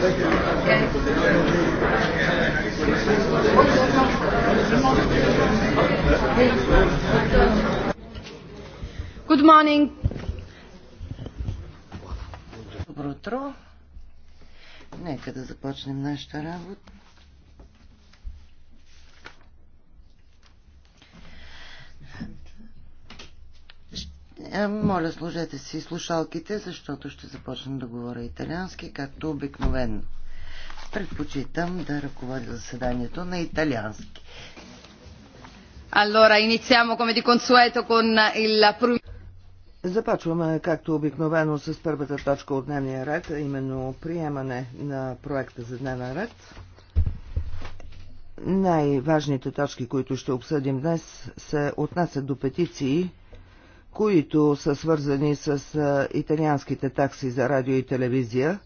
Good morning. Добро утро. Нека да започнем нашата работа. Е, моля, сложете си слушалките, защото ще започна да говоря италиански, както обикновено. Предпочитам да ръководя заседанието на италиански. Allora, iniziamo come di consueto con il Започваме, както обикновено, с първата точка от дневния ред, именно приемане на проекта за дневен ред. Най-важните точки, които ще обсъдим днес, се отнасят до петиции които са свързани с италианските такси за радио и телевизия,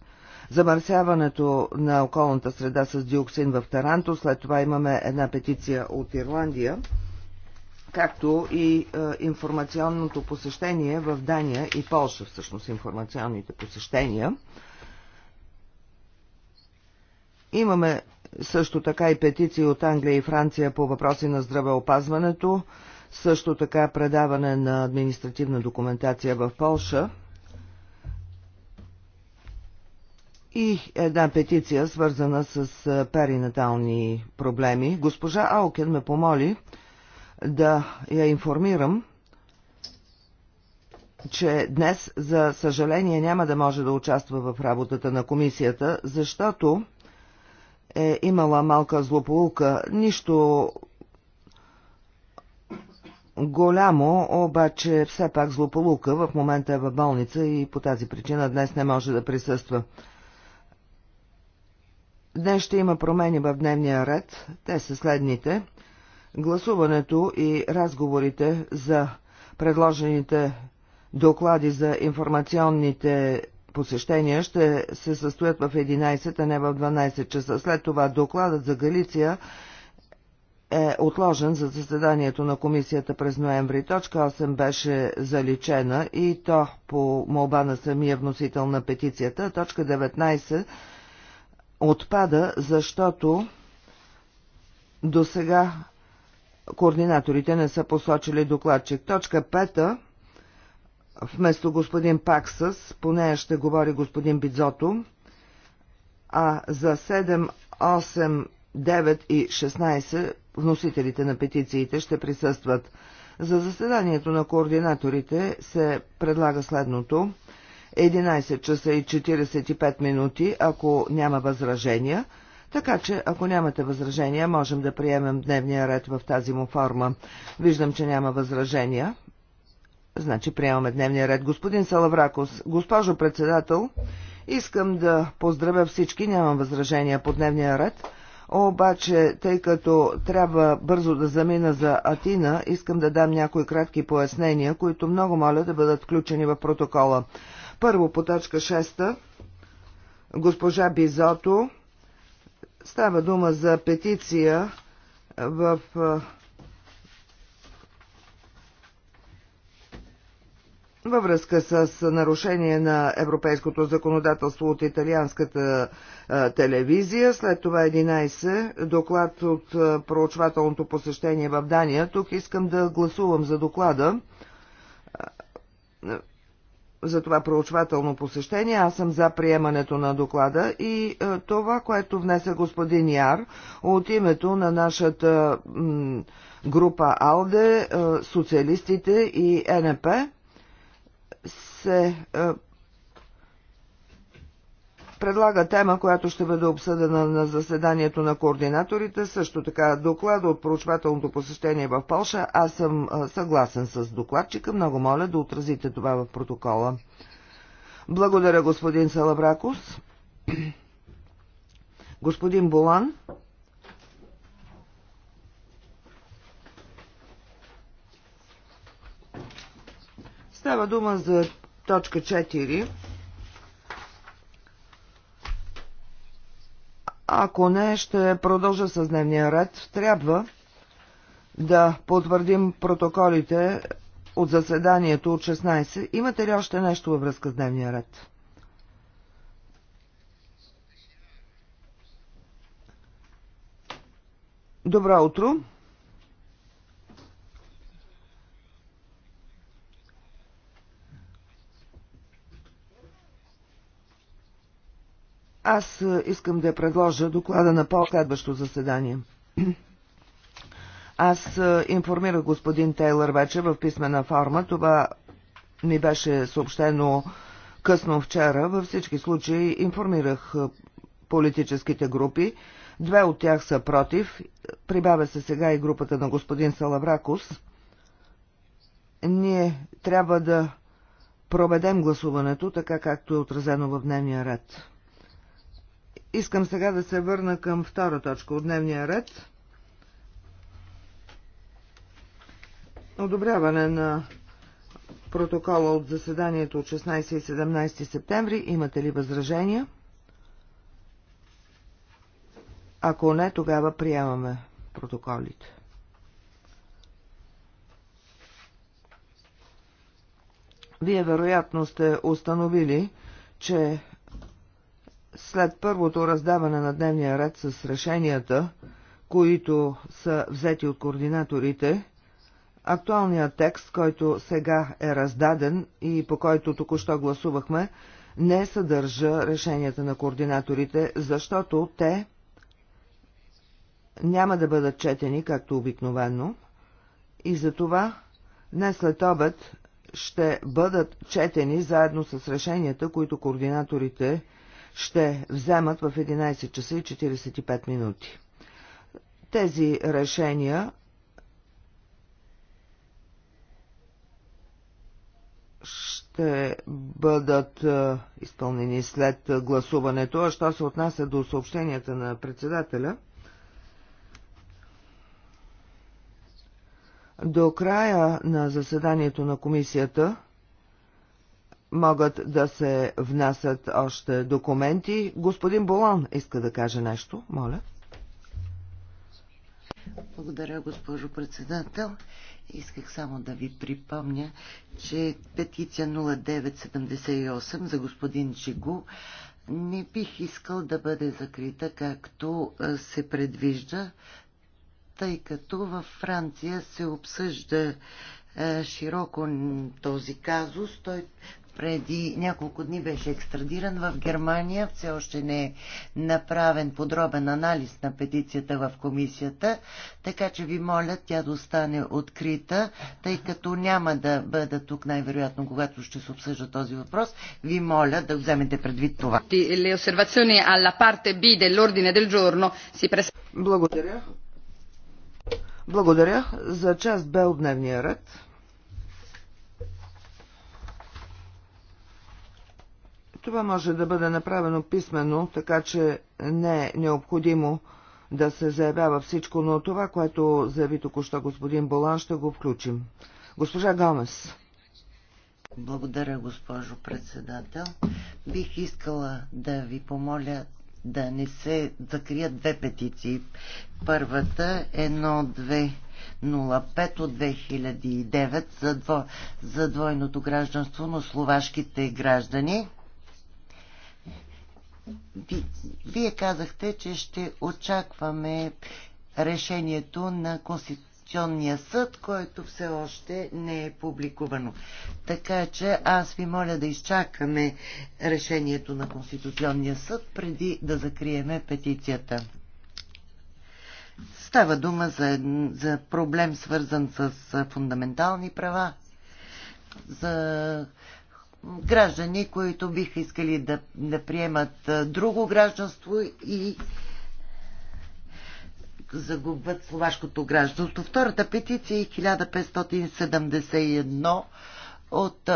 замърсяването на околната среда с диоксин в Таранто, след това имаме една петиция от Ирландия, както и информационното посещение в Дания и Полша, всъщност информационните посещения. Имаме също така и петиции от Англия и Франция по въпроси на здравеопазването, също така предаване на административна документация в Полша и една петиция, свързана с перинатални проблеми. Госпожа Алкен ме помоли да я информирам, че днес, за съжаление, няма да може да участва в работата на комисията, защото е имала малка злополука. Нищо голямо, обаче все пак злополука. В момента е в болница и по тази причина днес не може да присъства. Днес ще има промени в дневния ред. Те са следните. Гласуването и разговорите за предложените доклади за информационните посещения ще се състоят в 11, а не в 12 часа. След това докладът за Галиция е отложен за заседанието на комисията през ноември. Точка 8 беше заличена и то по молба на самия вносител на петицията. Точка 19 отпада, защото до сега координаторите не са посочили докладчик. Точка 5 вместо господин Паксас, по нея ще говори господин Бидзото, а за 7, 8, 9 и 16 вносителите на петициите ще присъстват. За заседанието на координаторите се предлага следното. 11 часа и 45 минути, ако няма възражения. Така че, ако нямате възражения, можем да приемем дневния ред в тази му форма. Виждам, че няма възражения. Значи приемаме дневния ред. Господин Салавракос, госпожо председател, искам да поздравя всички, нямам възражения по дневния ред. Обаче, тъй като трябва бързо да замина за Атина, искам да дам някои кратки пояснения, които много моля да бъдат включени в протокола. Първо по точка 6, госпожа Бизото, става дума за петиция в във връзка с нарушение на европейското законодателство от италианската телевизия, след това 11 доклад от проучвателното посещение в Дания. Тук искам да гласувам за доклада за това проучвателно посещение. Аз съм за приемането на доклада и това, което внесе господин Яр от името на нашата м, група АЛДЕ, социалистите и НП, се е, предлага тема, която ще бъде обсъдена на заседанието на координаторите, също така доклада от проучвателното посещение в Польша. Аз съм е, съгласен с докладчика. Много моля да отразите това в протокола. Благодаря, господин Салабракус. Господин Болан. Става дума за Точка 4. Ако не, ще продължа с дневния ред. Трябва да потвърдим протоколите от заседанието от 16. Имате ли още нещо във връзка с дневния ред? Добро утро! Аз е, искам да предложа доклада на по-следващо заседание. Аз е, информирах господин Тейлър вече в писмена форма. Това ми беше съобщено късно вчера. Във всички случаи информирах е, политическите групи. Две от тях са против. Прибавя се сега и групата на господин Салавракус. Ние трябва да проведем гласуването, така както е отразено в дневния ред. Искам сега да се върна към втора точка от дневния ред. Одобряване на протокола от заседанието от 16 и 17 септември. Имате ли възражения? Ако не, тогава приемаме протоколите. Вие вероятно сте установили, че след първото раздаване на дневния ред с решенията, които са взети от координаторите, актуалният текст, който сега е раздаден и по който току-що гласувахме, не съдържа решенията на координаторите, защото те няма да бъдат четени, както обикновено, и затова днес след обед ще бъдат четени заедно с решенията, които координаторите ще вземат в 11 часа и 45 минути. Тези решения ще бъдат изпълнени след гласуването. А що се отнася до съобщенията на председателя, до края на заседанието на комисията могат да се внасят още документи. Господин Болон иска да каже нещо, моля. Благодаря, госпожо председател. Исках само да ви припомня, че петиция 0978 за господин Чигу не бих искал да бъде закрита, както се предвижда, тъй като във Франция се обсъжда широко този казус. Той, преди няколко дни беше екстрадиран в Германия. Все още не е направен подробен анализ на петицията в комисията, така че ви моля тя да остане открита, тъй като няма да бъда тук най-вероятно, когато ще се обсъжда този въпрос. Ви моля да вземете предвид това. Благодаря. Благодаря за част Б от дневния ред. Това може да бъде направено писменно, така че не е необходимо да се заявява всичко, но това, което заяви току-що господин Болан, ще го включим. Госпожа Гомес. Благодаря, госпожо председател. Бих искала да ви помоля да не се закрият две петиции. Първата е 1-2. 05 от 2009 за, дво, за двойното гражданство на словашките граждани вие казахте, че ще очакваме решението на Конституционния съд, което все още не е публикувано. Така че аз ви моля да изчакаме решението на Конституционния съд преди да закриеме петицията. Става дума за, за проблем свързан с фундаментални права, за граждани, които биха искали да, да приемат друго гражданство и загубват словашкото гражданство. Втората петиция е 1571 от,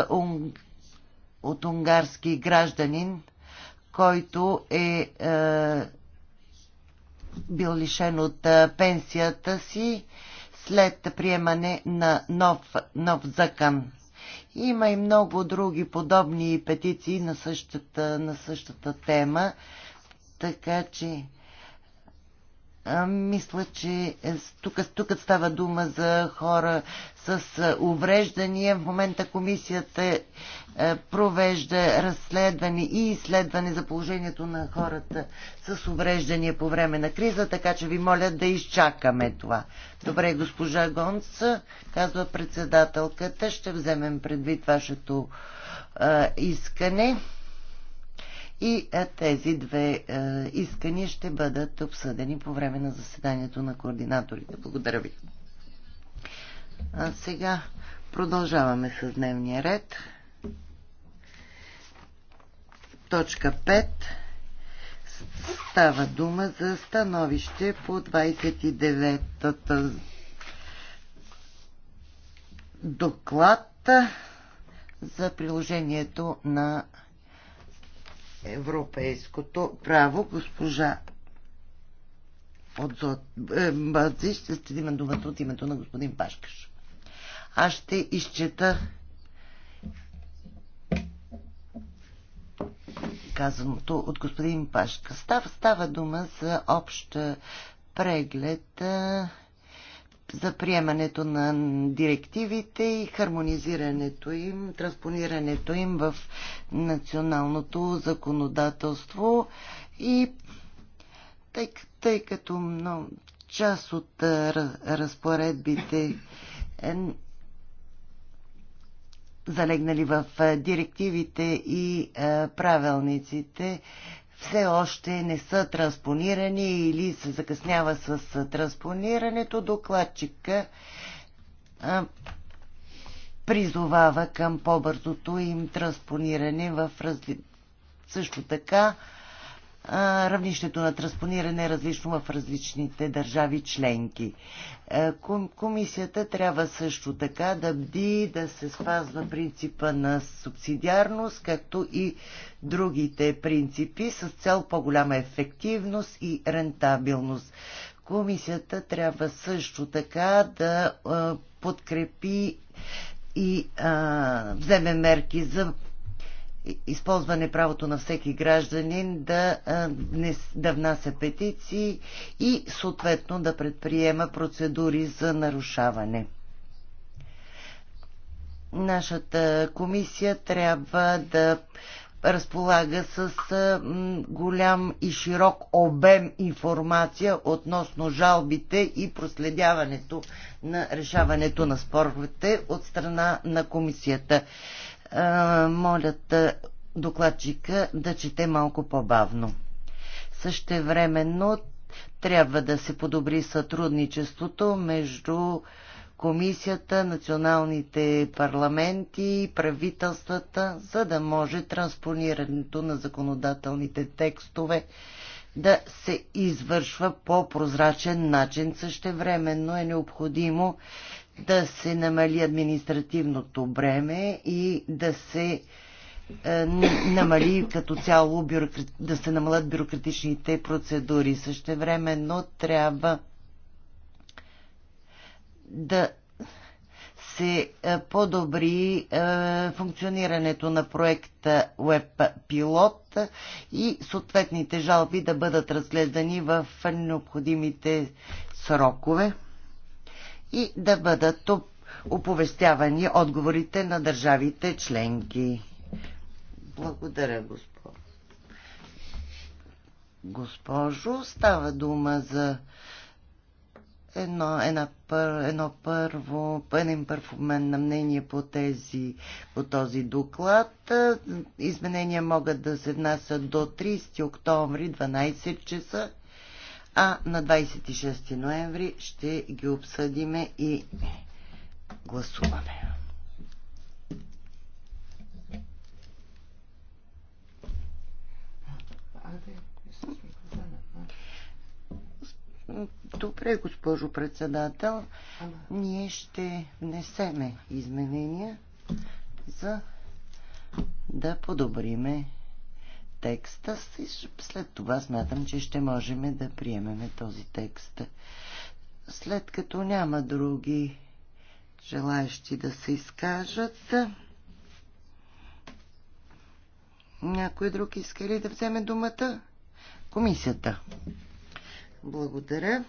от унгарски гражданин, който е, е бил лишен от пенсията си след приемане на нов, нов закан. Има и много други подобни петиции на същата, на същата тема, така че мисля, че е, тук, тук става дума за хора с увреждания. В момента комисията е, провежда разследване и изследване за положението на хората с увреждания по време на криза, така че ви моля да изчакаме това. Добре, госпожа Гонц, казва председателката, ще вземем предвид вашето искане. И е, тези две е, искания ще бъдат обсъдени по време на заседанието на координаторите. Благодаря ви. А сега продължаваме с дневния ред. Точка 5 става дума за становище по 29-та доклад за приложението на европейското право. Госпожа от е, Бази ще взима думата от името на господин Пашкаш. Аз ще изчета казаното от господин Пашка. Става, става дума за общ преглед е, за приемането на директивите и хармонизирането им, транспонирането им в националното законодателство и тъй, тъй като много част от разпоредбите е, залегнали в директивите и правилниците все още не са транспонирани или се закъснява с транспонирането. Докладчика призовава към по-бързото им транспониране в разли... Също така равнището на транспониране е различно в различните държави членки. Е, комисията трябва също така да бди, да се спазва принципа на субсидиарност, както и другите принципи с цел по-голяма ефективност и рентабилност. Комисията трябва също така да подкрепи и а, вземе мерки за използване правото на всеки гражданин да, да внася петиции и съответно да предприема процедури за нарушаване. Нашата комисия трябва да разполага с голям и широк обем информация относно жалбите и проследяването на решаването на споровете от страна на комисията молят докладчика да чете малко по-бавно. Същевременно трябва да се подобри сътрудничеството между комисията, националните парламенти, и правителствата, за да може транспонирането на законодателните текстове да се извършва по прозрачен начин. Същевременно е необходимо да се намали административното бреме и да се е, намали като цяло бюрократ... да се намалят бюрократичните процедури. Същевременно трябва да се е, подобри е, функционирането на проекта Web Пилот и съответните жалби да бъдат разгледани в необходимите срокове и да бъдат оповестявани отговорите на държавите членки. Благодаря, госпожо. Госпожо, става дума за едно, една, едно първо, един първ обмен на мнение по, тези, по този доклад. Изменения могат да се внасят до 30 октомври 12 часа а на 26 ноември ще ги обсъдиме и гласуваме. Добре, госпожо председател. Ние ще внесеме изменения за да подобриме текста. След това смятам, че ще можем да приемеме този текст. След като няма други желаящи да се изкажат, някой друг иска ли да вземе думата? Комисията. Благодаря.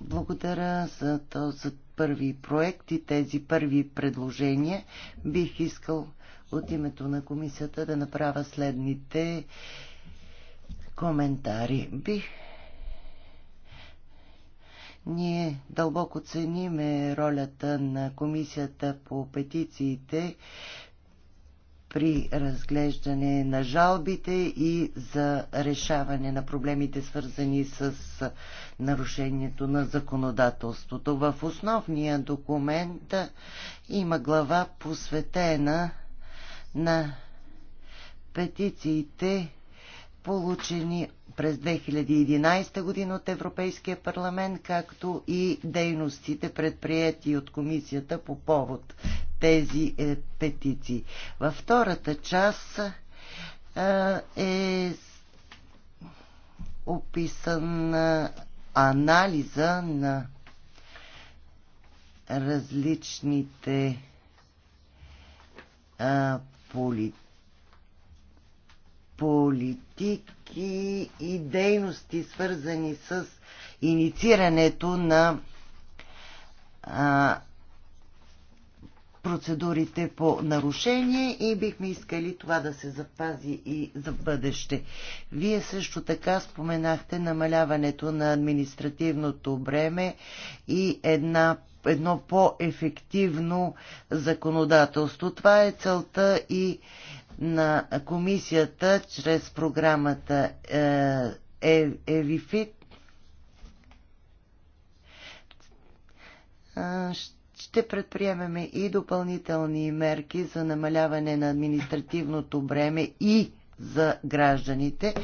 Благодаря за този първи проект и тези първи предложения. Бих искал от името на комисията да направя следните коментари. Бих ние дълбоко цениме ролята на комисията по петициите при разглеждане на жалбите и за решаване на проблемите, свързани с нарушението на законодателството. В основния документ има глава посветена на петициите, получени през 2011 година от Европейския парламент, както и дейностите предприяти от комисията по повод тези е, петиции. Във втората част е, е описан е, анализа на различните е, поли, политики и дейности, свързани с инициирането на а, процедурите по нарушение и бихме искали това да се запази и за бъдеще. Вие също така споменахте намаляването на административното бреме и една едно по-ефективно законодателство. Това е целта и на комисията чрез програмата е, е, ЕВИФИТ. Е, ще предприемеме и допълнителни мерки за намаляване на административното бреме и за гражданите,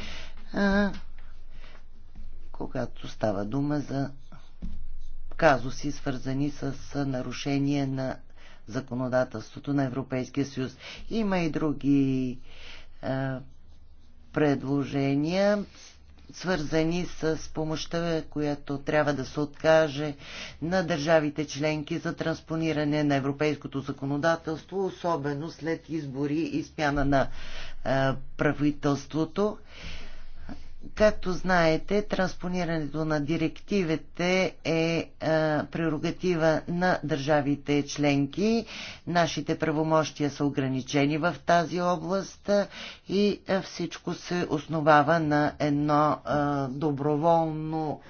когато става дума за казуси, свързани с нарушение на законодателството на Европейския съюз. Има и други е, предложения, свързани с помощта, която трябва да се откаже на държавите членки за транспониране на европейското законодателство, особено след избори и смяна на е, правителството. Както знаете, транспонирането на директивите е а, е, прерогатива на държавите членки. Нашите правомощия са ограничени в тази област е, и а, е, всичко се основава на едно а, доброволно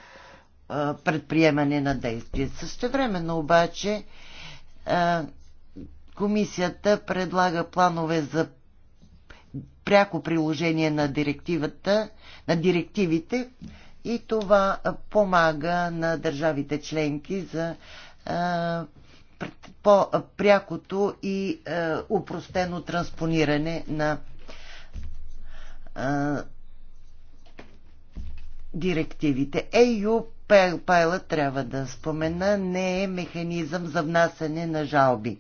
а, предприемане на действие. Същевременно обаче а, комисията предлага планове за пряко приложение на директивата, на директивите и това помага на държавите членки за по-прякото и упростено транспониране на директивите. EU Пайла трябва да спомена, не е механизъм за внасяне на жалби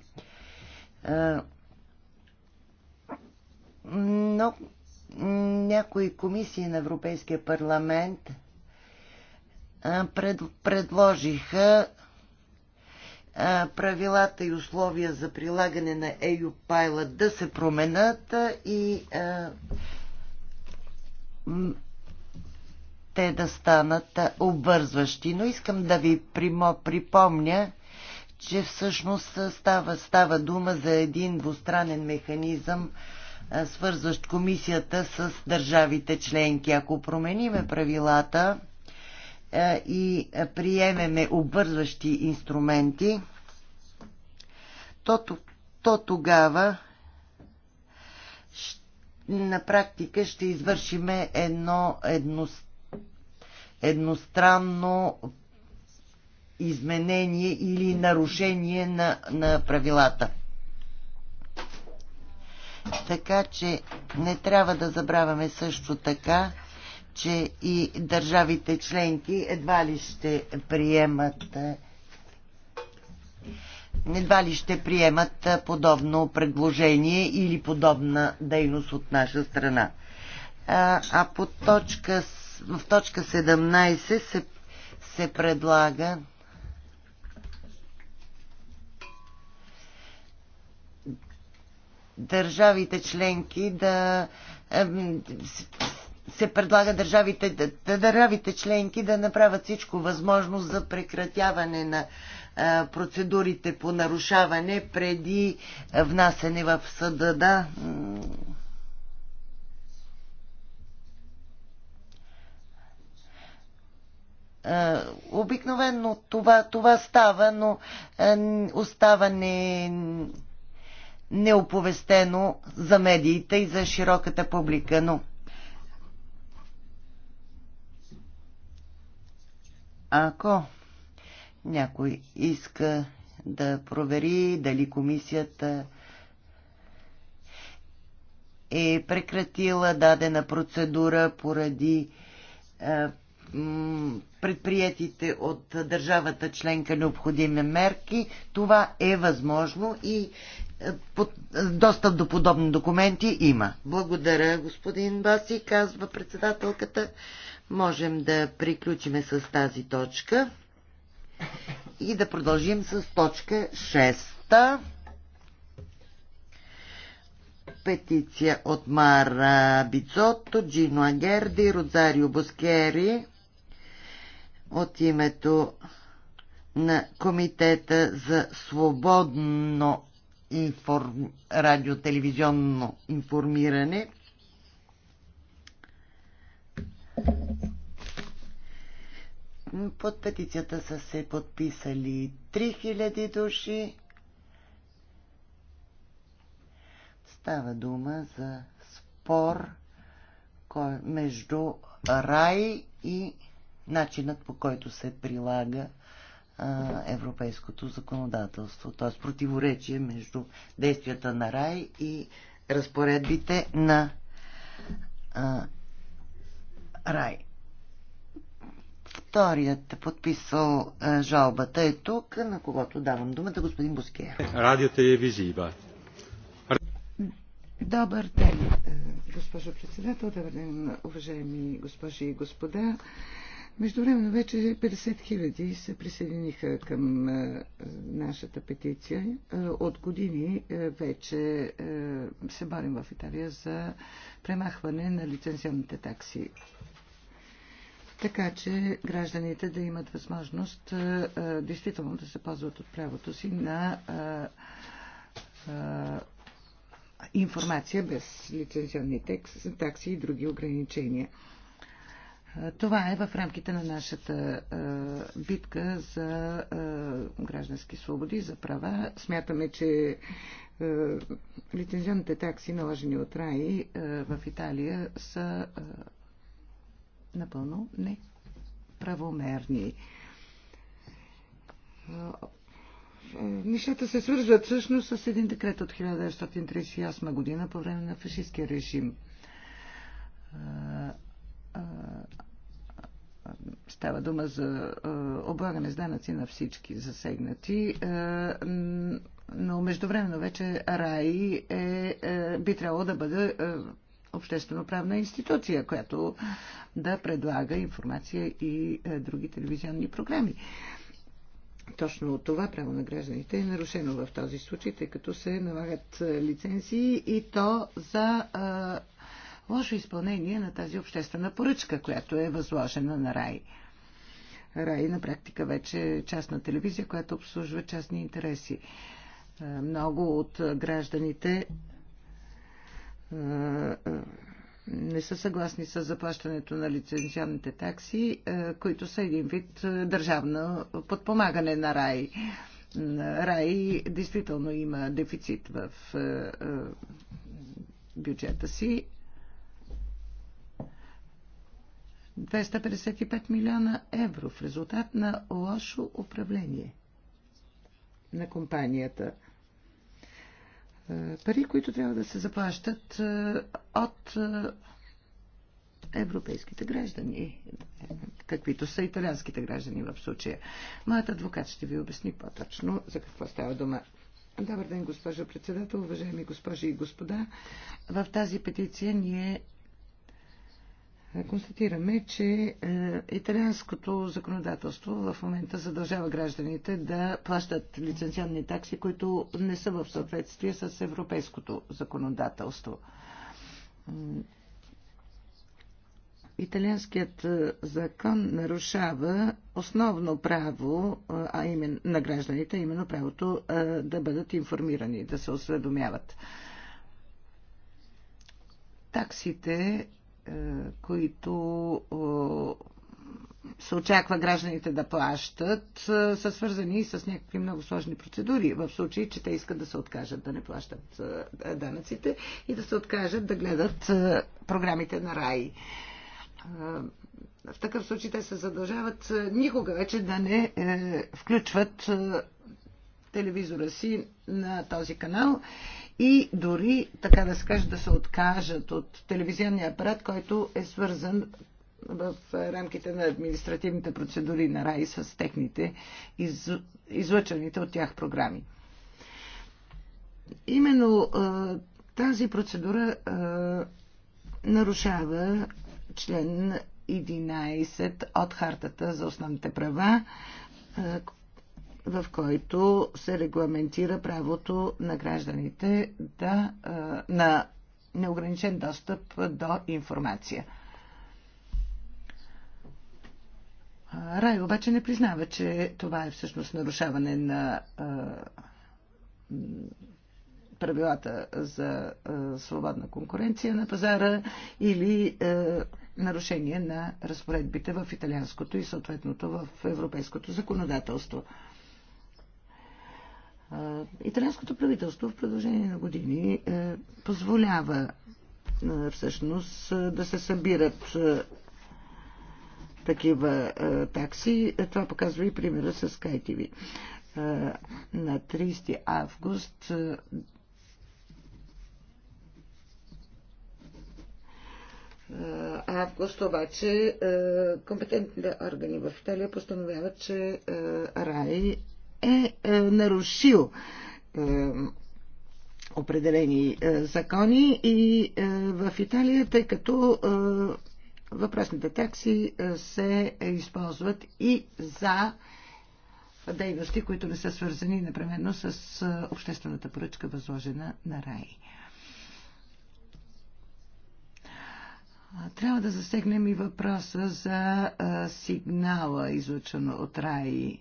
но някои комисии на Европейския парламент пред, предложиха правилата и условия за прилагане на EU Pilot да се променят и те да станат обвързващи. Но искам да ви припомня, че всъщност става, става дума за един двустранен механизъм, свързващ комисията с държавите членки. Ако промениме правилата и приемеме обвързващи инструменти, то, то тогава на практика ще извършиме едно едно, едностранно изменение или нарушение на, на правилата. Така че не трябва да забравяме също така, че и държавите членки едва ли ще приемат е, едва ли ще приемат е, подобно предложение или подобна дейност от наша страна. А, а по точка, в точка 17 се, се предлага държавите членки да се предлага държавите, държавите членки да направят всичко възможно за прекратяване на е, процедурите по нарушаване преди внасене в съда. Да. Е, обикновено това, това става, но е, остава не неоповестено за медиите и за широката публика. Но ако някой иска да провери дали комисията е прекратила дадена процедура поради е, предприятите от държавата членка необходими мерки. Това е възможно и достъп до подобни документи има. Благодаря, господин Баси, казва председателката. Можем да приключиме с тази точка и да продължим с точка 6. Петиция от Мара Бицотто, Джино Агерди, Розарио Боскери от името на Комитета за свободно информ... радиотелевизионно информиране. Под петицията са се подписали 3000 души. Става дума за спор между рай и начинът по който се прилага европейското законодателство, т.е. противоречие между действията на РАЙ и разпоредбите на а, РАЙ. Вторият е подписал а, жалбата е тук, на когото давам думата господин Буския. Радио телевизива. Добър ден, госпожо председател, добър ден, уважаеми госпожи и господа. Междувременно вече 50 хиляди се присъединиха към нашата петиция. От години вече се борим в Италия за премахване на лицензионните такси. Така че гражданите да имат възможност действително да се ползват от правото си на информация без лицензионни такси и други ограничения. Това е в рамките на нашата битка за граждански свободи, за права. Смятаме, че лицензионните такси, наложени от РАИ в Италия, са напълно неправомерни. Нещата се свързват всъщност с един декрет от 1938 година по време на фашистския режим Става дума за облагане с данъци на всички засегнати. Но междувременно вече РАИ е, е би трябвало да бъде обществено-правна институция, която да предлага информация и други телевизионни програми. Точно това право на гражданите е нарушено в този случай, тъй като се налагат лицензии и то за лошо изпълнение на тази обществена поръчка, която е възложена на РАИ. Рай на практика вече е частна телевизия, която обслужва частни интереси. Е, много от гражданите е, е, не са съгласни с заплащането на лицензионните такси, които са един вид държавно подпомагане на РАИ. Рай действително има дефицит в бюджета си 255 милиона евро в резултат на лошо управление на компанията. Е, пари, които трябва да се заплащат е, от е, европейските граждани, каквито са италианските граждани в случая. Моят адвокат ще ви обясни по-точно за какво става дума. Добър ден, госпожо председател, уважаеми госпожи и господа. В тази петиция ние констатираме, че е, италианското законодателство в момента задължава гражданите да плащат лицензионни такси, които не са в съответствие с европейското законодателство. Италианският е, закон нарушава основно право е, а именно, на гражданите, именно правото да бъдат информирани, да се осведомяват. Таксите е, които е, се очаква гражданите да плащат, е, са свързани и с някакви много сложни процедури. В случай, че те искат да се откажат да не плащат данъците и да се откажат да гледат програмите на РАИ. В такъв случай те се задължават никога вече да не включват телевизора си на този канал и дори, така да се каже, да се откажат от телевизионния апарат, който е свързан в рамките на административните процедури на РАИ с техните из, излъчените от тях програми. Именно тази процедура нарушава член 11 от Хартата за основните права, в който се регламентира правото на гражданите да, на неограничен достъп до информация. Рай обаче не признава, че това е всъщност нарушаване на правилата за свободна конкуренция на пазара или нарушение на разпоредбите в италианското и съответното в европейското законодателство. Италианското правителство в продължение на години е, позволява е, всъщност е, да се събират такива такси. Това показва и примера с SkyTV. На 30 август август обаче компетентните органи в Италия постановяват, че Рай е, е нарушил е, определени е, закони и е, в Италия, тъй като е, въпросните такси е, се използват и за дейности, които не са свързани непременно с е, обществената поръчка, възложена на РАИ. Трябва да засегнем и въпроса за е, сигнала, излучен от РАИ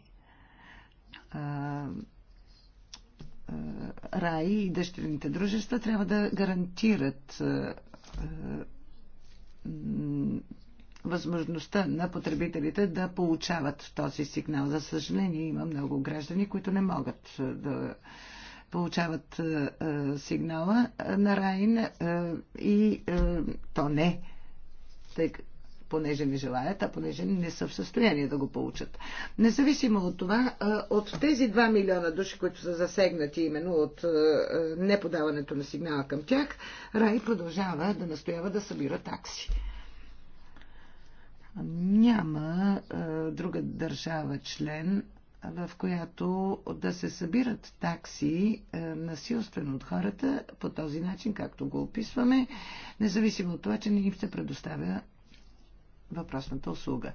РАИ и дъщерните дружества трябва да гарантират възможността на потребителите да получават този сигнал. За съжаление, има много граждани, които не могат да получават сигнала на Райн и то не, понеже не желаят, а понеже не са в състояние да го получат. Независимо от това, от тези 2 милиона души, които са засегнати именно от неподаването на сигнала към тях, Рай продължава да настоява да събира такси. Няма друга държава член, в която да се събират такси е, насилствено от хората по този начин, както го описваме, независимо от това, че не им се предоставя въпросната услуга.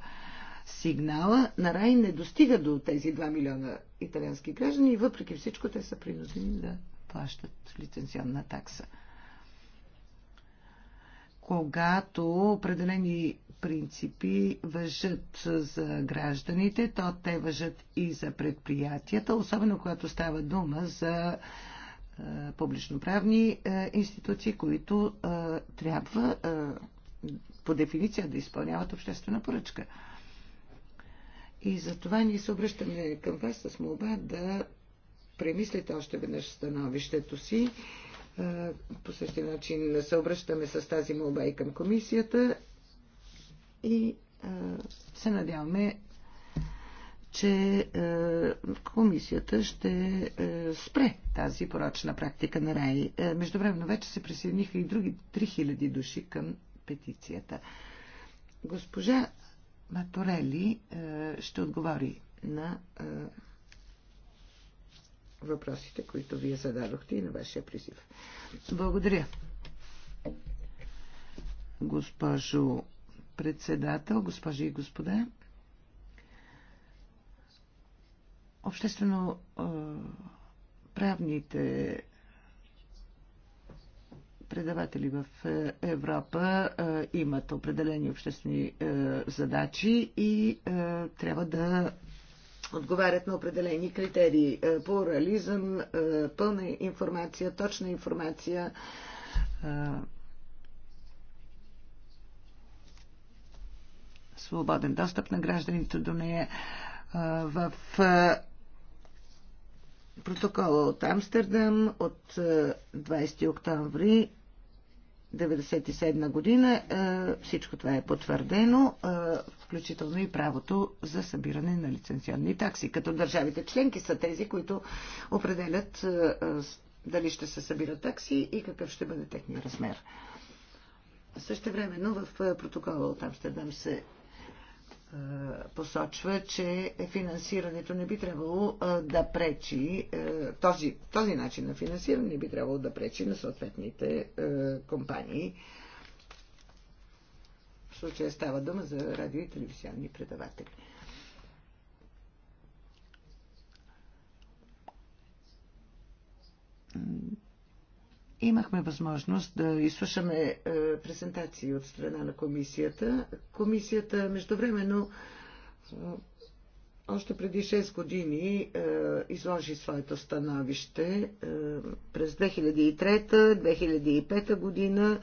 Сигнала на Рай не достига до тези 2 милиона италиански граждани и въпреки всичко те са принудени да плащат лицензионна такса. Когато определени принципи въжат за гражданите, то те въжат и за предприятията, особено когато става дума за е, публичноправни е, институции, които е, трябва по дефиниция да изпълняват обществена поръчка. И за това ние се обръщаме към вас с молба да премислите още веднъж становището си. Е, по същия начин се обръщаме с тази молба и към комисията и е, се надяваме, че е, комисията ще спре тази порочна практика на РАИ. Междувременно вече се присъединиха и други 3000 души към петицията. Госпожа Маторели е, ще отговори на е, въпросите, които вие зададохте и на вашия призив. Благодаря. Госпожо председател, госпожи и господа, обществено е, правните предаватели в е, Европа е, имат определени обществени е, задачи и трябва да отговарят на определени критерии. Плурализъм, пълна информация, точна информация. свободен достъп на гражданите до нея. В протокола от Амстердам от 20 октомври 1997 година е, всичко това е потвърдено, е, включително и правото за събиране на лицензионни такси, като държавите членки са тези, които определят е, дали ще се събират такси и какъв ще бъде техния размер. Също времено в протокола от Амстердам се е, посочва, че финансирането не би трябвало е, да пречи, е, този, този начин на финансиране не би трябвало да пречи на съответните компании. В случая става дума за радио и телевизионни предаватели. Имахме възможност да изслушаме е, презентации от страна на комисията. Комисията междувременно е, още преди 6 години е, изложи своето становище. Е, през 2003-2005 година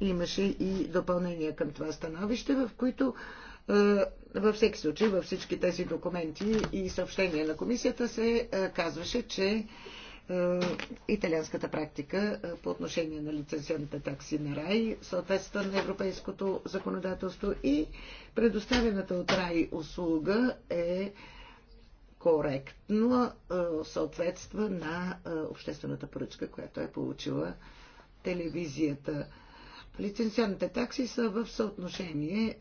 имаше и допълнение към това становище, в които е, във всеки случай, във всички тези документи и съобщения на комисията се е, казваше, че е, е, италианската практика е, по отношение на лицензионните такси на РАИ съответства на европейското законодателство и предоставената от РАИ услуга е коректно е, съответства на обществената поръчка, която е получила телевизията. Лицензионните такси са в съотношение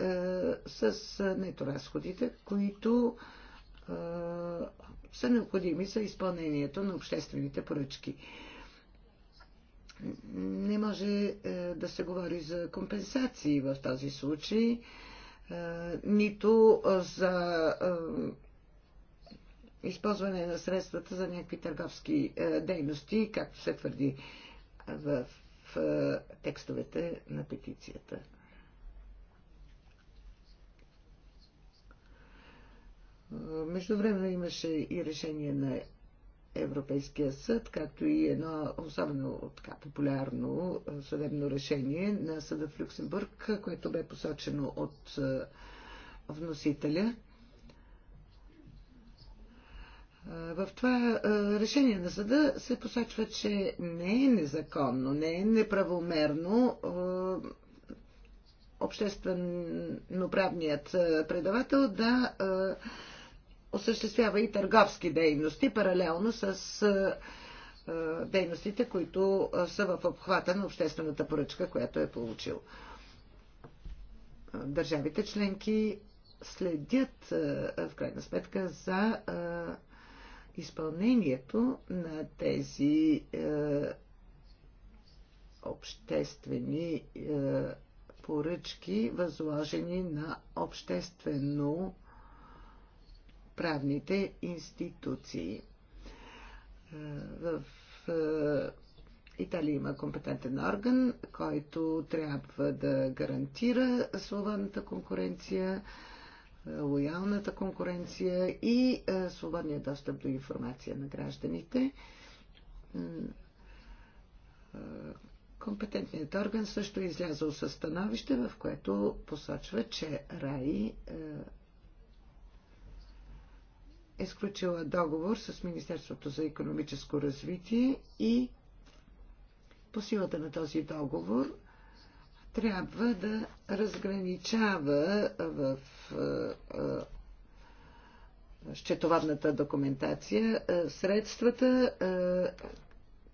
с нето разходите, които са необходими за изпълнението на обществените поръчки. Не може е, да се говори за компенсации в този случай, е, нито за е, използване на средствата за някакви търговски дейности, както се твърди в текстовете на петицията. време имаше и решение на Европейския съд, както и едно особено така, популярно е, съдебно решение на съда в Люксембург, което бе посочено от е, вносителя. Е, в това решение на съда се посочва, че не е незаконно, не е неправомерно обществено-правният предавател да осъществява и търговски дейности, паралелно с дейностите, които са в обхвата на обществената поръчка, която е получил. Държавите членки следят в крайна сметка за изпълнението на тези обществени поръчки, възложени на обществено правните институции. Е, в е, Италия има компетентен орган, който трябва да гарантира свободната конкуренция, е, лоялната конкуренция и свободния достъп до информация на гражданите. Компетентният орган също е излязъл със становище, в което посочва, че РАИ е сключила договор с Министерството за економическо развитие и по силата на този договор трябва да разграничава в счетоводната документация средствата,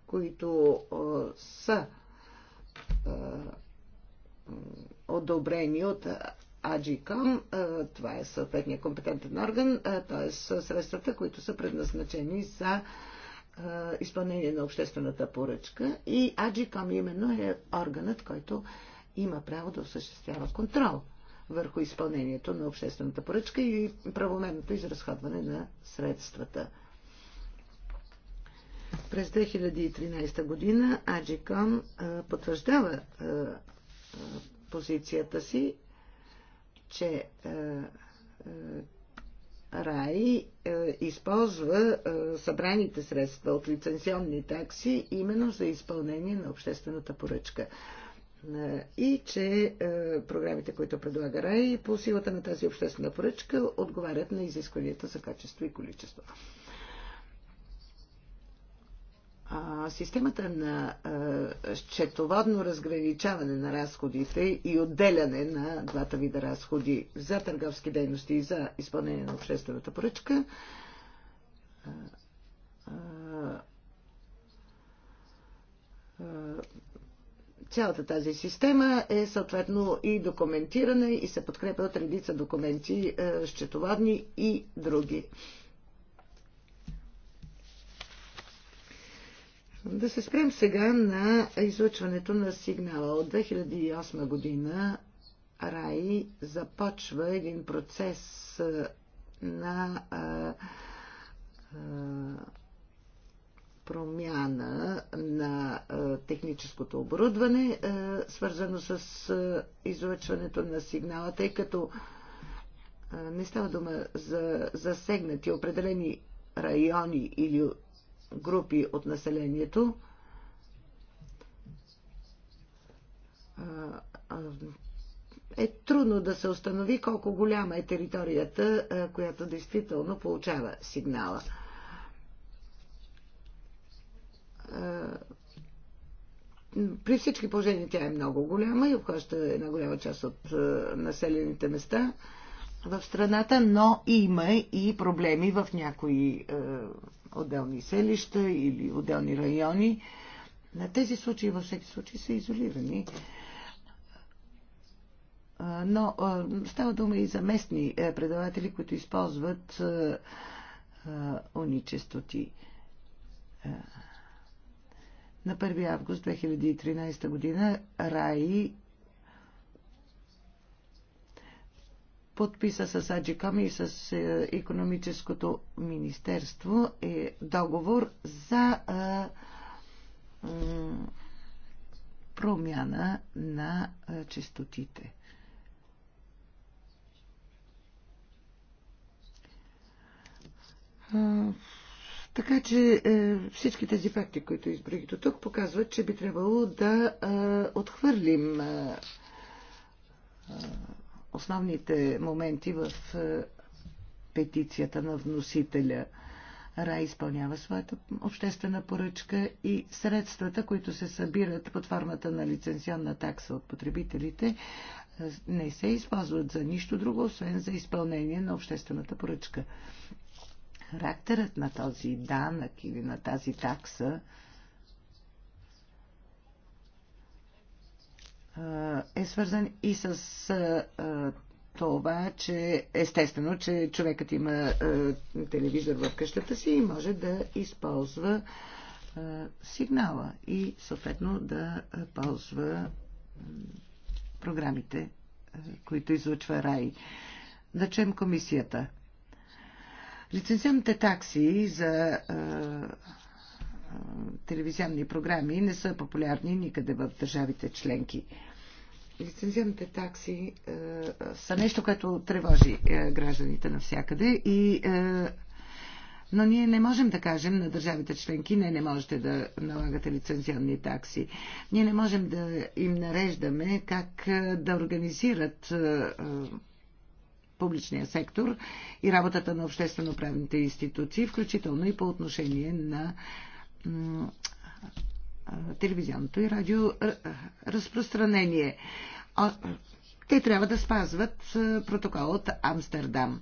които са одобрени от Аджиком, това е съответния компетентен орган, т.е. средствата, които са предназначени за изпълнение на обществената поръчка и Аджиком именно е органът, който има право да осъществява контрол върху изпълнението на обществената поръчка и правомерното изразходване на средствата. През 2013 година Аджиком потвърждава позицията си че е, е, Рай е, използва събраните средства от лицензионни такси именно за изпълнение на обществената поръчка. И че програмите, които предлага Рай, по силата на тази обществена поръчка отговарят на изискванията за качество и количество. А, системата на а, счетоводно разграничаване на разходите и отделяне на двата вида разходи за търговски дейности и за изпълнение на обществената поръчка цялата тази система е съответно и документирана и се подкрепя от редица документи, счетоводни и други. Да се спрем сега на излъчването на сигнала. От 2008 година РАИ започва един процес на а, а, промяна на а, техническото оборудване, а, свързано с а, излъчването на сигнала, тъй като а, не става дума за засегнати определени райони или групи от населението. Е трудно да се установи колко голяма е територията, която действително получава сигнала при всички положения тя е много голяма и обхваща една голяма част от населените места в страната, но има и проблеми в някои отделни селища или отделни райони. На тези случаи във всеки случай са изолирани. Но става дума и за местни е, предаватели, които използват уничестоти. На 1 август 2013 година РАИ подписа с Аджикоми и с економическото министерство е договор за а, е, е, промяна на е, частотите. Така че всички тези факти, които изброих до тук, показват, че би трябвало да отхвърлим основните моменти в е, петицията на вносителя. Рай изпълнява своята обществена поръчка и средствата, които се събират под формата на лицензионна такса от потребителите, е, не се използват за нищо друго, освен за изпълнение на обществената поръчка. Характерът на този данък или на тази такса е свързан и с това, че естествено, че човекът има телевизор в къщата си и може да използва сигнала и съответно да ползва програмите, които излъчва РАИ. Да чуем комисията. Лицензионните такси за телевизионни програми не са популярни никъде в държавите членки. Лицензионните такси е, са нещо, което тревожи е, гражданите навсякъде и е, но ние не можем да кажем на държавите членки, не, не можете да налагате лицензионни такси. Ние не можем да им нареждаме как е, да организират е, е, публичния сектор и работата на обществено-правните институции, включително и по отношение на телевизионното и радио разпространение. Те трябва да спазват протокол от Амстердам.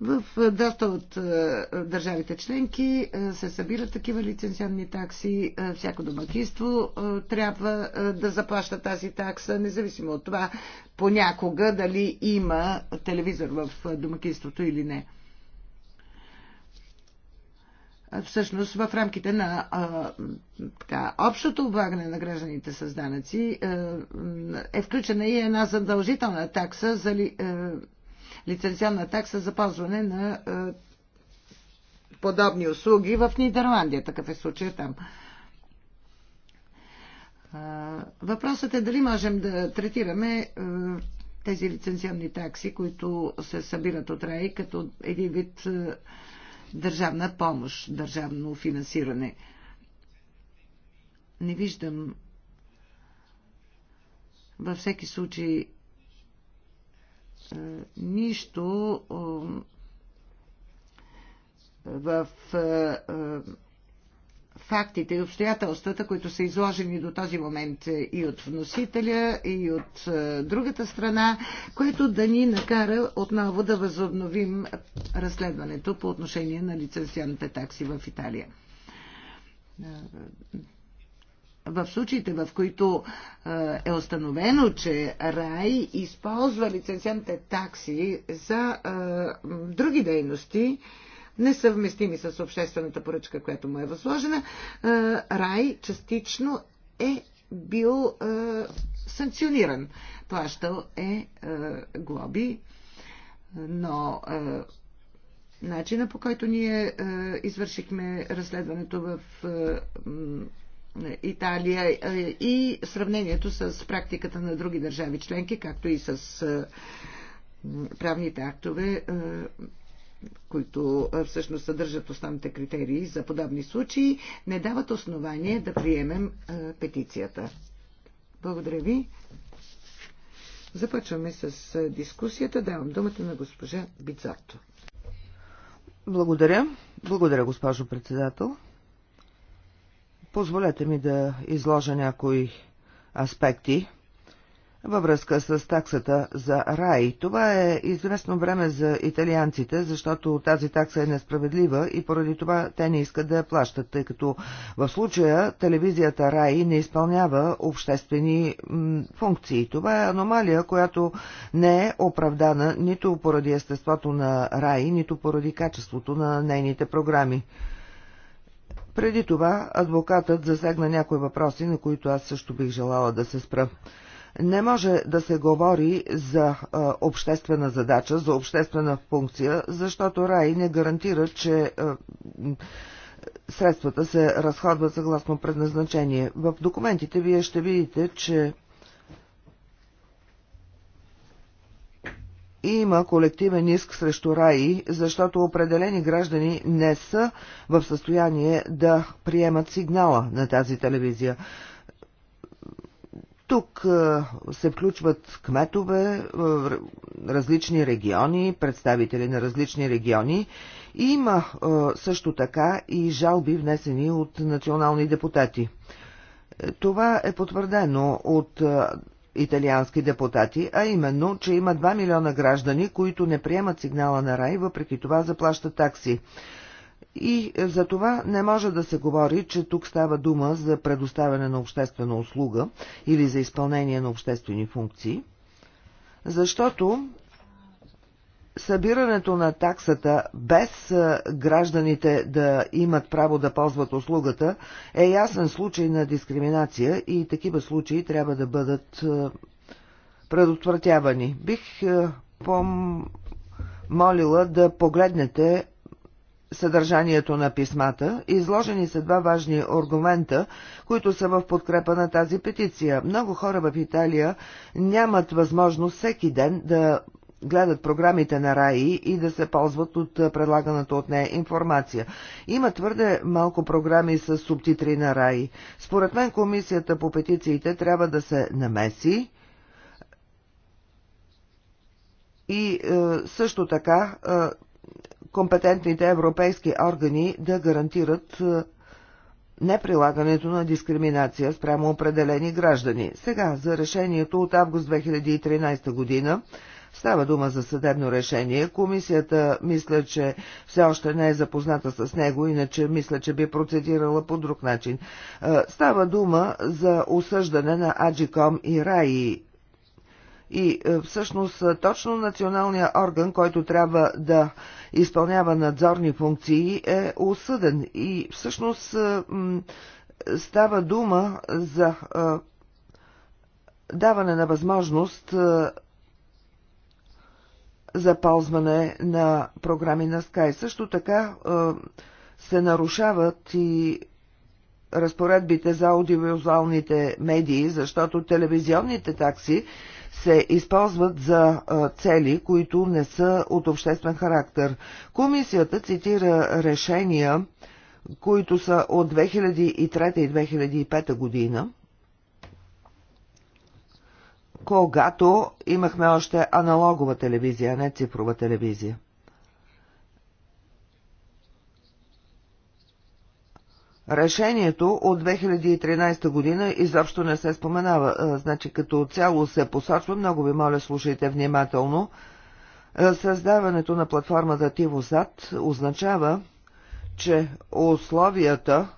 В доста от държавите членки се събират такива лицензионни такси. Всяко домакинство трябва да заплаща тази такса, независимо от това понякога дали има телевизор в домакинството или не всъщност в рамките на а, така, общото облагане на гражданите с данъци е включена и една задължителна такса за ли, а, лицензионна такса за ползване на а, подобни услуги в Нидерландия. Такъв е случай там. А, въпросът е дали можем да третираме а, тези лицензионни такси, които се събират от РАИ като един вид а, държавна помощ, държавно финансиране. Не виждам във всеки случай е, нищо е, в е, фактите и обстоятелствата, които са изложени до този момент и от вносителя, и от е, другата страна, което да ни накара отново да възобновим разследването по отношение на лицензионните такси в Италия. Е, в случаите, в които е, е установено, че РАЙ използва лицензионните такси за други дейности, несъвместими с обществената поръчка, която му е възложена, Рай частично е бил санкциониран. Плащал е, глоби, но начина по който ние извършихме разследването в Италия и сравнението с практиката на други държави членки, както и с правните актове, които всъщност съдържат основните критерии за подобни случаи, не дават основание да приемем петицията. Благодаря ви. Започваме с дискусията. Давам думата на госпожа Бицато. Благодаря. Благодаря, госпожо председател. Позволете ми да изложа някои аспекти във връзка с таксата за рай. Това е известно време за италианците, защото тази такса е несправедлива и поради това те не искат да я плащат, тъй като в случая телевизията рай не изпълнява обществени функции. Това е аномалия, която не е оправдана нито поради естеството на рай, нито поради качеството на нейните програми. Преди това адвокатът засегна някои въпроси, на които аз също бих желала да се спра. Не може да се говори за а, обществена задача, за обществена функция, защото РАИ не гарантира, че а, средствата се разходват съгласно предназначение. В документите вие ще видите, че има колективен иск срещу РАИ, защото определени граждани не са в състояние да приемат сигнала на тази телевизия. Тук се включват кметове, различни региони, представители на различни региони. И има също така и жалби внесени от национални депутати. Това е потвърдено от италиански депутати, а именно, че има 2 милиона граждани, които не приемат сигнала на рай, въпреки това заплащат такси. И е, за това не може да се говори, че тук става дума за предоставяне на обществена услуга или за изпълнение на обществени функции, защото събирането на таксата без е, гражданите да имат право да ползват услугата е ясен случай на дискриминация и такива случаи трябва да бъдат е, предотвратявани. Бих помолила да погледнете съдържанието на писмата, изложени са два важни аргумента, които са в подкрепа на тази петиция. Много хора в Италия нямат възможност всеки ден да гледат програмите на РАИ и да се ползват от предлаганата от нея информация. Има твърде малко програми с субтитри на РАИ. Според мен комисията по петициите трябва да се намеси и е, също така е, компетентните европейски органи да гарантират е, неприлагането на дискриминация спрямо определени граждани. Сега за решението от август 2013 година Става дума за съдебно решение. Комисията мисля, че все още не е запозната с него, иначе мисля, че би процедирала по друг начин. Е, става дума за осъждане на Аджиком и Раи и е, всъщност е, точно националният орган, който трябва да изпълнява надзорни функции, е осъден. И всъщност е, става дума за даване на възможност за ползване на програми на Sky. Също така се нарушават и разпоредбите за аудиовизуалните медии, защото телевизионните такси се използват за цели, които не са от обществен характер. Комисията цитира решения, които са от 2003 и 2005 година, когато имахме още аналогова телевизия, не цифрова телевизия. Решението от 2013 година изобщо не се споменава, е, значи като цяло се посочва, много ви моля слушайте внимателно. Е, създаването на платформата Тивозад означава, че условията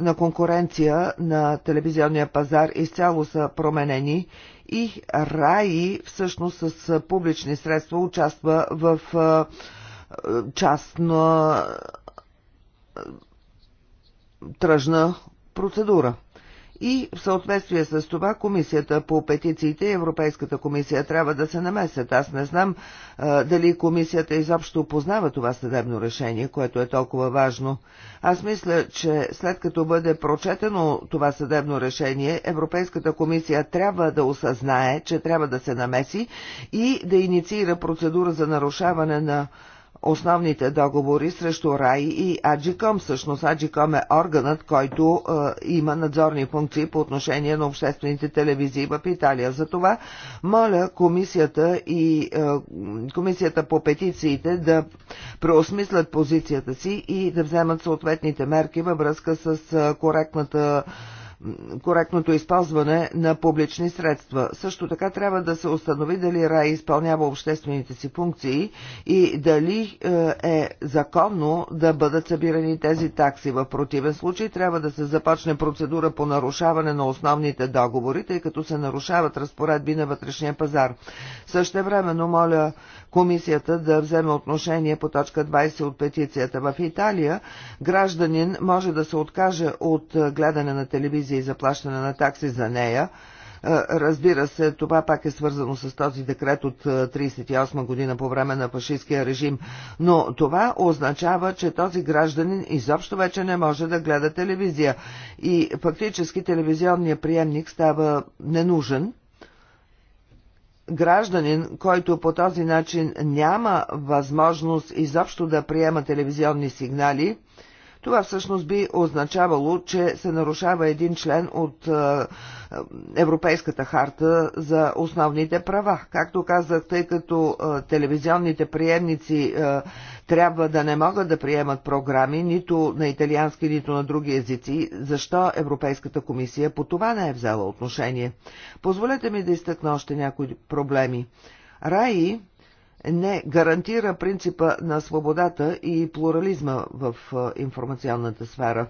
на конкуренция на телевизионния пазар изцяло са променени и РАИ всъщност с публични средства участва в е, частна тръжна процедура. И в съответствие с това Комисията по петициите и Европейската комисия трябва да се намесят. Аз не знам а, дали Комисията изобщо познава това съдебно решение, което е толкова важно. Аз мисля, че след като бъде прочетено това съдебно решение, Европейската комисия трябва да осъзнае, че трябва да се намеси и да инициира процедура за нарушаване на основните договори срещу РАИ и Аджиком. същност, Аджиком е органът, който е, има надзорни функции по отношение на обществените телевизии в Италия. Затова моля комисията и е, комисията по петициите да преосмислят позицията си и да вземат съответните мерки във връзка с е, коректната е, коректното използване на публични средства. Също така трябва да се установи дали РАИ изпълнява обществените си функции и дали е, е законно да бъдат събирани тези такси. В противен случай трябва да се започне процедура по нарушаване на основните договори, тъй като се нарушават разпоредби на вътрешния пазар. времено моля комисията да вземе отношение по точка 20 от петицията. В Италия гражданин може да се откаже от гледане на телевизия и заплащане на такси за нея. Е, разбира се, това пак е свързано с този декрет от 1938 е, година по време на фашистския режим, но това означава, че този гражданин изобщо вече не може да гледа телевизия и фактически телевизионният приемник става ненужен гражданин, който по този начин няма възможност изобщо да приема телевизионни сигнали, това всъщност би означавало, че се нарушава един член от е, Европейската харта за основните права. Както казах, тъй като е, телевизионните приемници е, трябва да не могат да приемат програми нито на италиански, нито на други езици, защо Европейската комисия по това не е взела отношение? Позволете ми да изтъкна още някои проблеми. РАИ не гарантира принципа на свободата и плурализма в е, информационната сфера.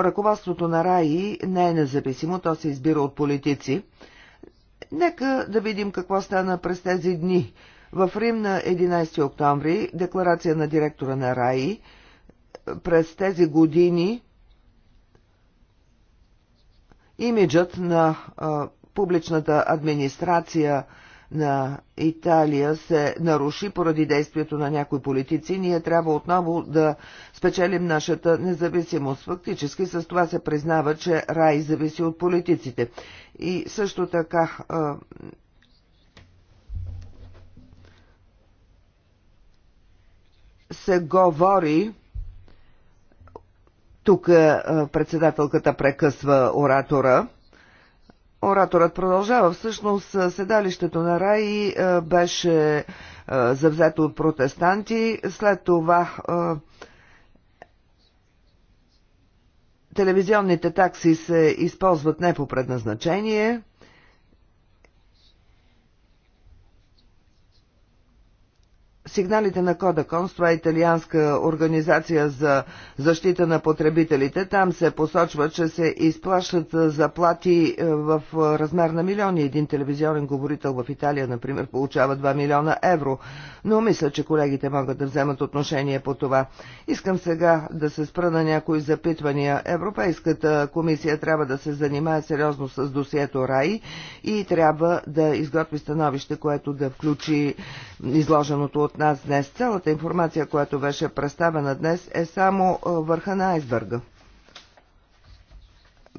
Ръководството на РАИ не е независимо, то се избира от политици. Нека да видим какво стана през тези дни. В Рим на 11 октомври декларация на директора на РАИ през тези години имиджът на а, публичната администрация на Италия се наруши поради действието на някои политици, ние трябва отново да спечелим нашата независимост. Фактически с това се признава, че рай зависи от политиците. И също така а, се говори тук е, е, председателката прекъсва оратора. Ораторът продължава. Всъщност е, седалището на Рай беше завзето от протестанти. След това телевизионните такси се използват не по предназначение. сигналите на Кодаконс, това е италианска организация за защита на потребителите, там се посочва, че се изплащат заплати е, в размер на милиони. Един телевизионен говорител в Италия, например, получава 2 милиона евро. Но мисля, че колегите могат да вземат отношение по това. Искам сега да се спра на някои запитвания. Европейската комисия трябва да се занимае сериозно с досието РАИ и трябва да изготви становище, което да включи изложеното от нас днес. Цялата информация, която беше представена днес, е само е, върха на айсберга.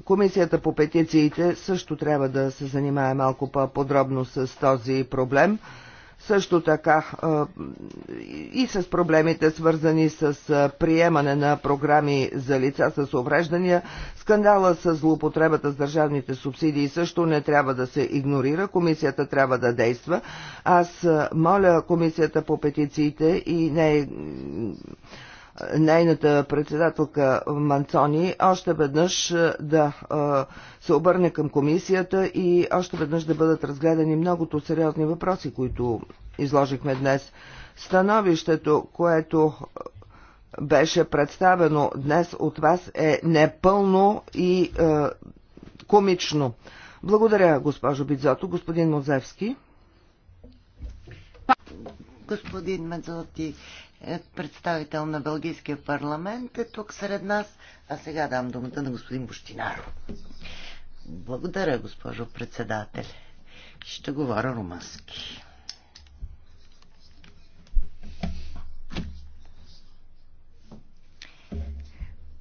Комисията по петициите също трябва да се занимае малко по-подробно с този проблем също така и с проблемите свързани с приемане на програми за лица с увреждания. Скандала с злоупотребата с държавните субсидии също не трябва да се игнорира. Комисията трябва да действа. Аз моля Комисията по петициите и не е нейната председателка Манцони още веднъж е, да е, се обърне към комисията и още веднъж да бъдат разгледани многото сериозни въпроси, които изложихме днес. Становището, което е, беше представено днес от вас е непълно и е, комично. Благодаря, госпожо Бидзото. Господин Мозевски. Господин Мазоти, представител на Бългийския парламент е тук сред нас. А сега дам думата на господин Бощинаро. Благодаря, госпожо председател. Ще говоря румънски.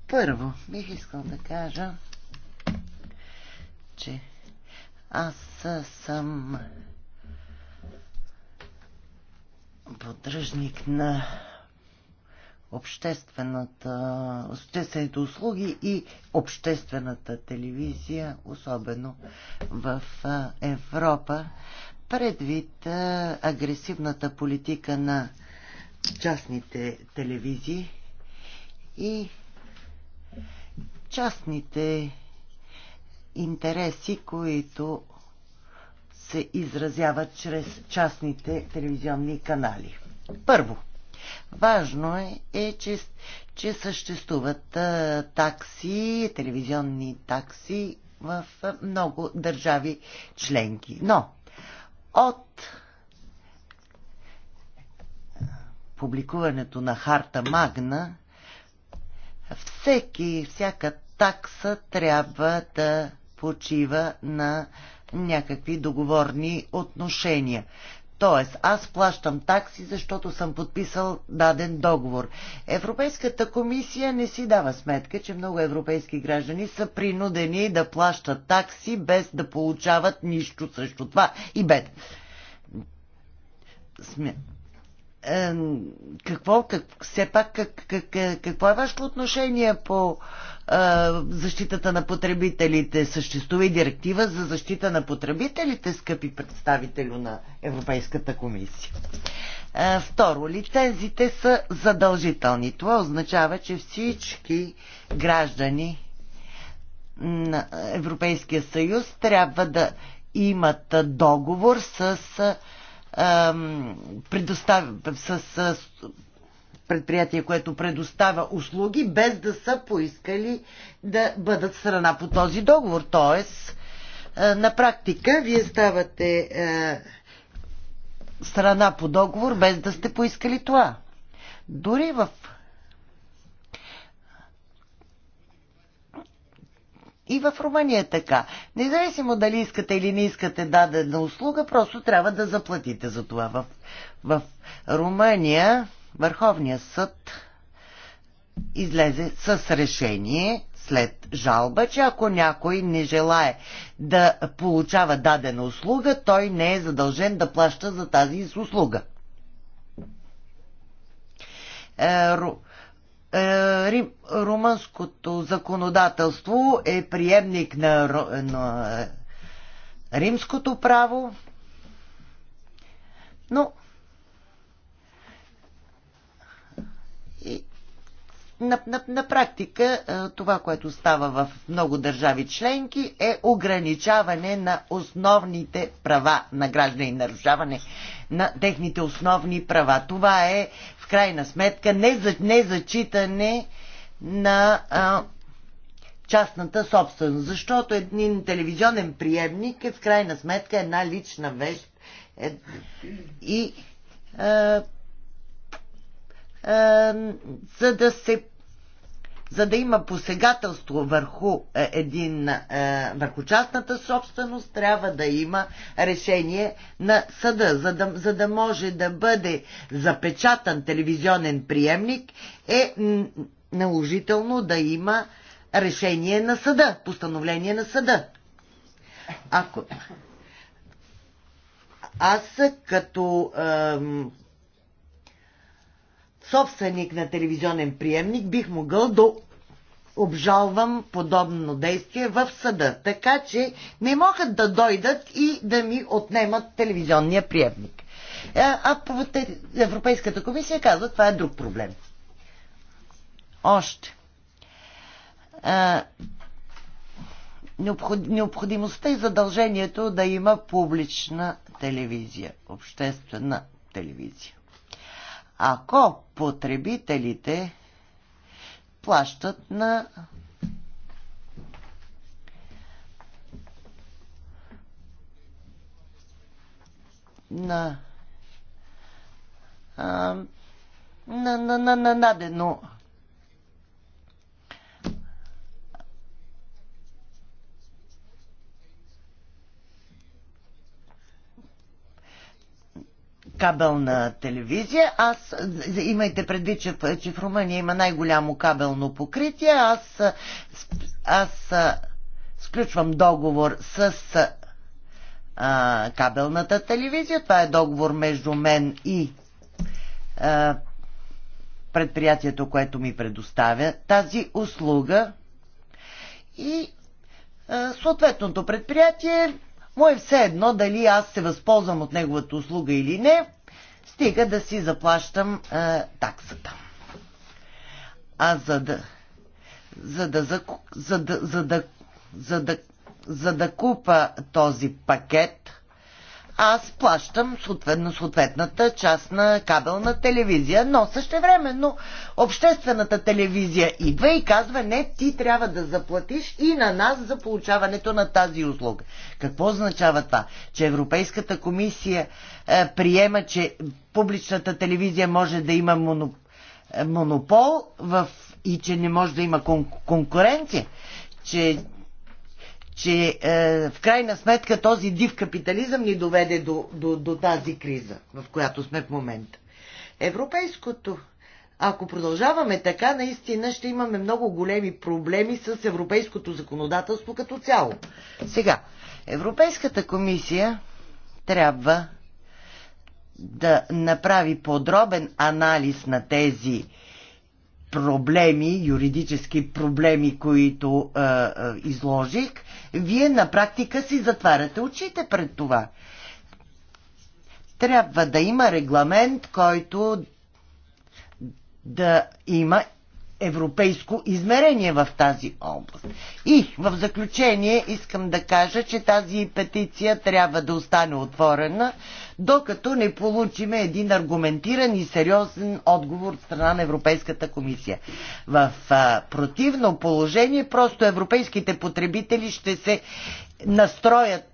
Първо, бих искал да кажа, че аз съм поддръжник на обществената, обществените услуги и обществената телевизия, особено в Европа, предвид агресивната политика на частните телевизии и частните интереси, които се изразяват чрез частните телевизионни канали. Първо, Важно е, е че, че съществуват а, такси, телевизионни такси в а, много държави членки. Но от публикуването на Харта Магна, всеки, всяка такса трябва да почива на някакви договорни отношения. Тоест, аз плащам такси, защото съм подписал даден договор. Европейската комисия не си дава сметка, че много европейски граждани са принудени да плащат такси, без да получават нищо срещу това и бед. Сме... какво, как, все пак, как, как, какво е вашето отношение по защитата на потребителите. Съществува и директива за защита на потребителите, скъпи представители на Европейската комисия. Второ, лицензите са задължителни. Това означава, че всички граждани на Европейския съюз трябва да имат договор с, предостав... с предприятие, което предоставя услуги, без да са поискали да бъдат страна по този договор. Тоест, е, на практика, вие ставате е, страна по договор, без да сте поискали това. Дори в И в Румъния е така. Независимо дали искате или не искате дадена услуга, просто трябва да заплатите за това. В, в Румъния Върховният съд излезе с решение след жалба, че ако някой не желае да получава дадена услуга, той не е задължен да плаща за тази услуга. Е, е, румънското законодателство е приемник на римското право, но на, на, на практика е, това, което става в много държави членки е ограничаване на основните права на граждани, нарушаване на техните основни права. Това е в крайна сметка незачитане на а, частната собственост, защото един телевизионен приемник е в крайна сметка една лична вещ е, и А, е, за да се за да има посегателство върху е, един, е, върху частната собственост, трябва да има решение на съда, за да, за да може да бъде запечатан телевизионен приемник, е наложително да има решение на съда, постановление на съда. Ако аз като собственик на телевизионен приемник, бих могъл да обжалвам подобно действие в съда. Така че не могат да дойдат и да ми отнемат телевизионния приемник. Е, а Европейската комисия казва, това е друг проблем. Още. А, е, необходимостта и задължението да има публична телевизия, обществена телевизия ако потребителите плащат на на на, на, на, на надено кабелна телевизия. Аз, имайте предвид, че, че в Румъния има най-голямо кабелно покритие. Аз, аз сключвам договор с а, кабелната телевизия. Това е договор между мен и а, предприятието, което ми предоставя тази услуга. И а, съответното предприятие му е все едно дали аз се възползвам от неговата услуга или не, стига да си заплащам е, таксата. А за да, за да, за, за да, за да, за да, за да купа този пакет, аз плащам съответно съответната част на кабелна телевизия, но същевременно обществената телевизия идва и казва не, ти трябва да заплатиш и на нас за получаването на тази услуга. Какво означава това? Че Европейската комисия е, приема, че публичната телевизия може да има е, монопол в... и че не може да има кон... конкуренция, че че е, в крайна сметка този див капитализъм ни доведе до, до, до тази криза, в която сме в момента. Европейското. Ако продължаваме така, наистина ще имаме много големи проблеми с европейското законодателство като цяло. Сега, Европейската комисия трябва да направи подробен анализ на тези проблеми, юридически проблеми, които а, а, изложих, вие на практика си затваряте очите пред това. Трябва да има регламент, който да има европейско измерение в тази област. И в заключение искам да кажа, че тази петиция трябва да остане отворена, докато не получиме един аргументиран и сериозен отговор от страна на Европейската комисия. В а, противно положение просто европейските потребители ще се настроят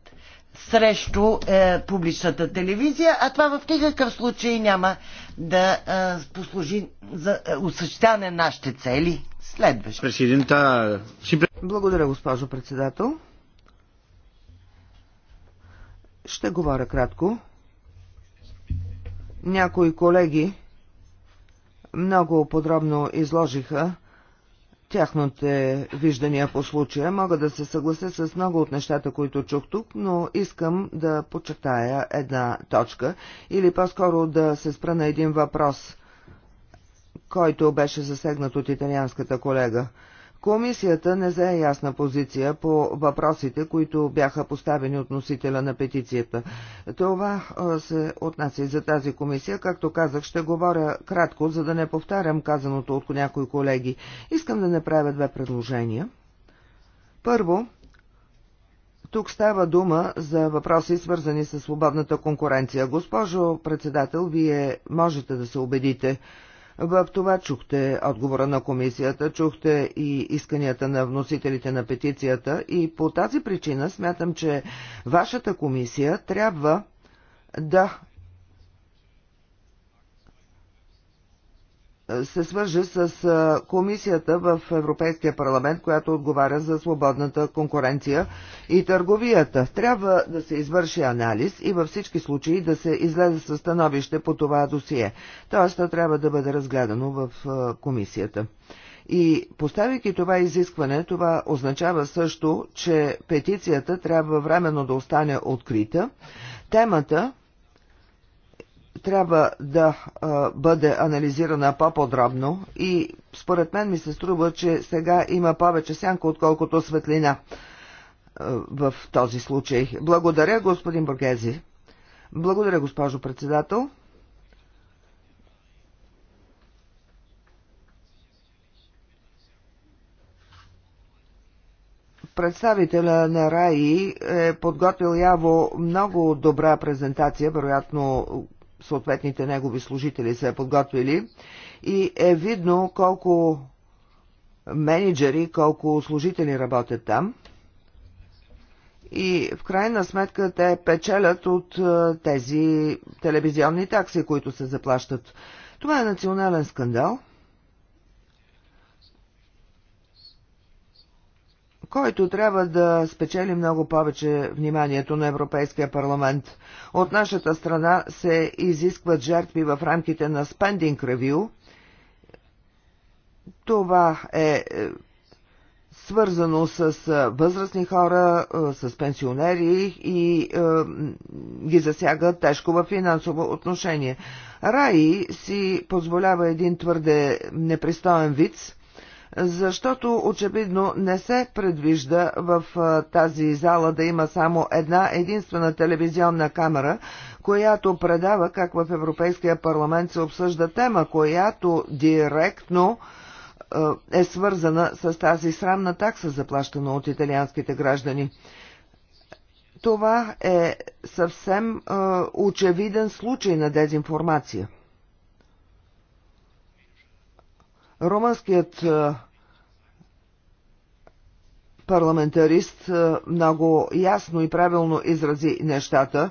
срещу е, публичната телевизия, а това в никакъв случай няма да е, послужи за е, осъществяване на нашите цели. Следващ. Президента... Благодаря, госпожо председател. Ще говоря кратко. Някои колеги много подробно изложиха тяхните виждания по случая. Мога да се съглася с много от нещата, които чух тук, но искам да подчертая една точка или по-скоро да се спра на един въпрос, който беше засегнат от италианската колега. Комисията не зае ясна позиция по въпросите, които бяха поставени от носителя на петицията. Това се отнася и за тази комисия. Както казах, ще говоря кратко, за да не повтарям казаното от някои колеги. Искам да направя две предложения. Първо, тук става дума за въпроси, свързани с свободната конкуренция. Госпожо председател, вие можете да се убедите, в това чухте отговора на комисията, чухте и исканията на вносителите на петицията и по тази причина смятам, че вашата комисия трябва да се свържа с комисията в Европейския парламент, която отговаря за свободната конкуренция и търговията. Трябва да се извърши анализ и във всички случаи да се излезе със становище по това досие. Тоест, то трябва да бъде разгледано в комисията. И поставяйки това изискване, това означава също, че петицията трябва временно да остане открита. Темата трябва да а, бъде анализирана по-подробно и според мен ми се струва, че сега има повече сянка, отколкото светлина а, в този случай. Благодаря, господин Бургези. Благодаря, госпожо председател. представителя на РАИ е подготвил Яво много добра презентация, вероятно съответните негови служители се е подготвили и е видно колко менеджери, колко служители работят там. И в крайна сметка те печелят от е, тези телевизионни такси, които се заплащат. Това е национален скандал. който трябва да спечели много повече вниманието на Европейския парламент. От нашата страна се изискват жертви в рамките на Spending Review. Това е, е свързано с е, възрастни хора, е, с пенсионери и е, ги засяга тежко в финансово отношение. Раи си позволява един твърде непристоен виц защото очевидно не се предвижда в тази зала да има само една единствена телевизионна камера, която предава как в Европейския парламент се обсъжда тема, която директно е свързана с тази срамна такса, заплащана от италианските граждани. Това е съвсем е, очевиден случай на дезинформация. Румънският парламентарист много ясно и правилно изрази нещата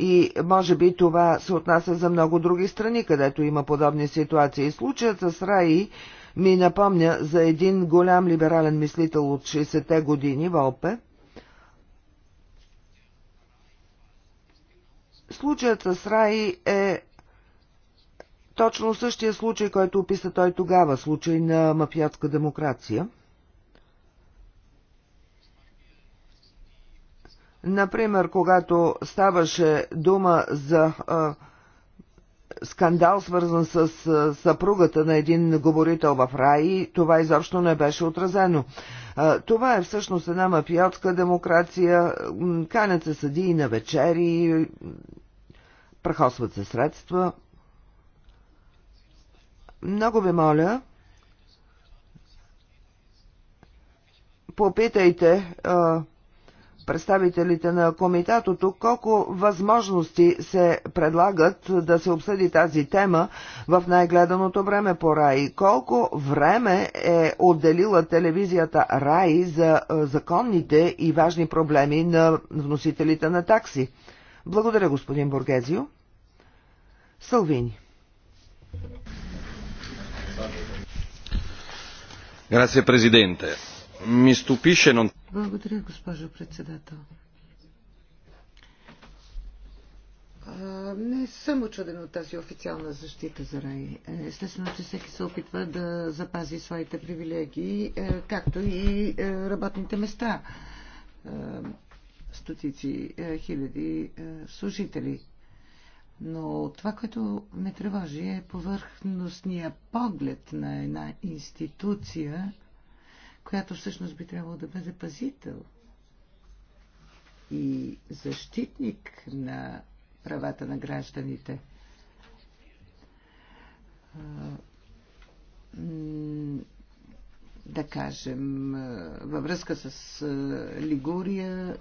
и може би това се отнася за много други страни, където има подобни ситуации. Случаят с Раи ми напомня за един голям либерален мислител от 60-те години, Волпе. Случаят с Раи е точно същия случай, който описа той тогава, случай на мафиотска демокрация. Например, когато ставаше дума за а, скандал, свързан с а, съпругата на един говорител в Раи, това изобщо не беше отразено. А, това е всъщност една мафиотска демокрация, канят се съди и на вечери, прахосват се средства. Много ви моля, попитайте а, представителите на комитатото, колко възможности се предлагат да се обсъди тази тема в най-гледаното време по РАИ. Колко време е отделила телевизията РАИ за законните и важни проблеми на вносителите на такси? Благодаря, господин Боргезио. Салвини. Grazie, Non... Благодаря, госпожо председател. не съм очуден от тази официална защита за рай. Е, естествено, че всеки се опитва да запази своите привилегии, е, както и е, работните места. Стотици хиляди служители но това, което ме тревожи е повърхностния поглед на една институция, която всъщност би трябвало да бъде пазител и защитник на правата на гражданите. Да кажем, във връзка с Лигурия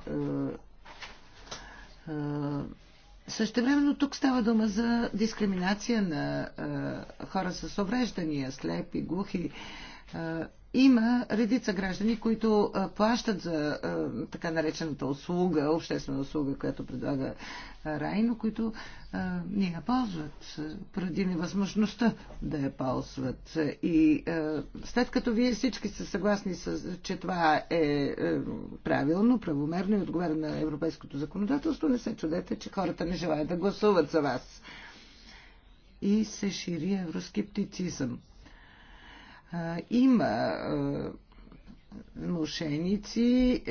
времено тук става дума за дискриминация на а, хора с увреждания, слепи, глухи. А, има редица граждани, които плащат за така наречената услуга, обществена услуга, която предлага Рай, но които не я ползват поради невъзможността да я ползват. И след като вие всички сте съгласни, с, че това е, е правилно, правомерно и отговаря на европейското законодателство, не се чудете, че хората не желаят да гласуват за вас. И се шири евроскептицизъм има мошеници,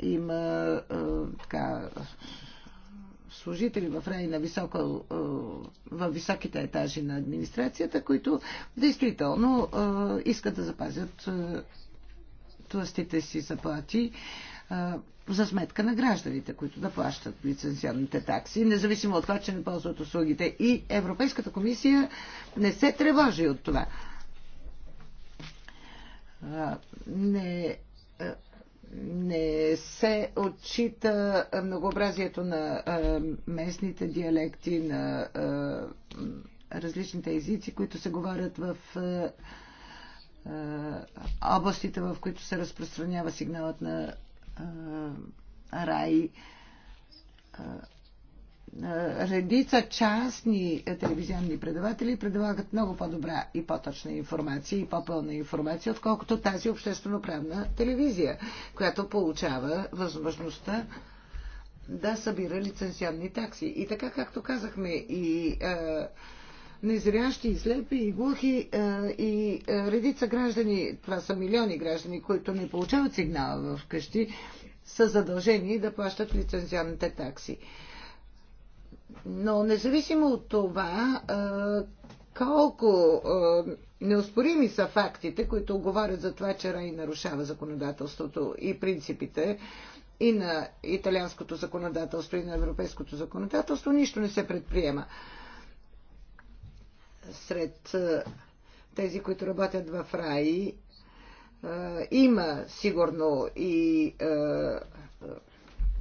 има така служители в рай на високо, в високите етажи на администрацията, които действително искат да запазят тластите си заплати за сметка на гражданите, които да плащат лицензионните такси, независимо от това, че не ползват услугите. И Европейската комисия не се тревожи от това. Не, не се отчита многообразието на местните диалекти, на различните езици, които се говорят в областите, в които се разпространява сигналът на рай. Редица частни телевизионни предаватели предлагат много по-добра и по-точна информация и по-пълна информация, отколкото тази обществено-правна телевизия, която получава възможността да събира лицензионни такси. И така, както казахме, и незрящи, и слепи, и глухи, и редица граждани, това са милиони граждани, които не получават сигнала в къщи, са задължени да плащат лицензионните такси. Но независимо от това, колко неоспорими са фактите, които оговарят за това, че Рай нарушава законодателството и принципите, и на италианското законодателство, и на европейското законодателство, нищо не се предприема сред тези, които работят в РАИ, има сигурно и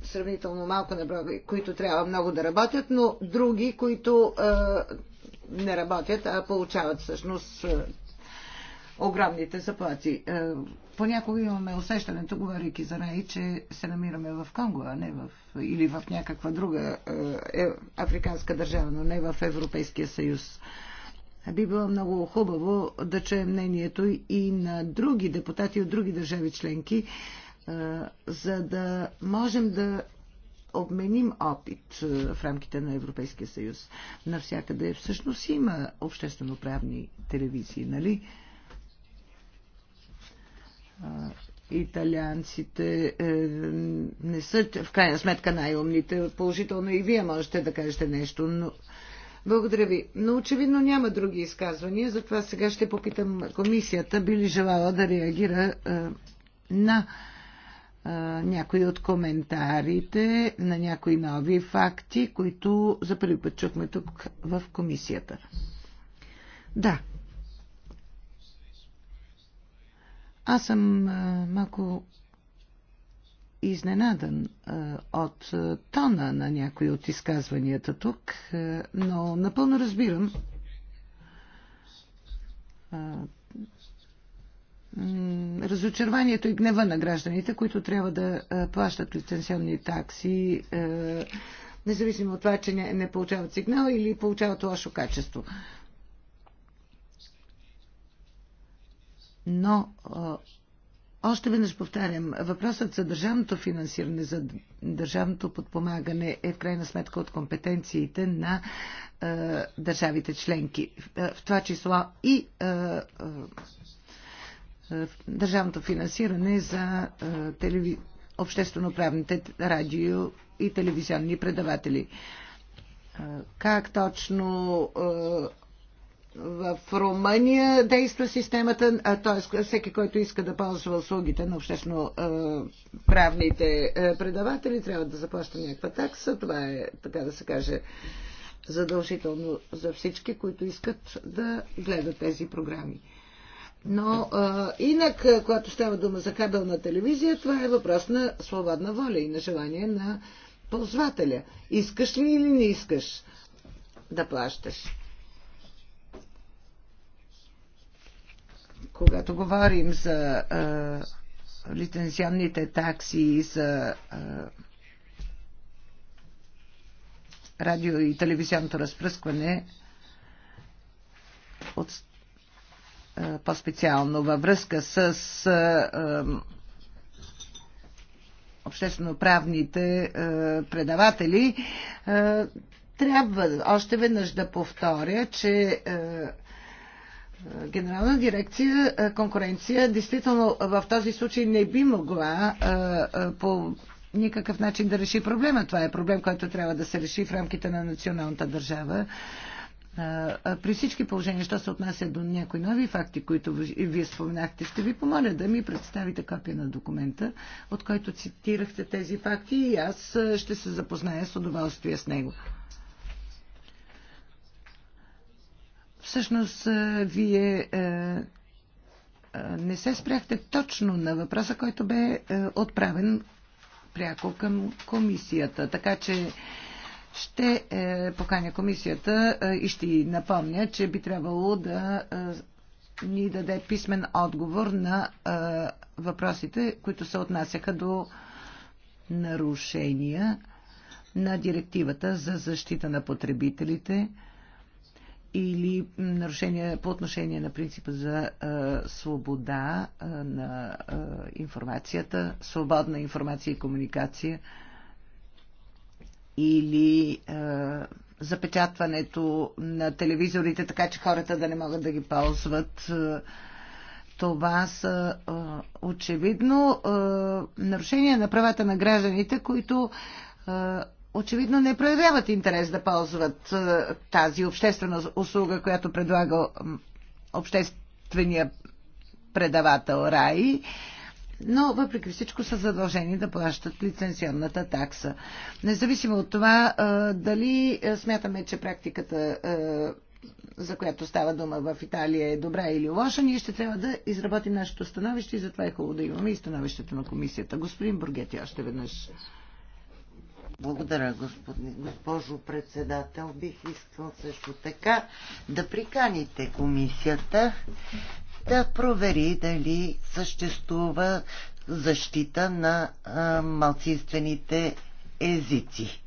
сравнително малко на които трябва много да работят, но други, които не работят, а получават всъщност огромните заплати. Понякога имаме усещането, говорейки за РАИ, че се намираме в Конго, а не в, или в някаква друга е, африканска държава, но не в Европейския съюз. Е, би било много хубаво да чуем мнението и на други депутати от други държави членки, за да можем да обменим опит в рамките на Европейския съюз. Навсякъде всъщност има обществено-правни телевизии, нали? Италианците е, не са в крайна сметка най-умните. Положително и вие можете да кажете нещо, но благодаря ви. Но очевидно няма други изказвания, затова сега ще попитам комисията, би ли желала да реагира на някои от коментарите, на някои нови факти, които за първи път чухме тук в комисията. Да. Аз съм малко изненадан от тона на някои от изказванията тук, но напълно разбирам разочарованието и гнева на гражданите, които трябва да плащат лицензионни такси, независимо от това, че не, не получават сигнал или получават лошо качество. Но още веднъж повтарям, въпросът за държавното финансиране, за държавното подпомагане е в крайна сметка от компетенциите на е, държавите членки. Е, в това число и е, е, държавното финансиране за е, телеви... обществено-правните радио и телевизионни предаватели. Е, как точно е, в Румъния действа системата, т.е. всеки, който иска да ползва услугите на обществено-правните предаватели, трябва да заплаща някаква такса. Това е, така да се каже, задължително за всички, които искат да гледат тези програми. Но а, инак, когато става дума за кабелна телевизия, това е въпрос на свободна воля и на желание на ползвателя. Искаш ли или не искаш да плащаш? Когато говорим за а, лицензионните такси и за а, радио и телевизионното разпръскване, от, а, по-специално във връзка с а, а, общественоправните а, предаватели, а, трябва още веднъж да повторя, че а, Генерална дирекция конкуренция действително в този случай не би могла по никакъв начин да реши проблема. Това е проблем, който трябва да се реши в рамките на националната държава. При всички положения, що се отнася до някои нови факти, които вие споменахте, ще ви помоля да ми представите копия на документа, от който цитирахте тези факти и аз ще се запозная с удоволствие с него. Всъщност, вие не се спряхте точно на въпроса, който бе отправен пряко към комисията. Така че ще поканя комисията и ще й напомня, че би трябвало да ни даде писмен отговор на въпросите, които се отнасяха до нарушения на директивата за защита на потребителите или нарушения по отношение на принципа за а, свобода а, на а, информацията, свободна информация и комуникация, или а, запечатването на телевизорите, така че хората да не могат да ги ползват. това са а, очевидно а, нарушения на правата на гражданите, които очевидно не проявяват интерес да ползват е, тази обществена услуга, която предлага обществения предавател РАИ, но въпреки всичко са задължени да плащат лицензионната такса. Независимо от това, е, дали е, смятаме, че практиката за която става дума в Италия е добра или лоша, ние ще трябва да изработим нашето становище и затова е хубаво да имаме и становището на комисията. Господин Бургети, още веднъж. Благодаря, господи, госпожо председател. Бих искал също така да приканите комисията да провери дали съществува защита на а, малцинствените езици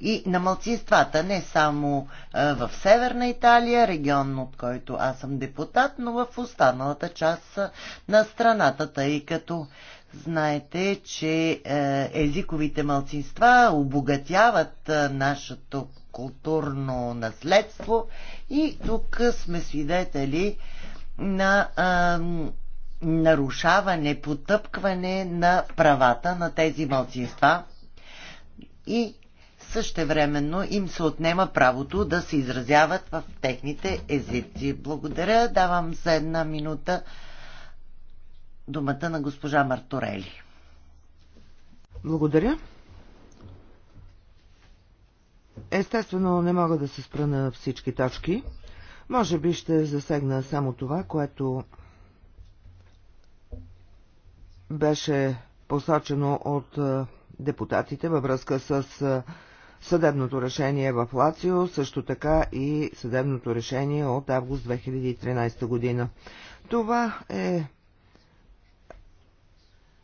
и на малцинствата, не само в Северна Италия, регион от който аз съм депутат, но в останалата част на страната, тъй като Знаете, че е, езиковите малцинства обогатяват е, нашето културно наследство и тук сме свидетели на а, е, нарушаване, потъпкване на правата на тези малцинства и същевременно им се отнема правото да се изразяват в техните езици. Благодаря. Давам за една минута думата на госпожа Марторели. Благодаря. Естествено, не мога да се спра на всички точки. Може би ще засегна само това, което беше посочено от депутатите във връзка с съдебното решение в Лацио, също така и съдебното решение от август 2013 година. Това е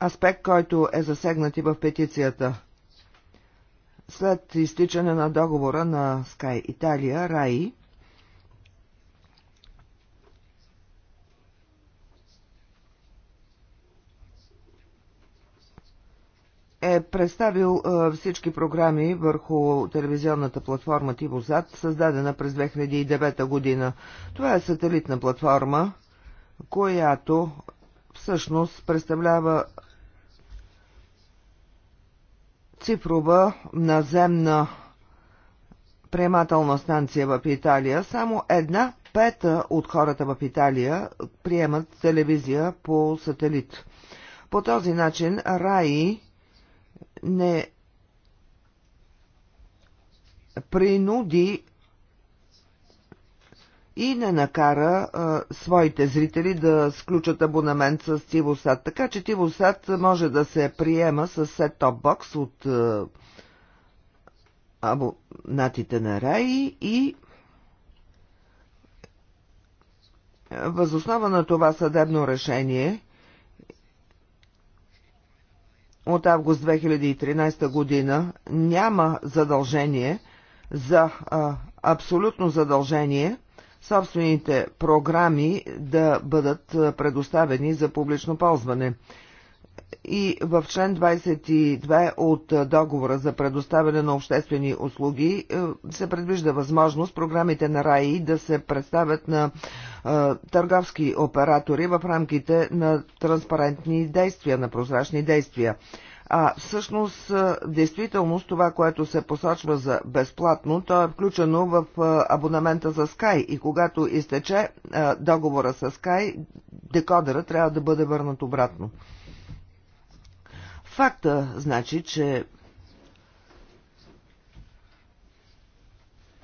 аспект, който е засегнат и в петицията. След изтичане на договора на Sky Italia, РАИ, е представил е, всички програми върху телевизионната платформа Тивозад, създадена през 2009 година. Това е сателитна платформа, която всъщност представлява цифрова наземна приемателна станция в Италия, само една пета от хората в Италия приемат телевизия по сателит. По този начин РАИ не принуди и не накара а, своите зрители да сключат абонамент с Тивосат. Така че Тивосат може да се приема с сет-топ бокс от а, абонатите на Рай и възоснова на това съдебно решение от август 2013 година няма задължение за а, абсолютно задължение – собствените програми да бъдат предоставени за публично ползване. И в член 22 от договора за предоставяне на обществени услуги се предвижда възможност програмите на РАИ да се представят на търговски оператори в рамките на транспарентни действия, на прозрачни действия. А всъщност, действителност, това, което се посочва за безплатно, то е включено в абонамента за Sky и когато изтече договора с Sky, декодера трябва да бъде върнат обратно. Факта, значи, че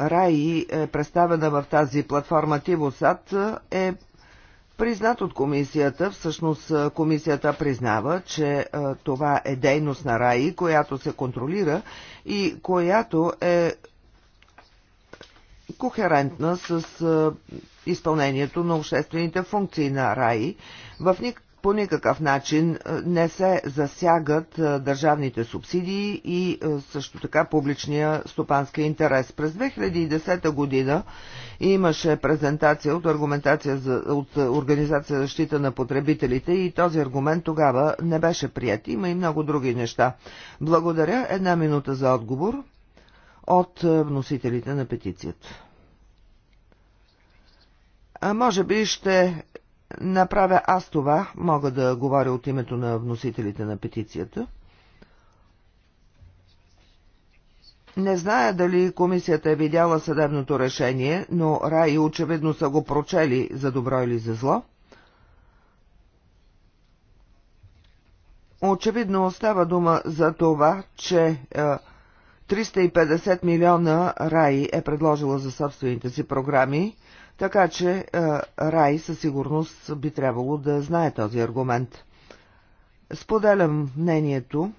Раи е представена в тази платформа Тивосад е признат от комисията. Всъщност комисията признава, че а, това е дейност на РАИ, която се контролира и която е кохерентна с а, изпълнението на обществените функции на РАИ. В ник по никакъв начин не се засягат държавните субсидии и също така публичния стопански интерес. През 2010 година имаше презентация от, аргументация за, от Организация за защита на потребителите и този аргумент тогава не беше прият. Има и много други неща. Благодаря. Една минута за отговор от вносителите на петицията. А може би ще направя аз това, мога да говоря от името на вносителите на петицията. Не зная дали комисията е видяла съдебното решение, но Раи очевидно са го прочели за добро или за зло. Очевидно остава дума за това, че е, 350 милиона Раи е предложила за собствените си програми така че е, Рай със сигурност би трябвало да знае този аргумент. Споделям мнението,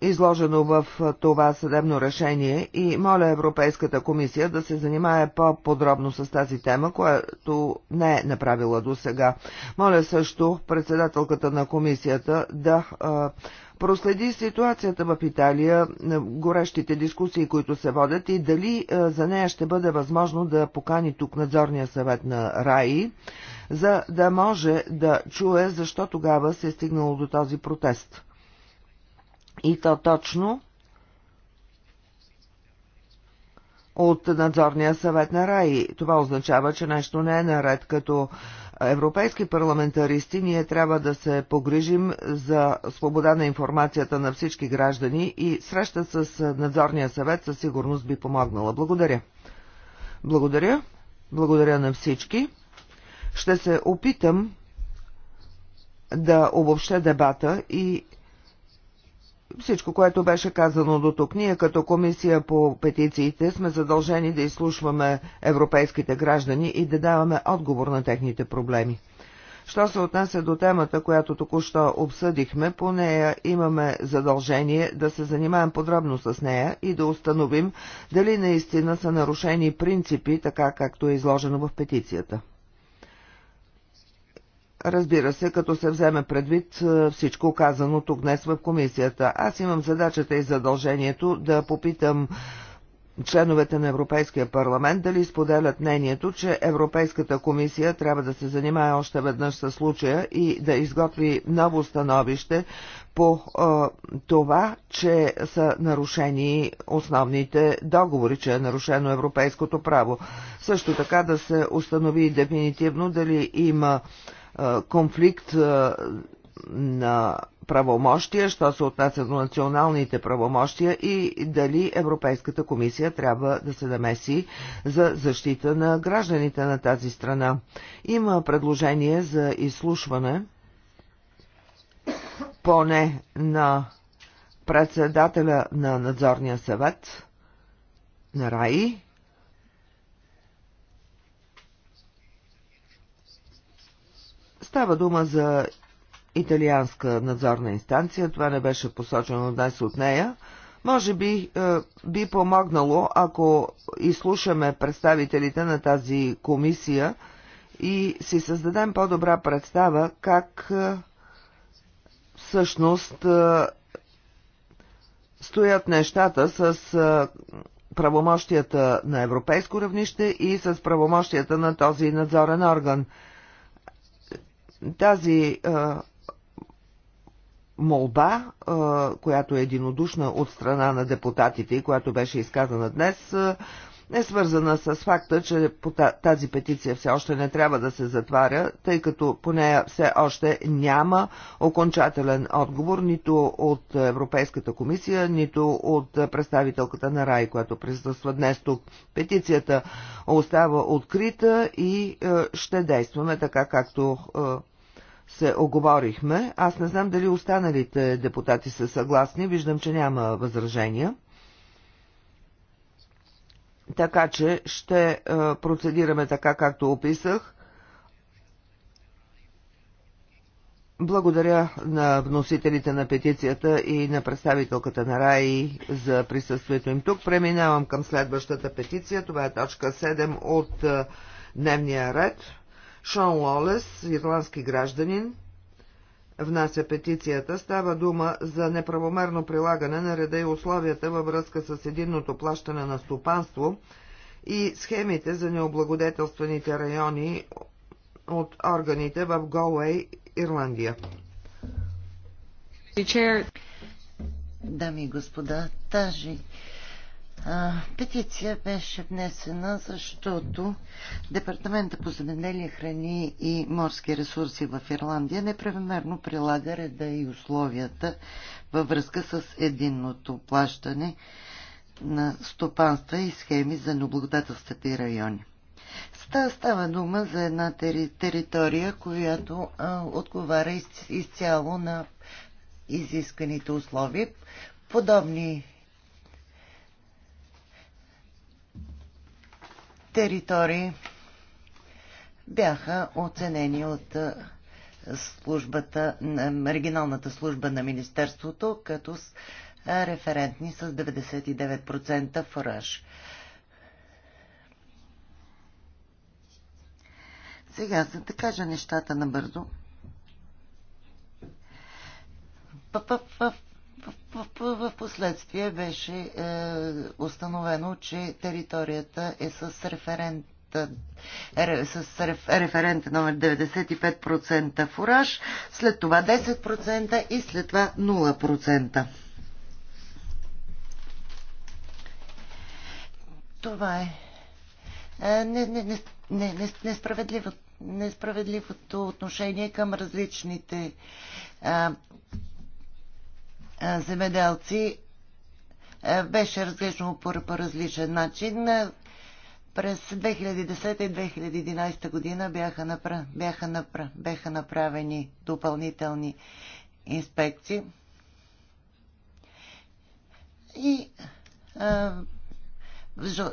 изложено в това съдебно решение и моля Европейската комисия да се занимае по-подробно с тази тема, която не е направила до сега. Моля също председателката на комисията да а, е, проследи ситуацията в Италия, горещите дискусии, които се водят и дали е, за нея ще бъде възможно да покани тук надзорния съвет на РАИ, за да може да чуе защо тогава се е стигнало до този протест. И то точно от надзорния съвет на РАИ. Това означава, че нещо не е наред като е, европейски парламентаристи ние трябва да се погрижим за свобода на информацията на всички граждани и среща с надзорния съвет със сигурност би помогнала. Благодаря. Благодаря. Благодаря на всички. Ще се опитам да обобща дебата и всичко, което беше казано до тук. Ние като комисия по петициите сме задължени да изслушваме европейските граждани и да даваме отговор на техните проблеми. Що се отнася до темата, която току-що обсъдихме, по нея имаме задължение да се занимаем подробно с нея и да установим дали наистина са нарушени принципи, така както е изложено в петицията. Разбира се, като се вземе предвид е, всичко казано тук днес в комисията. Аз имам задачата и задължението да попитам членовете на Европейския парламент дали споделят мнението, че Европейската комисия трябва да се занимае още веднъж с случая и да изготви ново становище по е, това, че са нарушени основните договори, че е нарушено европейското право. Също така да се установи дефинитивно дали има конфликт на правомощия, що се отнася до националните правомощия и дали Европейската комисия трябва да се намеси за защита на гражданите на тази страна. Има предложение за изслушване поне на председателя на надзорния съвет на РАИ Става дума за италианска надзорна инстанция, това не беше посочено днес от нея. Може би е, би помогнало, ако изслушаме представителите на тази комисия и си създадем по-добра представа как е, всъщност е, стоят нещата с е, правомощията на европейско равнище и с правомощията на този надзорен орган. Тази молба, която е единодушна от страна на депутатите и която беше изказана днес, е свързана с факта, че по тази петиция все още не трябва да се затваря, тъй като по нея все още няма окончателен отговор нито от Европейската комисия, нито от представителката на РАИ, която присъства днес тук. Петицията остава открита и ще действаме така, както се оговорихме. Аз не знам дали останалите депутати са съгласни. Виждам, че няма възражения. Така че ще е, процедираме така, както описах. Благодаря на вносителите на петицията и на представителката на РАИ за присъствието им тук. Преминавам към следващата петиция. Това е точка 7 от е, дневния ред. Шон Лолес, ирландски гражданин, внася петицията. Става дума за неправомерно прилагане на реда и условията във връзка с единното плащане на стопанство и схемите за необлагодетелстваните райони от органите в Голуей, Ирландия. Дами и господа, тази Петиция беше внесена, защото Департамента по земеделие, храни и морски ресурси в Ирландия неправомерно прилага реда и условията във връзка с единното плащане на стопанства и схеми за необлагодателствата райони. става дума за една територия, която а, отговаря из, изцяло на изисканите условия. Подобни територии бяха оценени от службата, регионалната служба на Министерството като референтни с 99% фураж. Сега, за да кажа нещата набързо. в в, в, последствие беше е, установено, че територията е с референт с референт номер 95% фураж, след това 10% и след това 0%. Това е, е несправедливото отношение към различните е, е, земеделци е, беше разглеждано по, по различен начин. През 2010 и 2011 година бяха, напра... бяха, напра... бяха направени допълнителни инспекции и а, е,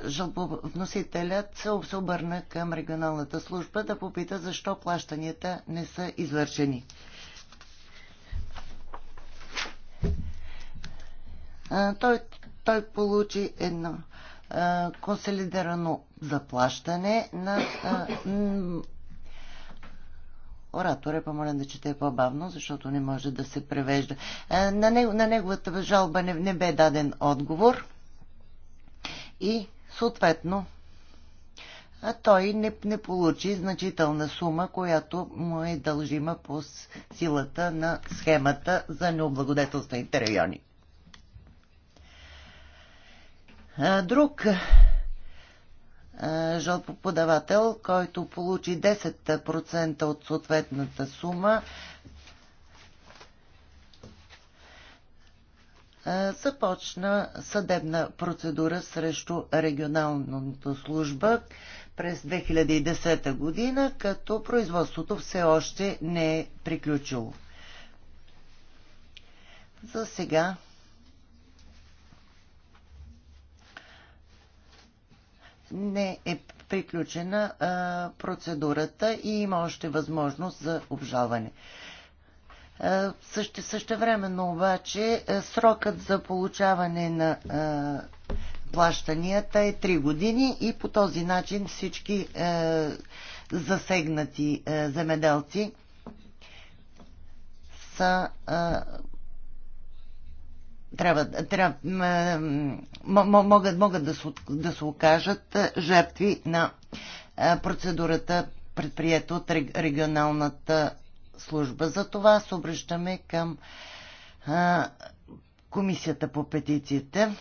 Жалбовносителят се обърна към регионалната служба да попита защо плащанията не са извършени. той, той получи едно консолидирано заплащане на Оратора е помолен да чете по-бавно, защото не може да се превежда. На, него, на неговата жалба не, не бе даден отговор и съответно а той не, не получи значителна сума, която му е дължима по силата на схемата за необлагодетелствените райони друг жалпоподавател, който получи 10% от съответната сума, започна съдебна процедура срещу регионалната служба през 2010 година, като производството все още не е приключило. За сега не е приключена а, процедурата и има още възможност за обжалване. Също, същевременно обаче срокът за получаване на а, плащанията е 3 години и по този начин всички а, засегнати а, земеделци са а, трябва, трябва, могат, могат да, се, да се окажат жертви на процедурата, предприета от регионалната служба. За това се обръщаме към Комисията по петициите.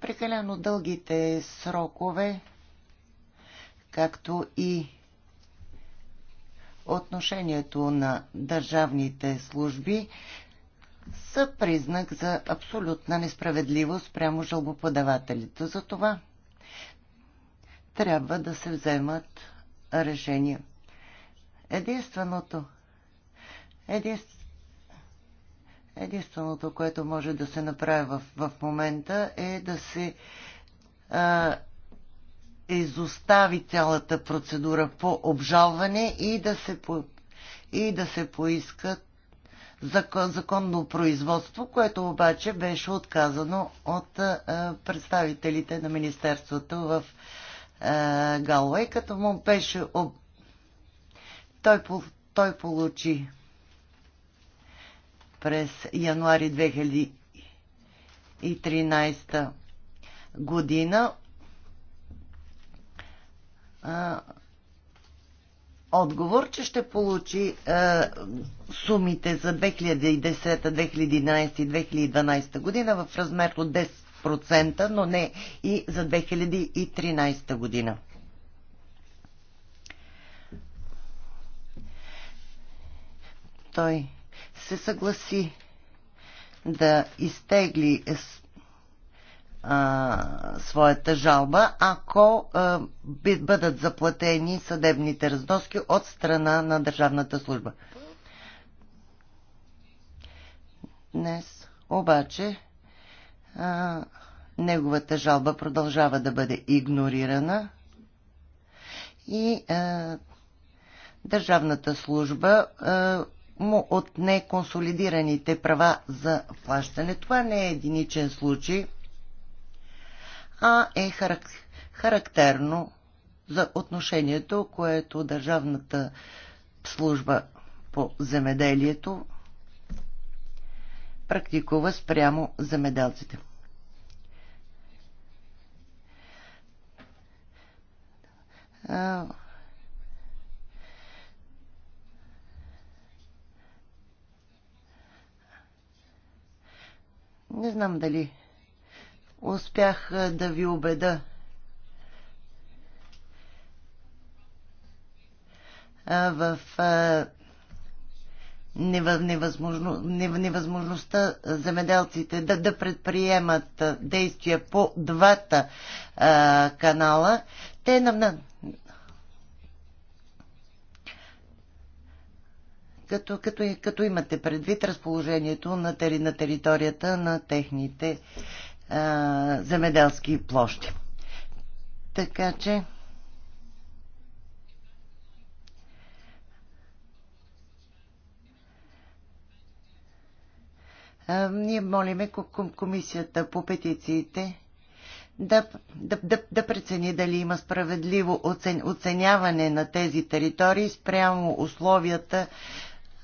Прекалено дългите срокове както и отношението на държавните служби са признак за абсолютна несправедливост прямо жалбоподавателите. За това трябва да се вземат решения. Единственото, единствен, единственото, което може да се направи в, в момента е да се а, изостави цялата процедура по обжалване и да се, по, и да се поиска закон, законно производство, което обаче беше отказано от а, представителите на Министерството в а, Галуей, като му беше об... той, той получи през януари 2013 година отговор, че ще получи а, сумите за 2010, 2011 и 2012 година в размер от 10%, но не и за 2013 година. Той се съгласи да изтегли а, своята жалба, ако а, бъдат заплатени съдебните разноски от страна на Държавната служба. Днес обаче а, неговата жалба продължава да бъде игнорирана и а, Държавната служба а, му отне консолидираните права за плащане. Това не е единичен случай а е характерно за отношението, което Държавната служба по земеделието практикува спрямо земеделците. Не знам дали успях да ви убеда. в невъзможно, невъзможността земеделците да, да предприемат действия по двата а, канала, те на, на като, като, като имате предвид разположението на, тери, на територията на техните а, земеделски площи. Така че а, ние молиме комисията по петициите да, да, да, да прецени дали има справедливо оцен, оценяване на тези територии спрямо условията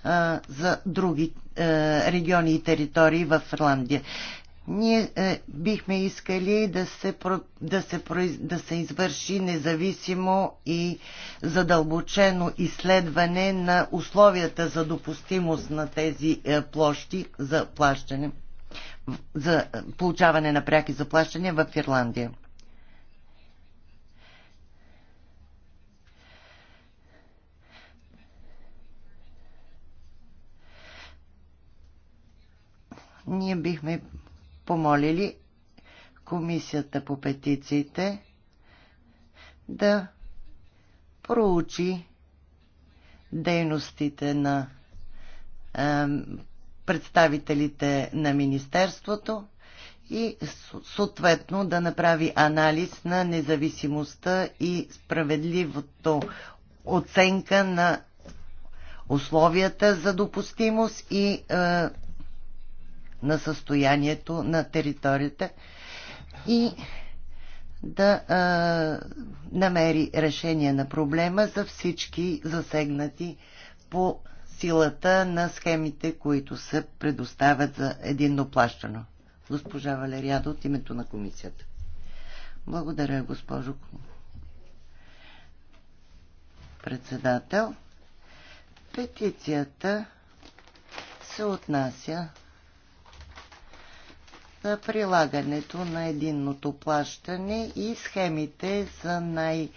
а, за други а, региони и територии в Ирландия. Ние е, бихме искали да се, да, се, да се извърши независимо и задълбочено изследване на условията за допустимост на тези е, площи за плащане, за е, получаване на пряки заплащания в Ирландия. Ние бихме помолили Комисията по петициите да проучи дейностите на е, представителите на Министерството и съответно да направи анализ на независимостта и справедливото оценка на условията за допустимост и е, на състоянието на територията и да а, намери решение на проблема за всички засегнати по силата на схемите, които се предоставят за единно плащано. Госпожа Валериада от името на комисията. Благодаря, госпожо председател. Петицията се отнася прилагането на единното плащане и схемите за най-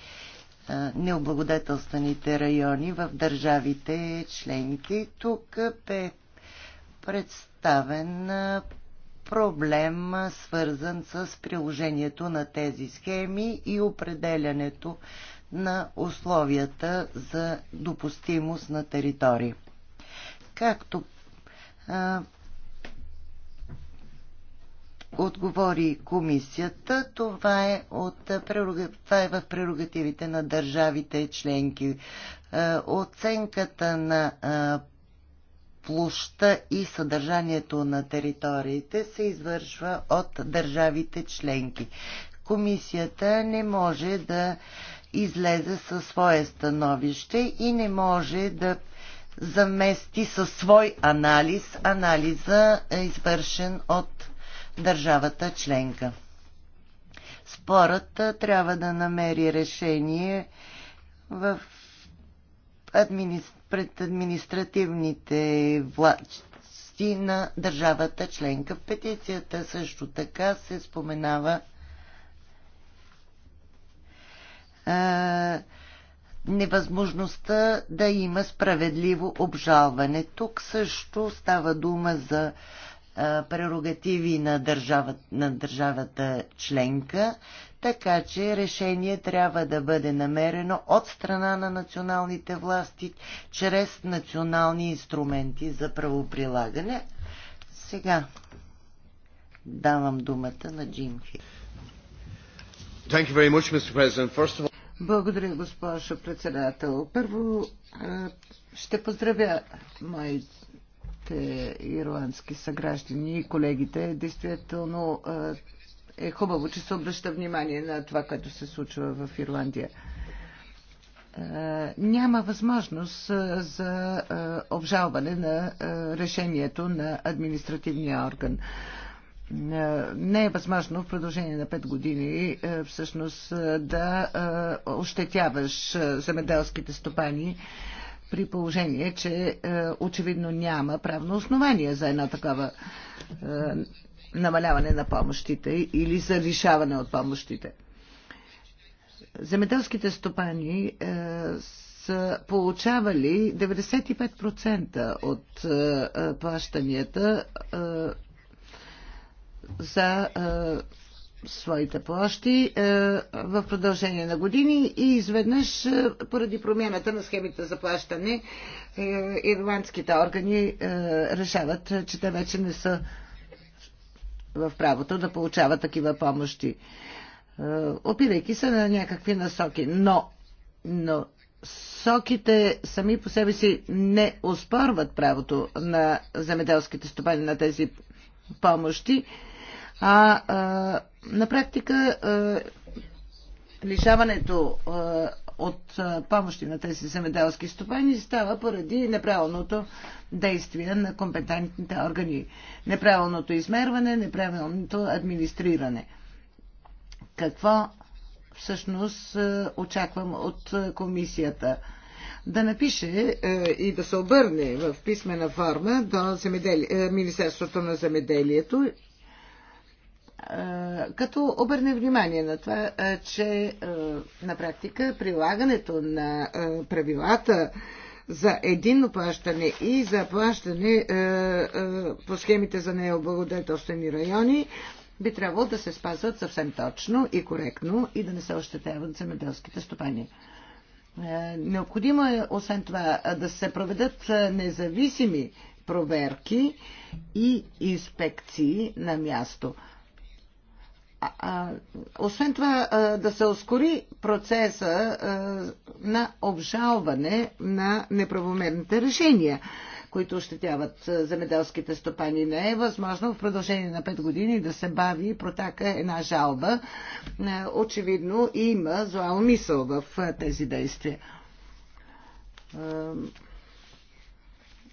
необлагодетелстваните райони в държавите членки. Тук бе представен проблем, свързан с приложението на тези схеми и определянето на условията за допустимост на територии. Както отговори комисията, това е, от, това е в прерогативите на държавите членки. Е, оценката на е, площа и съдържанието на териториите се извършва от държавите членки. Комисията не може да излезе със свое становище и не може да замести със свой анализ анализа, е извършен от държавата членка. Спорът трябва да намери решение в админи... пред административните власти на държавата членка. В петицията също така се споменава а, невъзможността да има справедливо обжалване. Тук също става дума за прерогативи на, държава, на държавата членка, така че решение трябва да бъде намерено от страна на националните власти чрез национални инструменти за правоприлагане. Сега давам думата на Джим Хил. All... Благодаря, госпожо председател. Първо ще поздравя моите моите ирландски съграждани и колегите. Действително е хубаво, че се обръща внимание на това, което се случва в Ирландия. Няма възможност за обжалване на решението на административния орган не е възможно в продължение на 5 години всъщност да ощетяваш земеделските стопани при положение, че е, очевидно няма правно основание за едно такова е, намаляване на помощите или за лишаване от помощите. Земеделските стопани е, са получавали 95% от плащанията за своите площи е, в продължение на години и изведнъж е, поради промяната на схемите за плащане е, ирландските органи решават, че те вече не са в правото да получават такива помощи, опирайки се на някакви насоки. Но, но соките сами по себе си не оспорват правото на земеделските стопани на тези помощи. А, а на практика а, лишаването а, от помощи на тези земеделски стопани става поради неправилното действие на компетентните органи, неправилното измерване, неправилното администриране. Какво всъщност очаквам от комисията? Да напише е, и да се обърне в писмена форма до земедели... Е, Министерството на земеделието като обърне внимание на това, че на практика прилагането на правилата за единно плащане и за плащане по схемите за необлагодетелствени райони би трябвало да се спазват съвсем точно и коректно и да не се ощетяват земеделските стопани. Необходимо е, освен това, да се проведат независими проверки и инспекции на място а, освен това, а, да се ускори процеса а, на обжалване на неправомерните решения, които ощетяват земеделските стопани. Не е възможно в продължение на 5 години да се бави и протака една жалба. А, очевидно има зла умисъл в а, тези действия.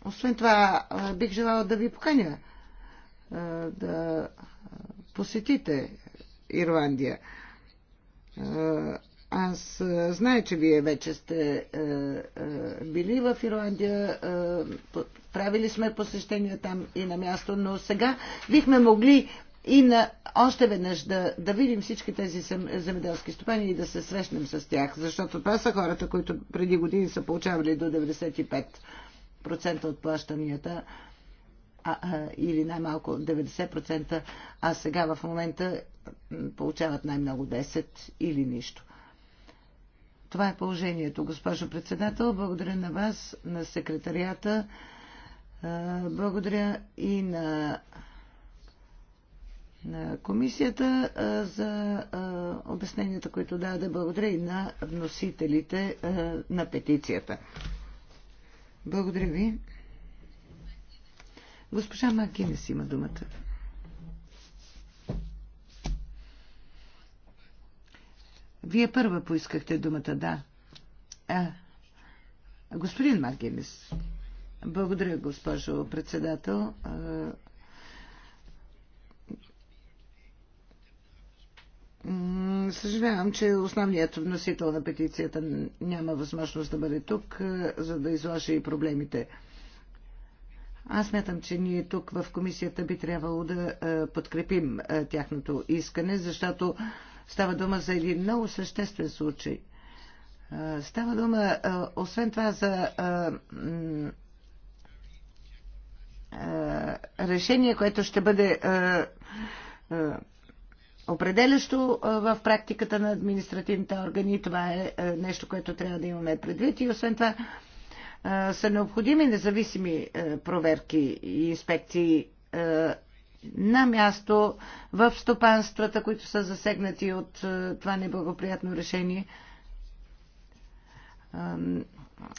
освен това, бих желала да ви поканя да посетите Ирландия. Аз знае, че вие вече сте били в Ирландия, правили сме посещения там и на място, но сега бихме могли и на, още веднъж да, да видим всички тези земеделски стопани и да се срещнем с тях, защото това са хората, които преди години са получавали до 95% от плащанията а, а, или най-малко 90%, а сега в момента получават най-много 10 или нищо. Това е положението, госпожо председател. Благодаря на вас, на секретарията. Благодаря и на, на комисията за обясненията, които даде. Благодаря и на вносителите на петицията. Благодаря ви. Госпожа Макинес има думата. Вие първа поискахте думата, да. А, господин Маргенис. Благодаря, госпожо председател. Съжалявам, че основният вносител на петицията няма възможност да бъде тук, за да изложи и проблемите. Аз мятам, че ние тук в комисията би трябвало да е, подкрепим е, тяхното искане, защото става дума за един много съществен случай. Е, става дума, освен това, за решение, което ще бъде определящо в практиката на административните органи. Това е нещо, което трябва да имаме предвид. И освен това, са необходими независими проверки и инспекции на място в стопанствата, които са засегнати от това неблагоприятно решение.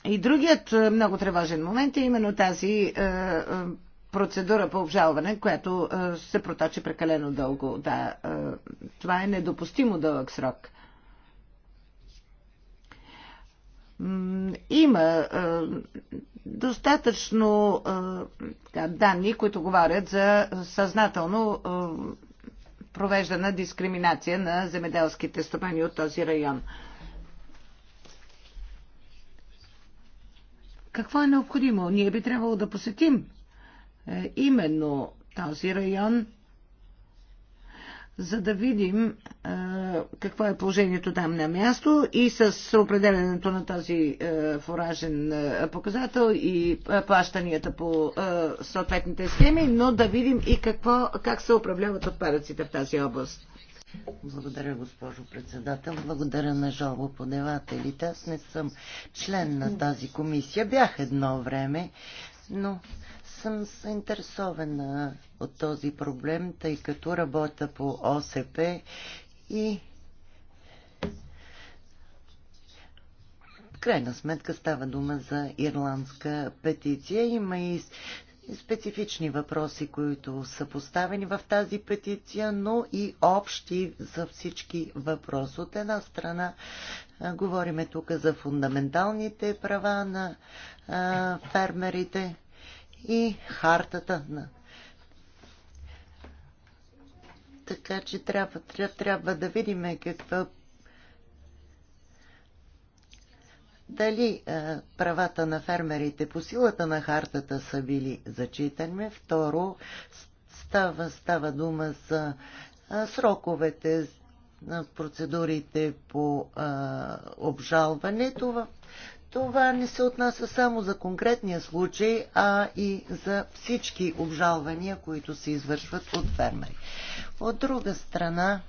И другият много тревожен момент е именно тази процедура по обжалване, която се проточи прекалено дълго. Да, това е недопустимо дълъг срок. Има достатъчно а, данни, които говорят за съзнателно провеждана дискриминация на земеделските стопани от този район. Какво е необходимо? Ние би трябвало да посетим е, именно този район за да видим а, е, какво е положението там на място и с определенето на този а, е, фуражен а, е, показател и а, плащанията по а, съответните схеми, но да видим и какво, как се управляват отпадъците в тази област. Благодаря, госпожо председател. Благодаря на жалбоподавателите. Аз не съм член на тази комисия. Бях едно време, но съм заинтересована от този проблем, тъй като работя по ОСП и в крайна сметка става дума за ирландска петиция. Има и специфични въпроси, които са поставени в тази петиция, но и общи за всички въпроси. От една страна говориме тук за фундаменталните права на а, фермерите и хартата на така че трябва, трябва, трябва да видим каква дали е, правата на фермерите по силата на хартата са били зачитани. Второ, става, става дума за а, е, сроковете на процедурите по а, е, обжалване. Това, това не се отнася само за конкретния случай, а и за всички обжалвания, които се извършват от фермери. От друга страна,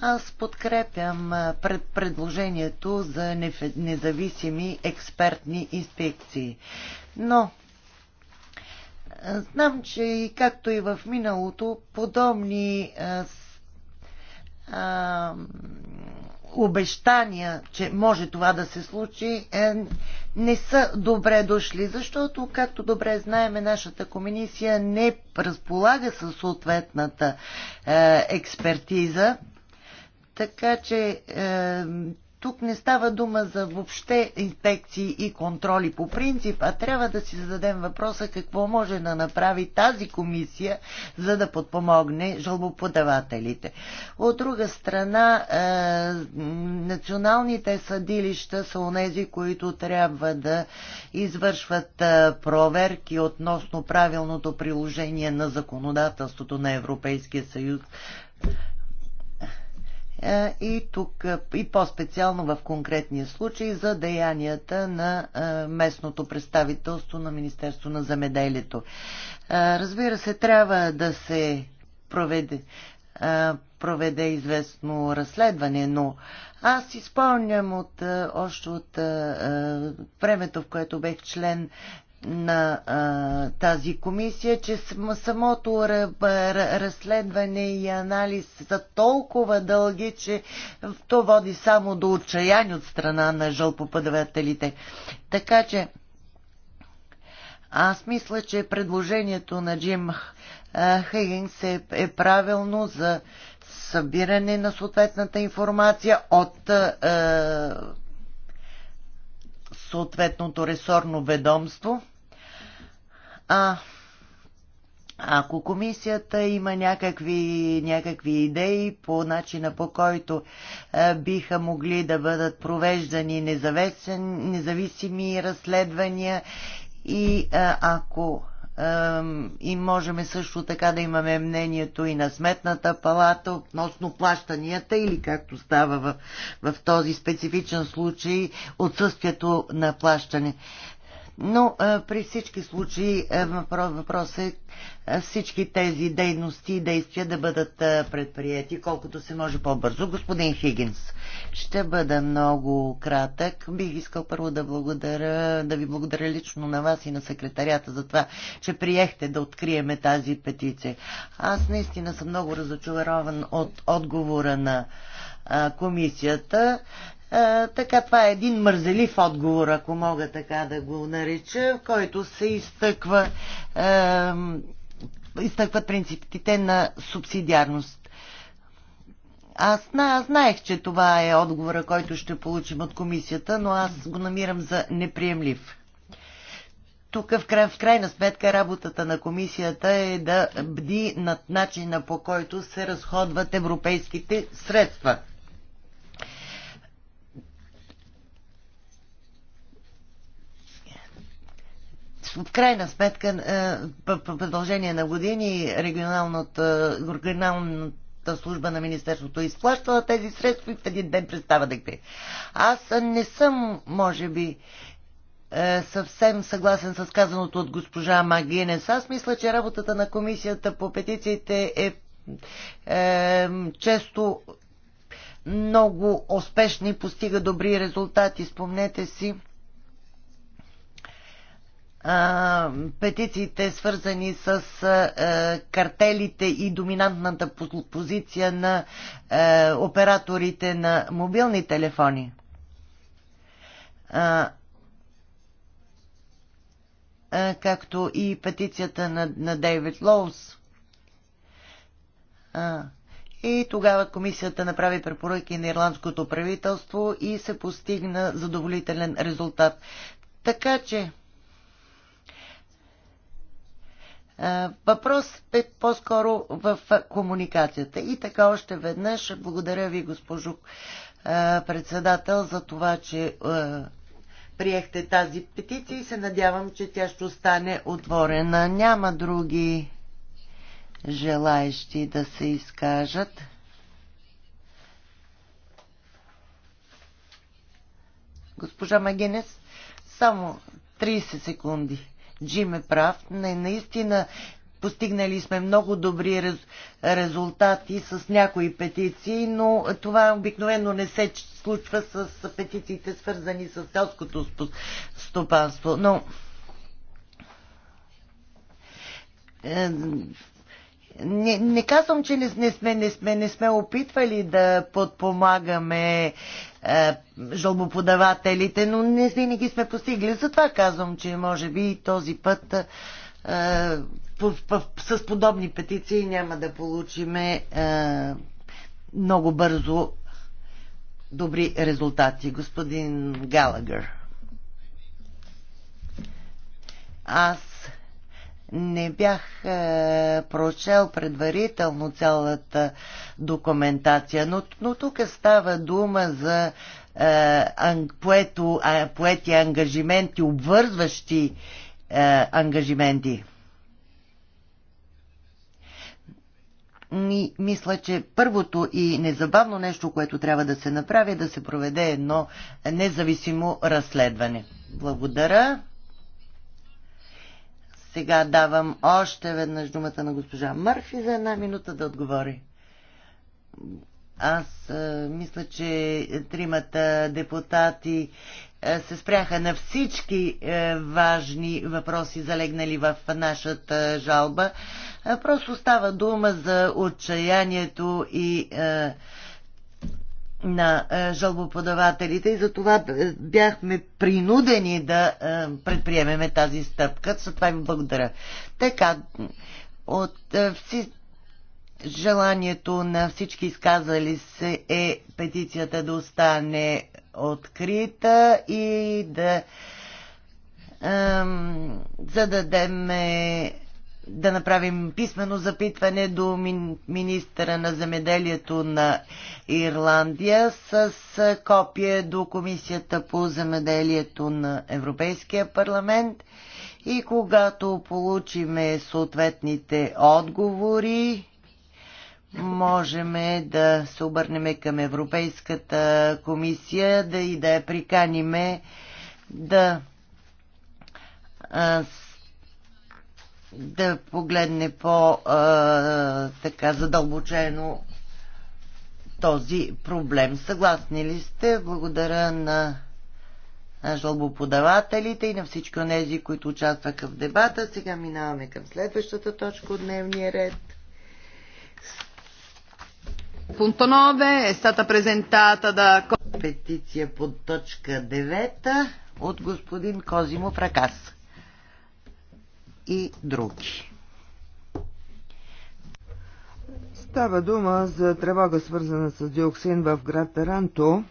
аз подкрепям пред предложението за независими експертни инспекции. Но знам, че и както и в миналото, подобни а, а, обещания, че може това да се случи, е, не са добре дошли, защото, както добре знаеме, нашата комисия не разполага със съответната е, експертиза така че е, тук не става дума за въобще инспекции и контроли по принцип, а трябва да си зададем въпроса какво може да направи тази комисия, за да подпомогне жалбоподавателите. От друга страна, е, националните съдилища са онези, които трябва да извършват е, проверки относно правилното приложение на законодателството на Европейския съюз е, и тук е, и по-специално в конкретния случай за деянията на е, местното представителство на Министерство на земеделието. Разбира се, трябва да се проведе, проведе известно разследване, но аз изпълням от, още от времето, в което бех член на а, тази комисия, че самото разследване и анализ са толкова дълги, че то води само до отчаяние от страна на жълпопадавателите. Така че аз мисля, че предложението на Джим Хейгинс е, е правилно за събиране на съответната информация от а, съответното ресорно ведомство. А ако комисията има някакви, някакви идеи по начина по който а, биха могли да бъдат провеждани независен, независими разследвания и а, ако е, и можем също така да имаме мнението и на сметната палата относно плащанията или както става в, в този специфичен случай отсъствието на плащане. Но а, при всички случаи въпрос, въпрос е всички тези дейности и действия да бъдат а, предприяти колкото се може по-бързо. Господин Хигинс, ще бъда много кратък. Бих искал първо да благодаря, да ви благодаря лично на вас и на секретарията за това, че приехте да откриеме тази петиция. Аз наистина съм много разочарован от отговора на комисията. А, е, така, това е един мързелив отговор, ако мога така да го нареча, в който се изтъква, а, изтъкват принципите на субсидиарност. Аз знаех, че това е отговора, който ще получим от комисията, но аз го намирам за неприемлив. Тук в, край, в крайна сметка работата на комисията е да бди над начина по който се разходват европейските средства. в крайна сметка, е, по продължение на години, регионалната, е, регионалната служба на Министерството изплащала тези средства и в един ден представа да ги. Аз не съм, може би, е, съвсем съгласен с казаното от госпожа Магинес. Аз мисля, че работата на комисията по петициите е, е често много успешна и постига добри резултати. Спомнете си петициите, свързани с картелите и доминантната позиция на операторите на мобилни телефони. както и петицията на, на Дейвид Лоус. И тогава комисията направи препоръки на ирландското правителство и се постигна задоволителен резултат. Така че Въпрос е по-скоро в комуникацията. И така още веднъж благодаря ви, госпожо председател, за това, че приехте тази петиция и се надявам, че тя ще остане отворена. Няма други желаещи да се изкажат. Госпожа Магенес, само 30 секунди. Джим е прав. Не, наистина постигнали сме много добри рез, резултати с някои петиции, но това обикновено не се случва с петициите, свързани с селското стопанство. Но е, не, не казвам, че не, не, сме, не, сме, не сме опитвали да подпомагаме е, жалбоподавателите, но не винаги сме постигли. Затова казвам, че може би и този път е, по, по, с подобни петиции няма да получиме е, много бързо добри резултати. Господин Галагър. Аз не бях е, прочел предварително цялата документация, но, но тук става дума за е, поето, а, поети ангажименти, обвързващи е, ангажименти. мисля, че първото и незабавно нещо, което трябва да се направи, е да се проведе едно независимо разследване. Благодаря. Сега давам още веднъж думата на госпожа Мърфи за една минута да отговори. Аз а, е, мисля, че тримата депутати а, е, се спряха на всички а, е, важни въпроси, залегнали в нашата жалба. А, просто става дума за отчаянието и а, на е, жалбоподавателите и затова е, бяхме принудени да е, предприемеме тази стъпка. За това ви благодаря. Така, от желанието на всички изказали се е петицията да остане открита и да зададем да направим писмено запитване до министъра на земеделието на Ирландия с копие до Комисията по земеделието на Европейския парламент и когато получиме съответните отговори, можем да се обърнем към Европейската комисия да и да я приканиме да да погледне по-така задълбочено този проблем. Съгласни ли сте? Благодаря на жалбоподавателите и на всички от тези, които участваха в дебата. Сега минаваме към следващата точка от дневния ред. Пункто 9 е стата презентата да... Петиция под точка 9 от господин Козимо Фракас и други. Става дума за тревога свързана с диоксин в град Таранто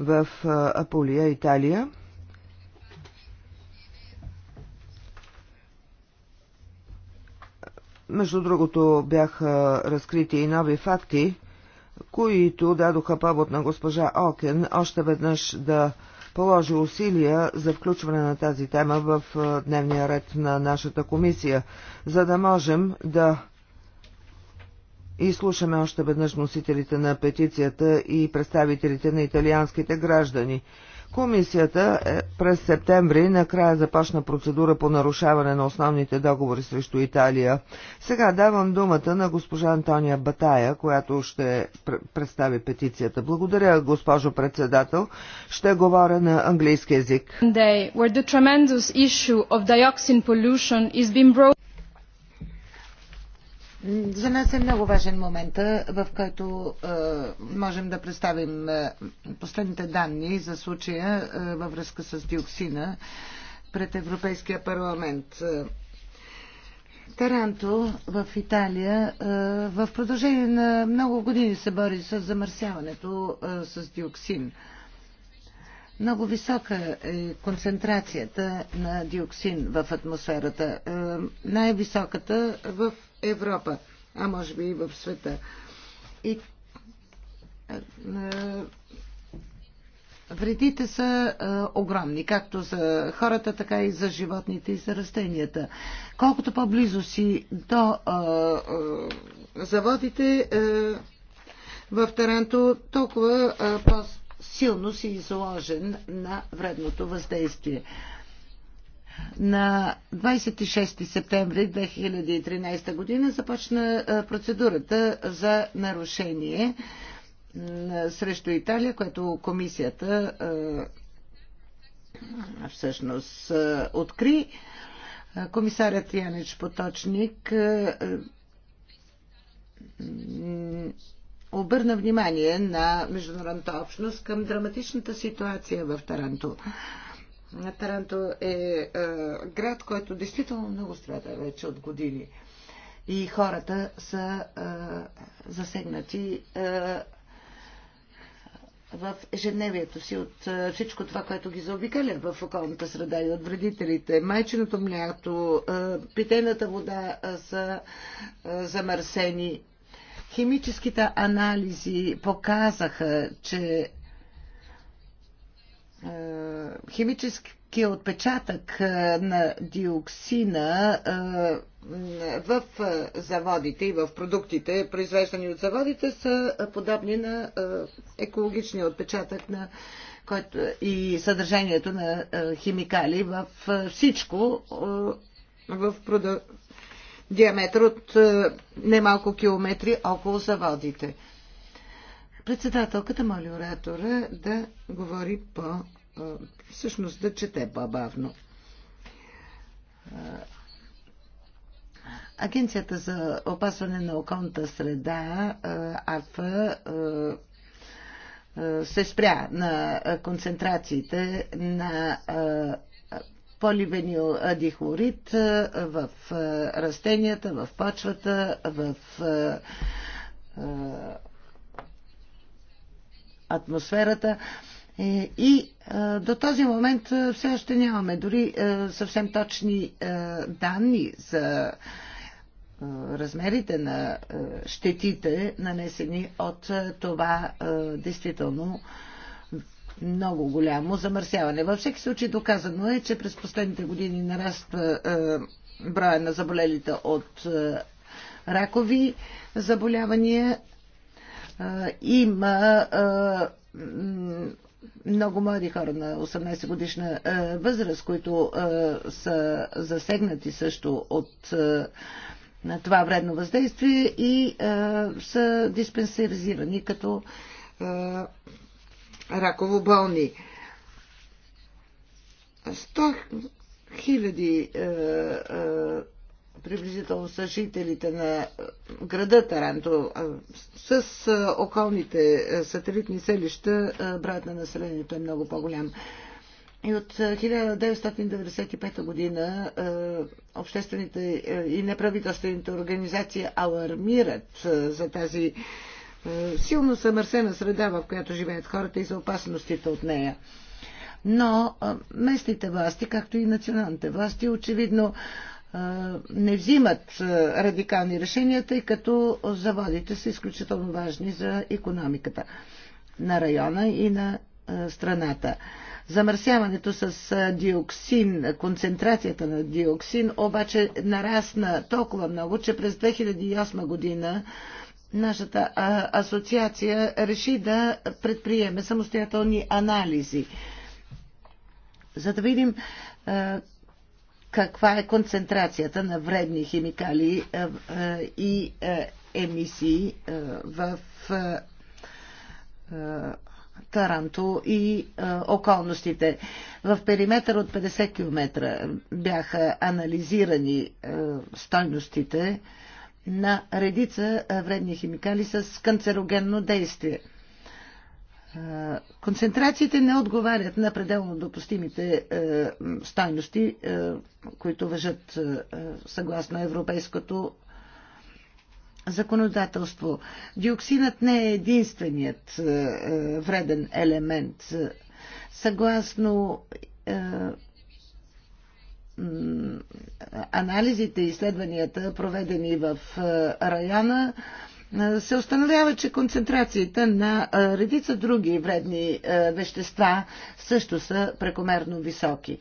в Аполия, Италия. Между другото бяха разкрити и нови факти, които дадоха повод на госпожа Окен още веднъж да положи усилия за включване на тази тема в е, дневния ред на нашата комисия, за да можем да изслушаме още веднъж носителите на петицията и представителите на италианските граждани. Комисията е, през септември накрая започна процедура по нарушаване на основните договори срещу Италия. Сега давам думата на госпожа Антония Батая, която ще представи петицията. Благодаря, госпожо председател. Ще говоря на английски язик. За нас е много важен момент, в който е, можем да представим е, последните данни за случая е, във връзка с диоксина пред Европейския парламент. Таранто в Италия е, в продължение на много години се бори с замърсяването е, с диоксин. Много висока е концентрацията на диоксин в атмосферата. Е, най-високата в Европа, а може би и в света. И е, е, Вредите са а, е, огромни, както за хората, така и за животните и за растенията. Колкото по-близо си до а, а, заводите а, в Таранто, толкова по-силно си изложен на вредното въздействие. На 26 септември 2013 година започна процедурата за нарушение срещу Италия, което комисията всъщност откри. Комисарят Янич Поточник обърна внимание на международната общност към драматичната ситуация в Таранто. Таранто е, е град, който действително много страда вече от години. И хората са е, засегнати е, в ежедневието си от всичко това, което ги заобикаля в околната среда и от вредителите. Майченото мляко, питената вода са замърсени. Химическите анализи показаха, че химически отпечатък на диоксина в заводите и в продуктите, произвеждани от заводите, са подобни на екологичния отпечатък на който, и съдържанието на химикали в всичко в проду... диаметър от немалко километри около заводите. Председателката моли оратора да говори по всъщност да чете по-бавно. Агенцията за опасване на околната среда, АФА, се спря на концентрациите на поливенил дихлорид в растенията, в почвата, в атмосферата. Е, и е, до този момент е, все още нямаме дори съвсем точни данни за размерите на щетите, нанесени от това действително много голямо замърсяване. Във всеки случай доказано е, че през последните години нараства броя на заболелите от ракови заболявания. Има много млади хора на 18 годишна е, възраст, които е, са засегнати също от е, на това вредно въздействие и са диспенсеризирани като раково болни. 100 хиляди приблизително са жителите на е, града Таранто. Е, с е, околните сателитни селища брат на населението е много по-голям. И от 1995 година обществените и неправителствените организации алармират за тази силно съмърсена среда, в която живеят хората и за опасностите от нея. Но местните власти, както и националните власти, очевидно не взимат радикални решения, тъй като заводите са изключително важни за економиката на района и на страната. Замърсяването с диоксин, концентрацията на диоксин обаче нарасна толкова много, че през 2008 година нашата асоциация реши да предприеме самостоятелни анализи, за да видим каква е концентрацията на вредни химикали е, е, и е, емисии в Таранто и околностите. В периметър от 50 км бяха анализирани стойностите на редица вредни химикали с канцерогенно действие – Концентрациите не отговарят на пределно допустимите е, стойности, е, които въжат е, съгласно европейското законодателство. Диоксинът не е единственият вреден елемент. Съгласно анализите и изследванията, проведени в района, се установява, че концентрацията на редица други вредни вещества също са прекомерно високи.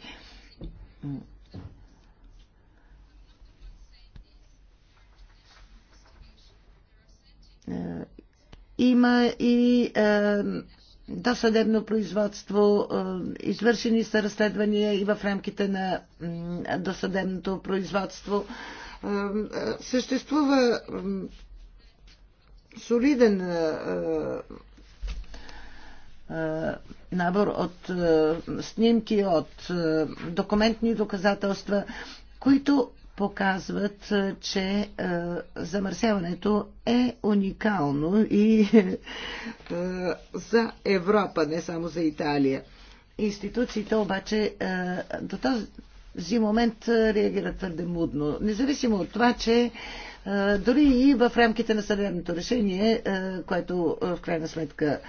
Има и досъдебно производство, извършени са разследвания и в рамките на досъдебното производство. Съществува солиден набор от снимки, от документни доказателства, които показват, че замърсяването е уникално и за Европа, не само за Италия. Институциите обаче до този момент реагират твърде мудно. Независимо от това, че дори и в рамките на съдебното решение, което в крайна сметка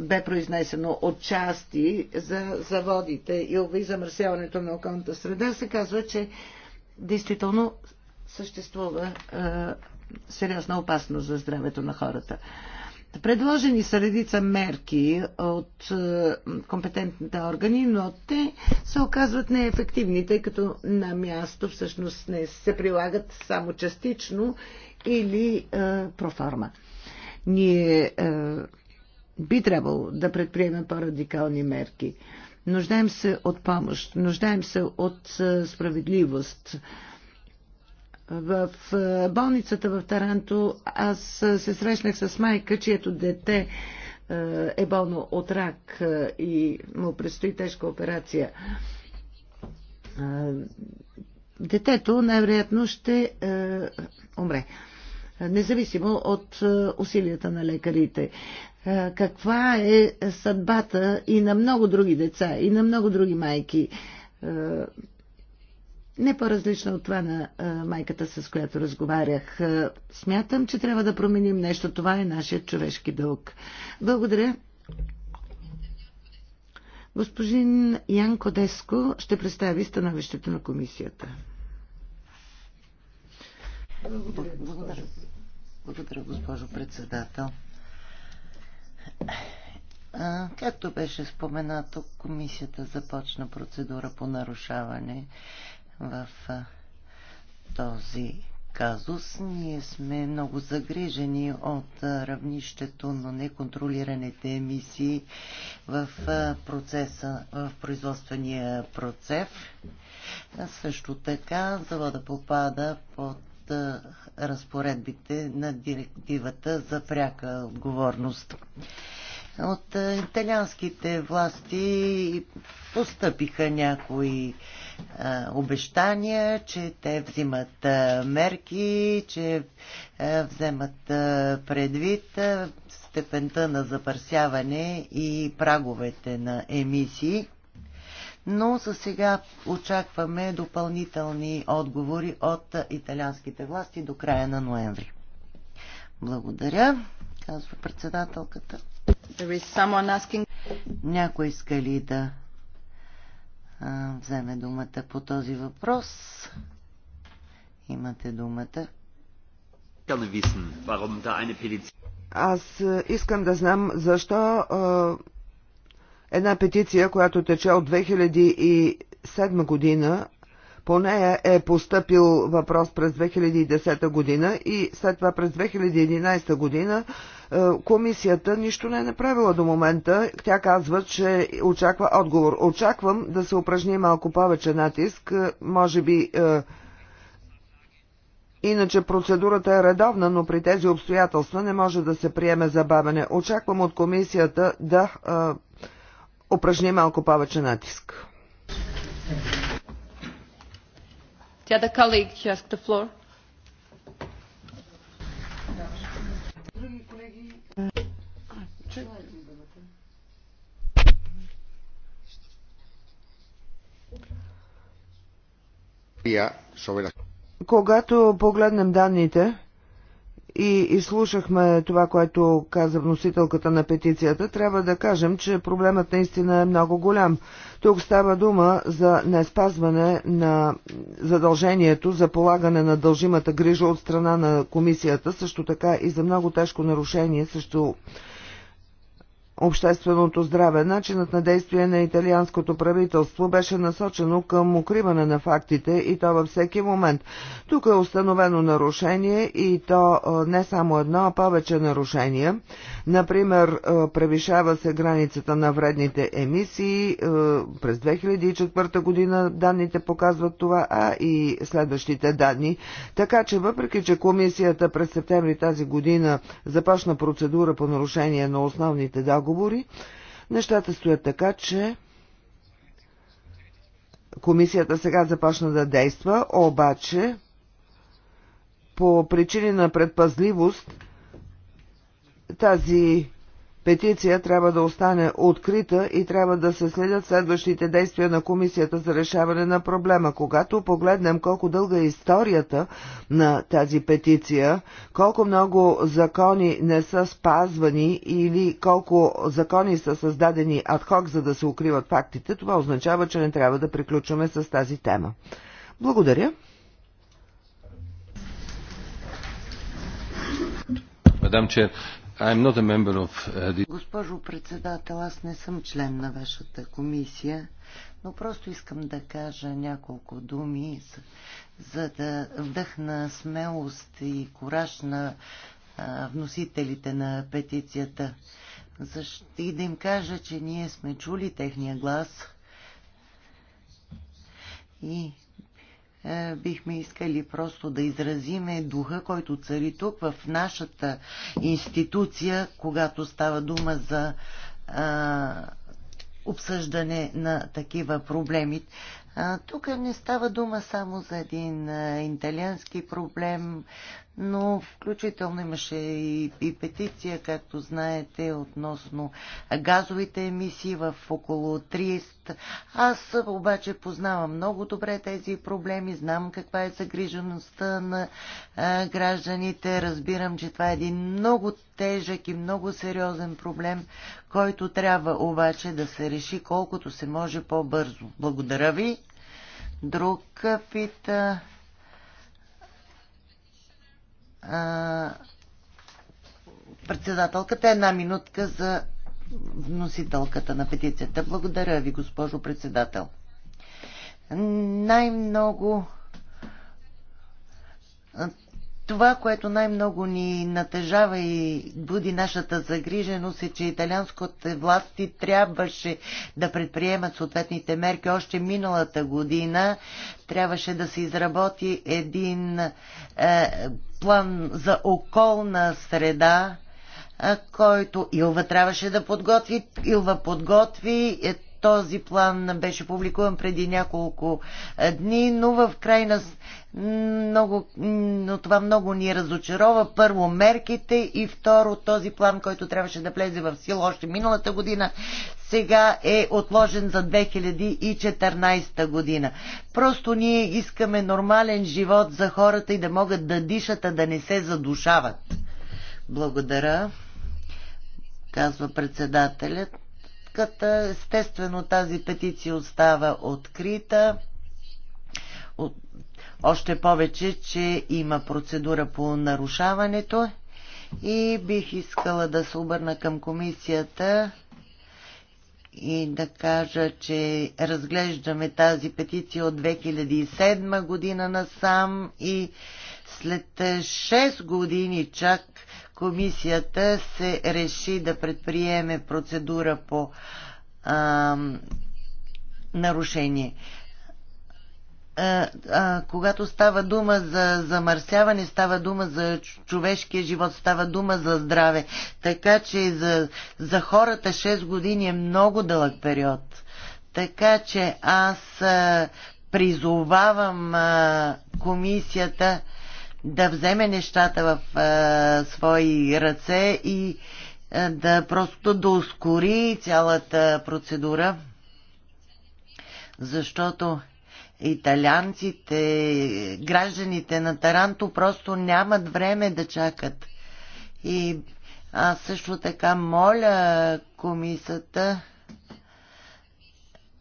бе произнесено от части за заводите и замърсяването на околната среда, се казва, че действително съществува сериозна опасност за здравето на хората. Предложени са редица мерки от е, компетентните органи, но те се оказват неефективни, тъй като на място всъщност не се прилагат само частично или е, проформа. Ние е, би трябвало да предприемем по-радикални мерки. Нуждаем се от помощ, нуждаем се от е, справедливост. В болницата в Таранто аз се срещнах с майка, чието дете е болно от рак и му предстои тежка операция. Детето най-вероятно ще умре, независимо от усилията на лекарите. Каква е съдбата и на много други деца, и на много други майки? не по-различна от това на майката, с която разговарях. Смятам, че трябва да променим нещо. Това е нашия човешки дълг. Благодаря. Господин Ян Кодеско ще представи становището на комисията. Благодаря, госпожо, Благодаря, госпожо председател. Както беше споменато, комисията започна процедура по нарушаване в този казус. Ние сме много загрижени от равнището на неконтролираните емисии в процеса, в производствения процес. А също така завода попада под разпоредбите на директивата за пряка отговорност. От е, италианските власти постъпиха някои е, обещания, че те взимат е, мерки, че вземат предвид степента на запърсяване и праговете на емисии. Но за сега очакваме допълнителни отговори от италианските власти до края на ноември. Благодаря, казва председателката. Някой иска ли да вземе думата по този въпрос? Имате думата. Аз искам да знам защо една петиция, която тече от 2007 година, по нея е поступил въпрос през 2010 година и след това през 2011 година е, комисията нищо не е направила до момента. Тя казва, че очаква отговор. Очаквам да се упражни малко повече натиск. Е, може би е, Иначе процедурата е редовна, но при тези обстоятелства не може да се приеме забавене. Очаквам от комисията да а, упражни малко повече натиск. Yeah, Когато погледнем данните и изслушахме това, което каза вносителката на петицията, трябва да кажем, че проблемът наистина е много голям. Тук става дума за неспазване на задължението за полагане на дължимата грижа от страна на комисията, също така и за много тежко нарушение също общественото здраве. Начинът на действие на италианското правителство беше насочено към укриване на фактите и то във всеки момент. Тук е установено нарушение и то не само едно, а повече нарушения. Например, превишава се границата на вредните емисии. През 2004 година данните показват това, а и следващите данни. Така че, въпреки, че комисията през септември тази година започна процедура по нарушение на основните договори, договори. Нещата стоят така, че комисията сега започна да действа, обаче по причини на предпазливост тази петиция трябва да остане открита и трябва да се следят следващите действия на Комисията за решаване на проблема. Когато погледнем колко дълга е историята на тази петиция, колко много закони не са спазвани или колко закони са създадени адхок, за да се укриват фактите, това означава, че не трябва да приключваме с тази тема. Благодаря. Мадам Chair, Uh, Госпожо председател, аз не съм член на вашата комисия, но просто искам да кажа няколко думи, за, да вдъхна смелост и кораж на вносителите на петицията. Защо, и да им кажа, че ние сме чули техния глас и е, бихме искали просто да изразиме духа, който цари тук в нашата институция, когато става дума за обсъждане на такива проблеми. Тук не става дума само за един италиански проблем, но включително имаше и, и петиция, както знаете, относно газовите емисии в около 30. Аз обаче познавам много добре тези проблеми, знам каква е загрижеността на а, гражданите, разбирам, че това е един много тежък и много сериозен проблем, който трябва обаче да се реши колкото се може по-бързо. Благодаря ви. Друг пита председателката. Една минутка за вносителката на петицията. Благодаря ви, госпожо председател. Най-много това, което най-много ни натежава и буди нашата загриженост е, че италианските власти трябваше да предприемат съответните мерки. Още миналата година трябваше да се изработи един е, план за околна среда, който Илва трябваше да подготви. Илва подготви, е, този план беше публикуван преди няколко дни, но в крайна много, но това много ни разочарова. Първо мерките и второ този план, който трябваше да влезе в сила още миналата година, сега е отложен за 2014 година. Просто ние искаме нормален живот за хората и да могат да дишат, а да не се задушават. Благодаря, казва председателят връзката. Естествено тази петиция остава открита. Още повече, че има процедура по нарушаването и бих искала да се обърна към комисията и да кажа, че разглеждаме тази петиция от 2007 година насам и след 6 години чак комисията се реши да предприеме процедура по а, нарушение. А, а, когато става дума за замърсяване, става дума за човешкия живот, става дума за здраве. Така че за, за хората 6 години е много дълъг период. Така че аз а, призовавам а, комисията да вземе нещата в а, свои ръце и а, да просто да ускори цялата процедура, защото италианците, гражданите на Таранто просто нямат време да чакат. И аз също така моля комисията,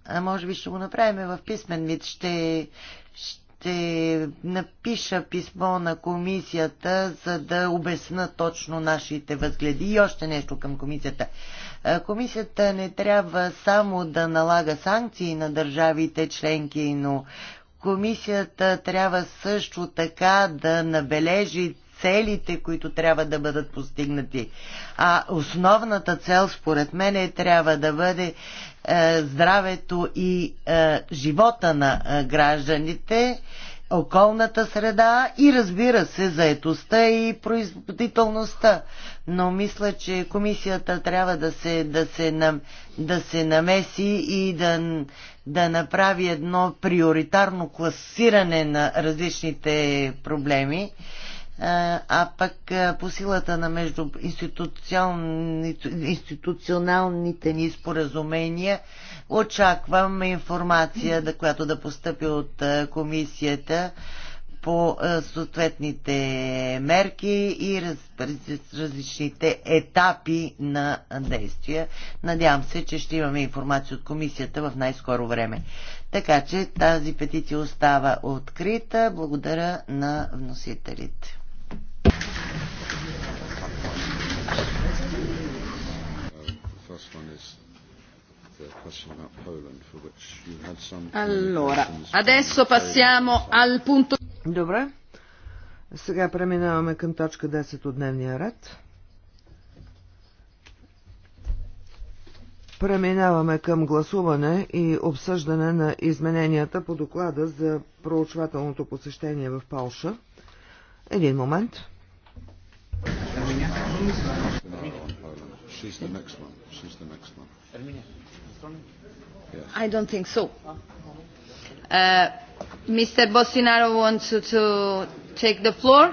а може би ще го направим в писмен вид, ще, ще напиша писмо на комисията, за да обясна точно нашите възгледи. И още нещо към комисията. Комисията не трябва само да налага санкции на държавите членки, но комисията трябва също така да набележи целите, които трябва да бъдат постигнати. А основната цел, според мен, е, трябва да бъде е, здравето и е, живота на е, гражданите, околната среда и разбира се заетостта и производителността. Но мисля, че комисията трябва да се, да се, нам, да се намеси и да, да направи едно приоритарно класиране на различните проблеми е, а пък е, по силата на между институционалните ни споразумения очаквам информация, която да постъпи от е, комисията по съответните мерки и раз, различните етапи на действия. Надявам се, че ще имаме информация от комисията в най-скоро време. Така че тази петиция остава открита. Благодаря на вносителите. Allora, adesso passiamo al punto... Добре. Сега преминаваме към точка 10 от дневния ред. Преминаваме към гласуване и обсъждане на измененията по доклада за проучвателното посещение в Полша. Един момент she's the next one. She's the next one. Yes. I don't think so. Uh, Mr. Bolsonaro wants to, to take the floor?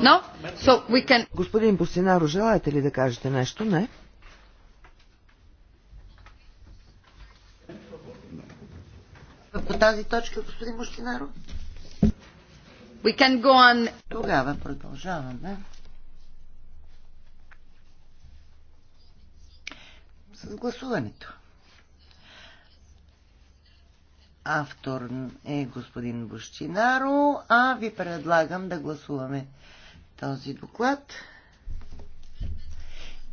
No? So we can... Господин Босинаро, желаете ли да кажете нещо? Не. По тази точка, господин Босинаро? We can go on... Тогава продължаваме. с гласуването. Автор е господин Бощинаро, а ви предлагам да гласуваме този доклад.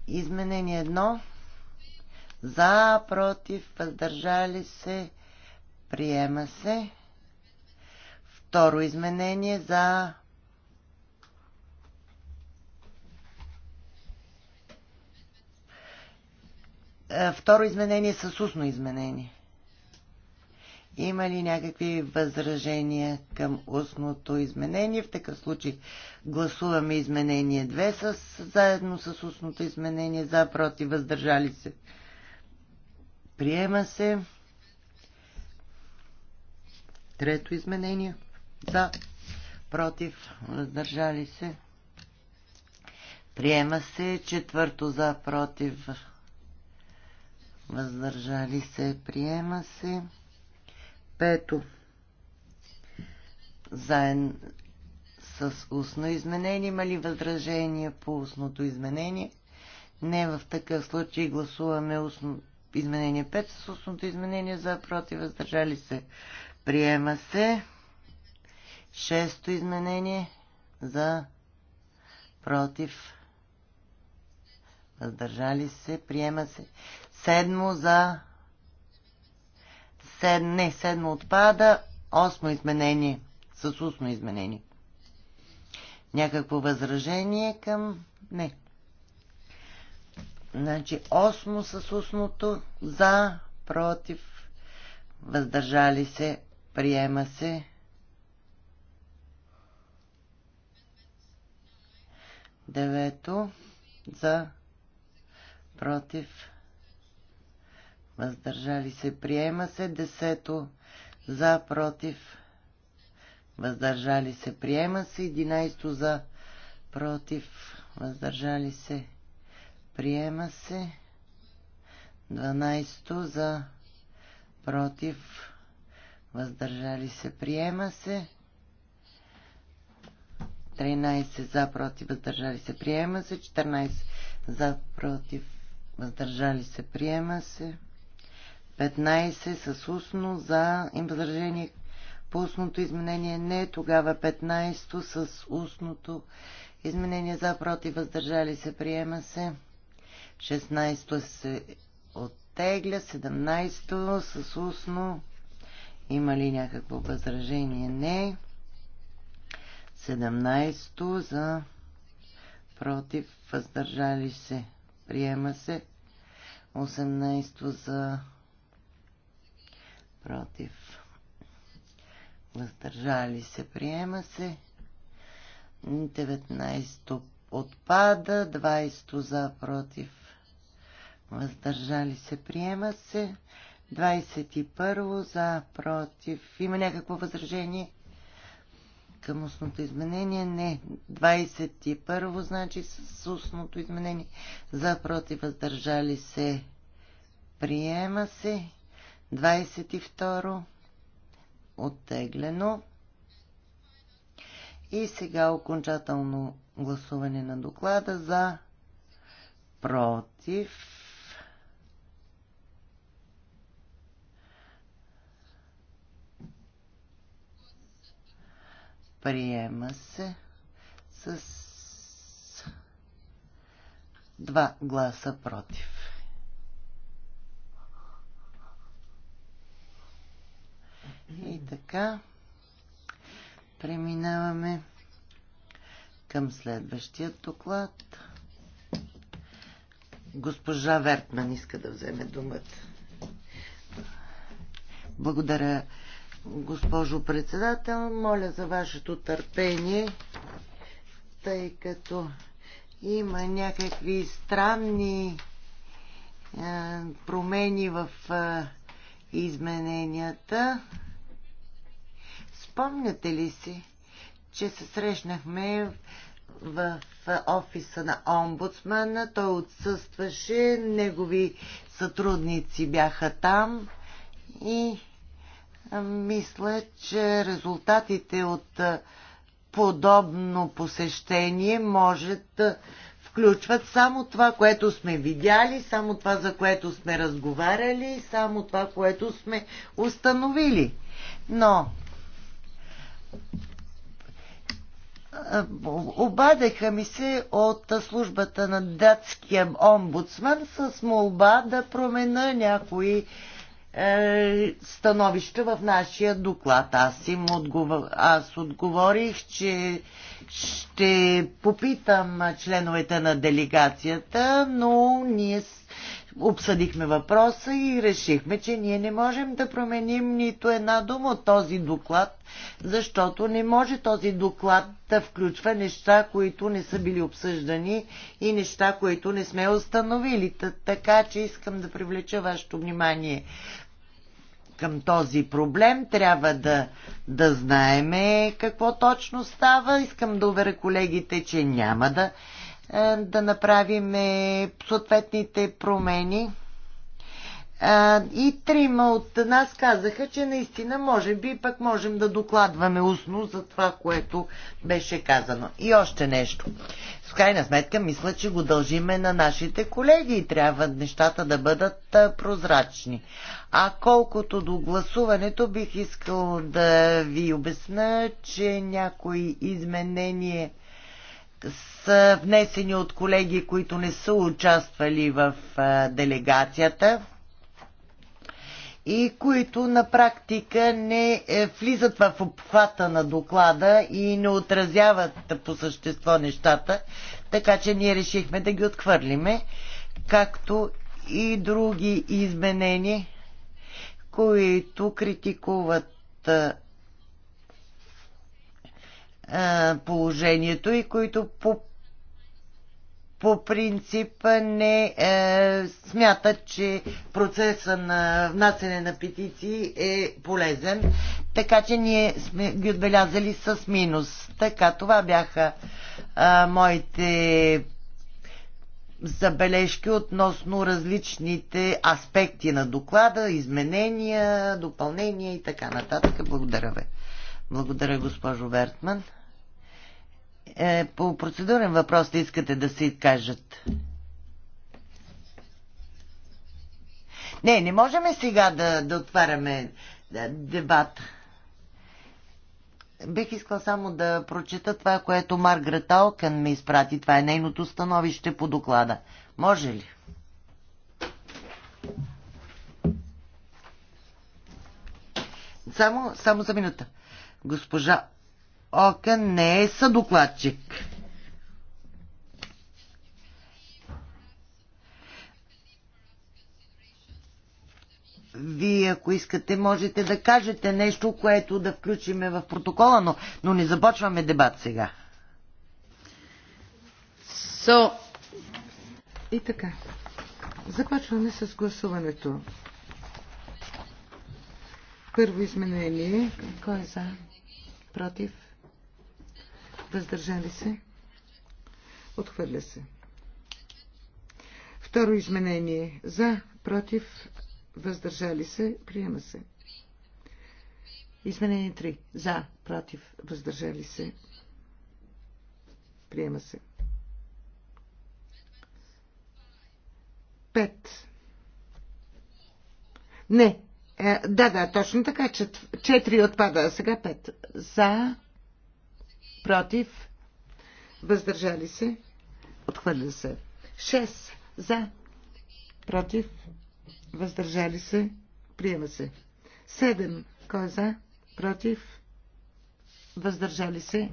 Изменение едно. За, против, въздържали се, приема се. Второ изменение за, Е, второ изменение с устно изменение. Има ли някакви възражения към устното изменение? В такъв случай гласуваме изменение 2 с, заедно с устното изменение за, против, въздържали се. Приема се. Трето изменение за, против, въздържали се. Приема се. Четвърто за, против, въздържали се, приема се. Пето, заедно с устно изменение. Има ли възражение по устното изменение? Не, в такъв случай гласуваме устно изменение 5 с устното изменение за против, въздържали се. Приема се. Шесто изменение за против. Въздържали се. Приема се. Седмо за... Сед... Не, седмо отпада. Осмо изменение. С устно изменение. Някакво възражение към... Не. Значи осмо с устното за, против, въздържали се, приема се. Девето за, против, въздържали се, приема се. Десето за, против, въздържали се, приема се. Единайсто за, против, въздържали се, приема се. Дванайсто за, против, въздържали се, приема се. 13 за, против, въздържали се, приема се. 14 за, против, въздържали се, приема се. 15 с устно за им възражение по устното изменение не, тогава 15 с устното изменение за против въздържали се приема се. 16 се оттегля, 17 с устно има ли някакво възражение? Не. 17 за против въздържали се приема се. 18 за против, въздържали се, приема се. 19 отпада, 20 за, против, въздържали се, приема се. 21 за, против. Има някакво възражение към устното изменение? Не. 21 значи с устното изменение. За, против, въздържали се, приема се. 22. Оттеглено. И сега окончателно гласуване на доклада за против. Приема се с два гласа против. И така, преминаваме към следващия доклад. Госпожа Вертман иска да вземе думата. Благодаря, госпожо председател. Моля за вашето търпение, тъй като има някакви странни промени в измененията. Спомняте ли си, че се срещнахме в офиса на омбудсмана, той отсъстваше, негови сътрудници бяха там и мисля, че резултатите от подобно посещение може да включват само това, което сме видяли, само това, за което сме разговаряли, само това, което сме установили. Но Обадеха ми се от службата на датския омбудсман с молба да промена някои е, становища в нашия доклад. Аз им отговор... Аз отговорих, че ще попитам членовете на делегацията, но ние обсъдихме въпроса и решихме, че ние не можем да променим нито една дума от този доклад, защото не може този доклад да включва неща, които не са били обсъждани и неща, които не сме установили. Така че искам да привлеча вашето внимание към този проблем. Трябва да, да знаеме какво точно става. Искам да уверя колегите, че няма да е, да направим съответните промени. Е, и трима от нас казаха, че наистина може би пък можем да докладваме устно за това, което беше казано. И още нещо. В крайна сметка, мисля, че го дължиме на нашите колеги и трябва нещата да бъдат е, прозрачни. А колкото до гласуването, бих искал да ви обясна, че някои изменения са внесени от колеги, които не са участвали в делегацията и които на практика не е, влизат в обхвата на доклада и не отразяват по същество нещата, така че ние решихме да ги отхвърлиме, както и други изменения, които критикуват е, положението и които по, по принцип не е, смятат, че процеса на внасене на петиции е полезен. Така че ние сме ги отбелязали с минус. Така, това бяха е, моите забележки относно различните аспекти на доклада, изменения, допълнения и така нататък. Благодаря ви. Благодаря, госпожо Вертман е, по процедурен въпрос да искате да се кажат? Не, не можем сега да, да отваряме е, дебат. Бих искал само да прочета това, което Маргарет Алкън ми изпрати. Това е нейното становище по доклада. Може ли? Само, само за минута. Госпожа Ока не е съдокладчик. Вие, ако искате, можете да кажете нещо, което да включиме в протокола, но, но не започваме дебат сега. So... И така. Започваме с гласуването. Първо изменение. Кой е за? Против? Въздържали се. Отхвърля се. Второ изменение. За, против, въздържали се, приема се. Изменение 3. За, против, въздържали се, приема се. Пет. Не. Е, да, да, точно така. Четири отпада, сега пет. За, против, въздържали се, отхвърля се. 6 за, против, въздържали се, приема се. 7 кой е за, против, въздържали се,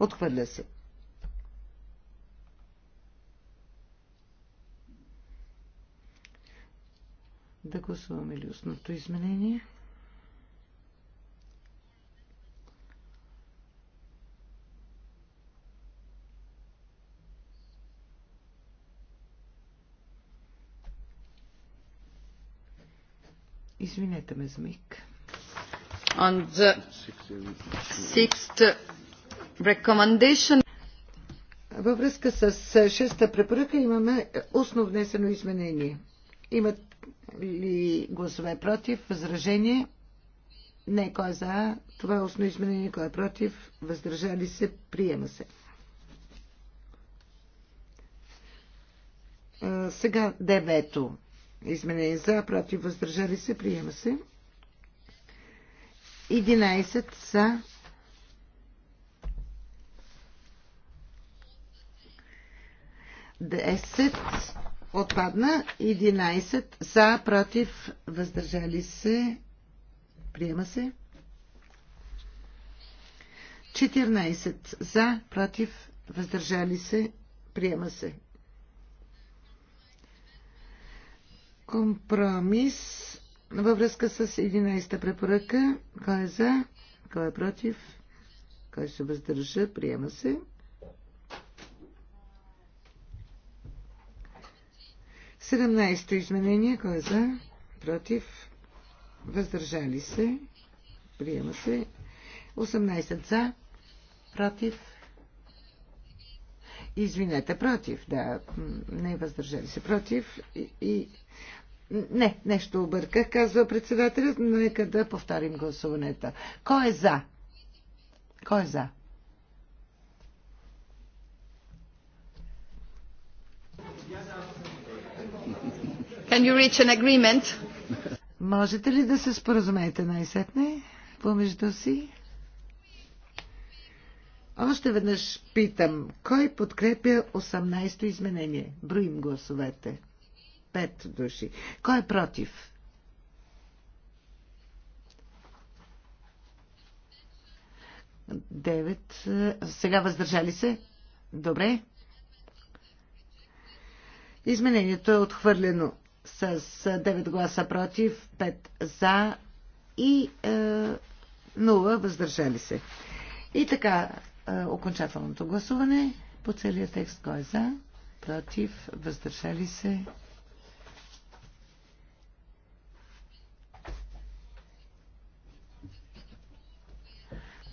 отхвърля се. Да гласуваме ли устното изменение? Извинете ме за миг. On the sixth recommendation. Във връзка с е, шеста препоръка имаме устно внесено изменение. Имат ли гласове против? Възражение? Не, кой е за? Това е устно изменение, кой е против? Въздържали се? Приема се. сега девето изменение за, против, въздържали се, приема се. 11 са Десет отпадна, 11 за, против, въздържали се, приема се. 14 за, против, въздържали се, приема се. Компромис във връзка с 11-та препоръка. Кой е за? Кой е против? Кой се въздържа? Приема се. Седемнайсто изменение. Кой е за? Против? Въздържали се? Приема се. 18 за? Против? Извинете, против, да. Не въздържали се. Против и, и не, нещо обърках, казва председателят, но нека да повторим гласуването. Кой е за? Кой е за? Can you reach an agreement? Можете ли да се споразумеете най-сетне помежду си? Още веднъж питам, кой подкрепя 18-то изменение? Броим гласовете. 5 души. Кой е против? Девет. Сега въздържали се? Добре. Изменението е отхвърлено с 9 гласа против, 5 за и е, 0 въздържали се. И така, е, окончателното гласуване по целия текст. Кой е за? Против? Въздържали се?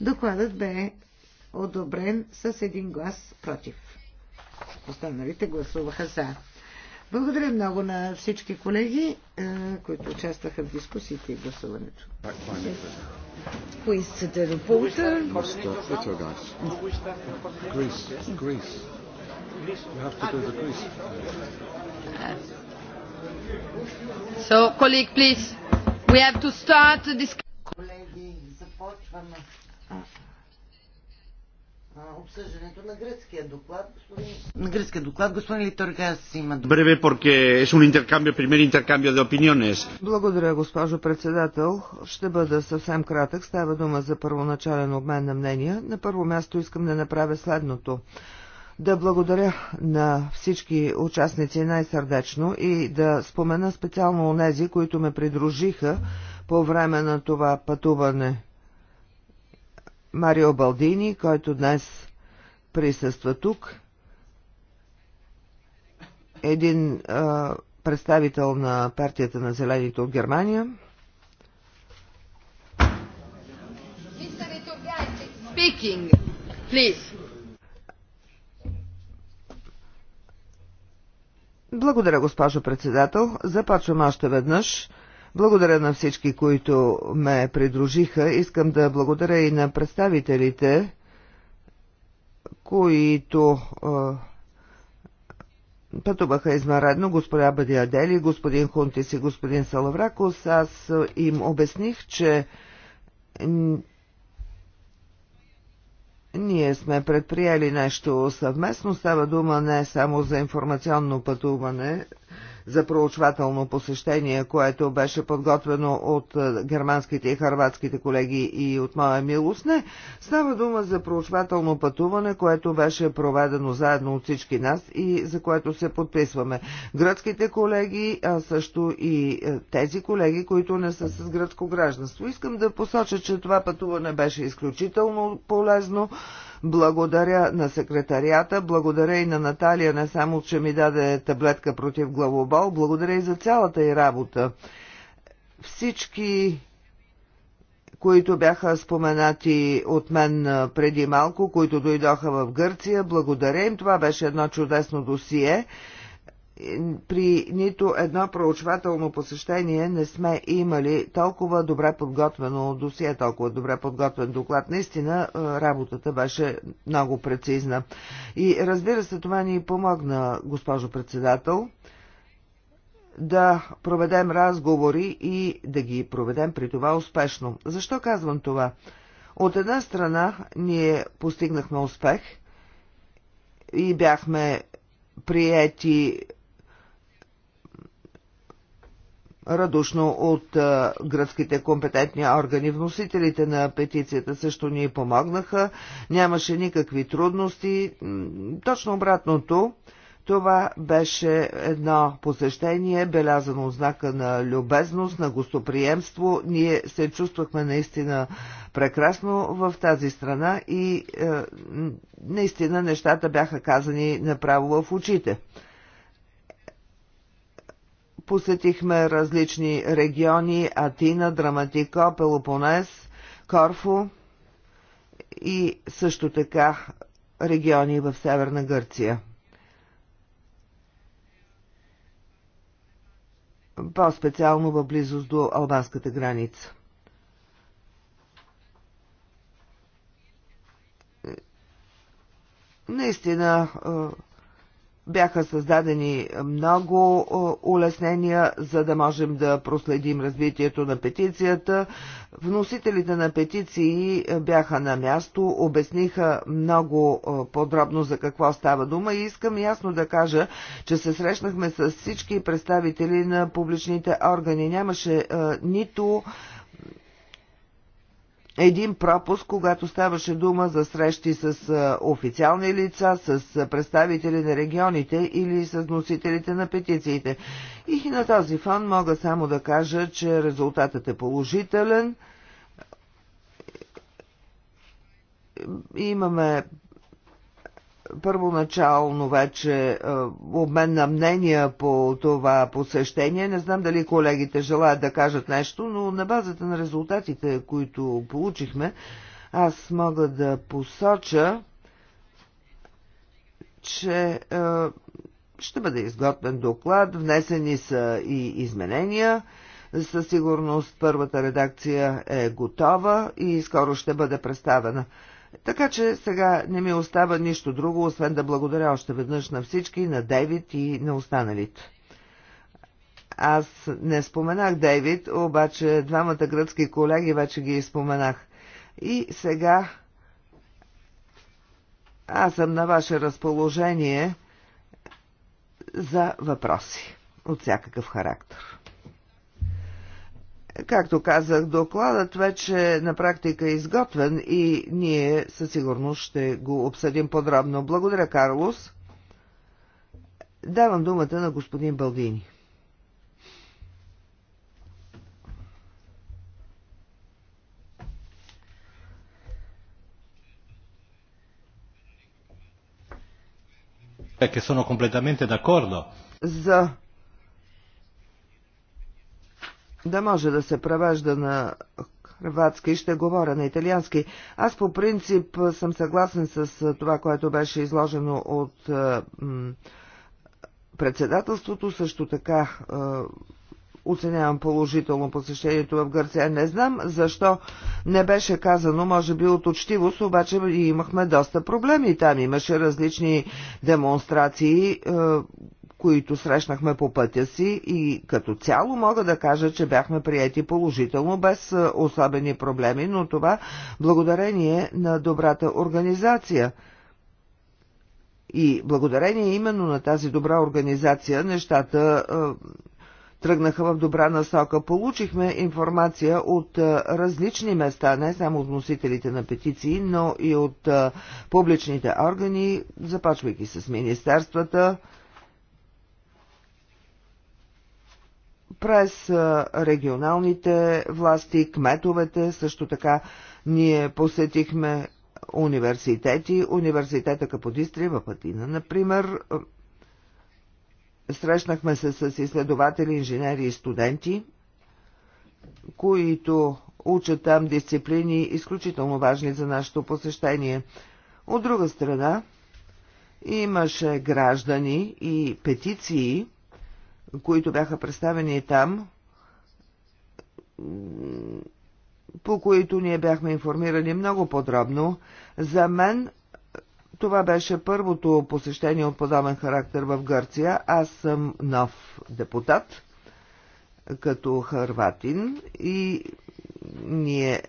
Докладът бе одобрен с един глас против. Останалите гласуваха за. Благодаря много на всички колеги, е, които участваха в дискусиите и гласуването. Поискате So, colleague, please, we have to start Колеги, започваме обсъждането на гръцкия доклад. Господин... На гръцкия доклад господин Литоргас има Бреве, porque es un intercambio, primer intercambio de opiniones. Благодаря, госпожо председател. Ще бъда съвсем кратък. Става дума за първоначален обмен на мнения. На първо място искам да направя следното. Да благодаря на всички участници най-сърдечно и да спомена специално онези, които ме придружиха по време на това пътуване Марио Балдини, който днес присъства тук, един а, представител на партията на зелените от Германия. Speaking, please. Благодаря, госпожо председател. Започвам още веднъж благодаря на всички, които ме придружиха. Искам да благодаря и на представителите, които пътуваха изнаредно господа Бадиадели, господин Хунтис и господин Салавракос. Аз им обясних, че ние сме предприели нещо съвместно. Става дума не само за информационно пътуване, за проучвателно посещение, което беше подготвено от е, германските и харватските колеги и от моя милост. Не, става дума за проучвателно пътуване, което беше проведено заедно от всички нас и за което се подписваме. Гръцките колеги, а също и е, тези колеги, които не са с гръцко гражданство. Искам да посоча, че това пътуване беше изключително полезно благодаря на секретарията, благодаря и на Наталия, не само, че ми даде таблетка против главобол, благодаря и за цялата й работа. Всички които бяха споменати от мен преди малко, които дойдоха в Гърция. Благодаря им, това беше едно чудесно досие при нито едно проучвателно посещение не сме имали толкова добре подготвено досие, толкова добре подготвен доклад. Наистина е, работата беше много прецизна. И разбира се, това ни помогна, госпожо председател, да проведем разговори и да ги проведем при това успешно. Защо казвам това? От една страна ние постигнахме успех и бяхме приети радушно от а, гръцките компетентни органи. Вносителите на петицията също ни помогнаха, нямаше никакви трудности. Точно обратното, това беше едно посещение, белязано от знака на любезност, на гостоприемство. Ние се чувствахме наистина прекрасно в тази страна и е, наистина нещата бяха казани направо в очите. Посетихме различни региони Атина, Драматико, Пелопонес, Корфу и също така региони в Северна Гърция. По-специално в близост до албанската граница. Наистина бяха създадени много е, улеснения, за да можем да проследим развитието на петицията. Вносителите на петиции е, бяха на място, обясниха много е, подробно за какво става дума и искам ясно да кажа, че се срещнахме с всички представители на публичните органи. Нямаше нито един пропуск, когато ставаше дума за срещи с официални лица, с представители на регионите или с носителите на петициите. И на този фон мога само да кажа, че резултатът е положителен. Имаме първоначално вече е, обмен на мнения по това посещение. Не знам дали колегите желаят да кажат нещо, но на базата на резултатите, които получихме, аз мога да посоча, че е, ще бъде изготвен доклад, внесени са и изменения. Със сигурност първата редакция е готова и скоро ще бъде представена. Така че сега не ми остава нищо друго, освен да благодаря още веднъж на всички, на Дейвид и на останалите. Аз не споменах Дейвид, обаче двамата гръцки колеги вече ги споменах. И сега аз съм на ваше разположение за въпроси от всякакъв характер. Както казах, докладът вече на практика е изготвен и ние със сигурност ще го обсъдим подробно. Благодаря, Карлос. Давам думата на господин Балдини. Che sono completamente d'accordo. За да може да се превежда на хрватски, ще говоря на италиански. Аз по принцип съм съгласен с това, което беше изложено от председателството, също така оценявам положително посещението в Гърция. Не знам защо не беше казано, може би от учтивост, обаче имахме доста проблеми. Там имаше различни демонстрации, които срещнахме по пътя си и като цяло мога да кажа, че бяхме приети положително, без е, особени проблеми, но това благодарение на добрата организация. И благодарение именно на тази добра организация нещата е, тръгнаха в добра насока. Получихме информация от е, различни места, не само от носителите на петиции, но и от публичните органи, започвайки с министерствата, през регионалните власти, кметовете, също така ние посетихме университети, университета Каподистрия в Атина, например. Срещнахме се с изследователи, инженери и студенти, които учат там дисциплини, изключително важни за нашето посещение. От друга страна, имаше граждани и петиции, които бяха представени там, по които ние бяхме информирани много подробно. За мен това беше първото посещение от подобен характер в Гърция. Аз съм нов депутат като харватин и ние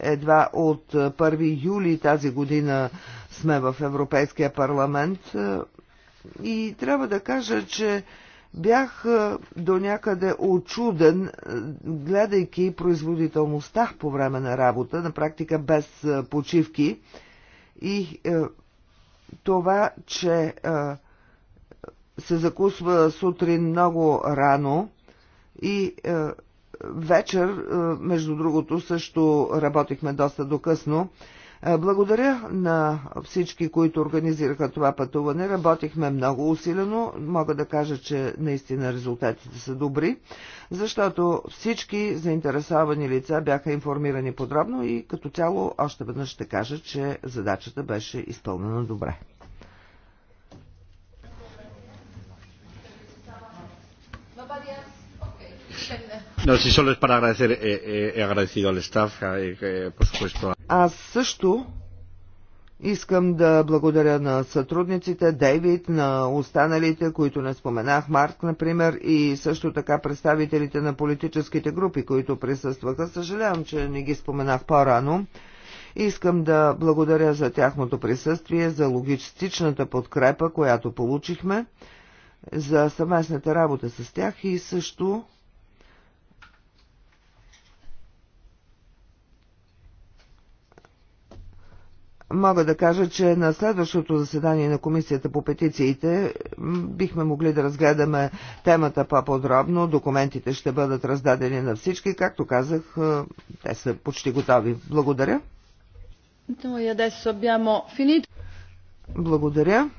едва от 1 юли тази година сме в Европейския парламент и трябва да кажа, че Бях е, до някъде очуден, е, гледайки производителността по време на работа, на практика без е, почивки и е, това, че е, се закусва сутрин много рано и е, вечер, между другото, също работихме доста докъсно е, благодаря на всички, които организираха това пътуване. Работихме много усилено. Мога да кажа, че наистина резултатите са добри, защото всички заинтересовани лица бяха информирани подробно и като цяло още веднъж ще кажа, че задачата беше изпълнена добре. Okay. No, solo es para agradecer, eh, eh, agradecido al staff, eh, por supuesto. Аз също искам да благодаря на сътрудниците, Дейвид, на останалите, които не споменах, Марк, например, и също така представителите на политическите групи, които присъстваха. Съжалявам, че не ги споменах по-рано. Искам да благодаря за тяхното присъствие, за логистичната подкрепа, която получихме, за съвместната работа с тях и също мога да кажа, че на следващото заседание на Комисията по петициите бихме могли да разгледаме темата по-подробно. Документите ще бъдат раздадени на всички. Както казах, е, те са почти готови. Благодаря. Благодаря.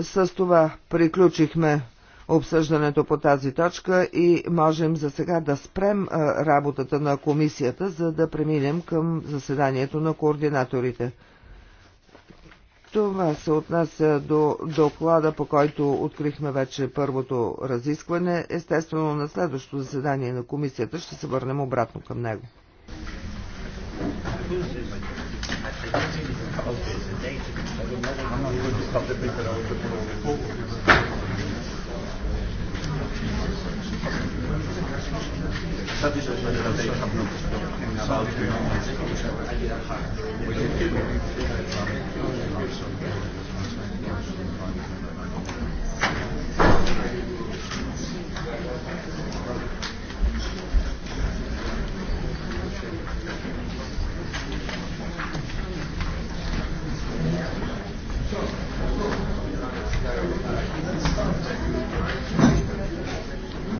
С това приключихме обсъждането по тази точка и можем за сега да спрем е, работата на комисията, за да преминем към заседанието на координаторите. Това се отнася до доклада, по който открихме вече първото разискване. Естествено, на следващото заседание на комисията ще се върнем обратно към него. Thank you or something.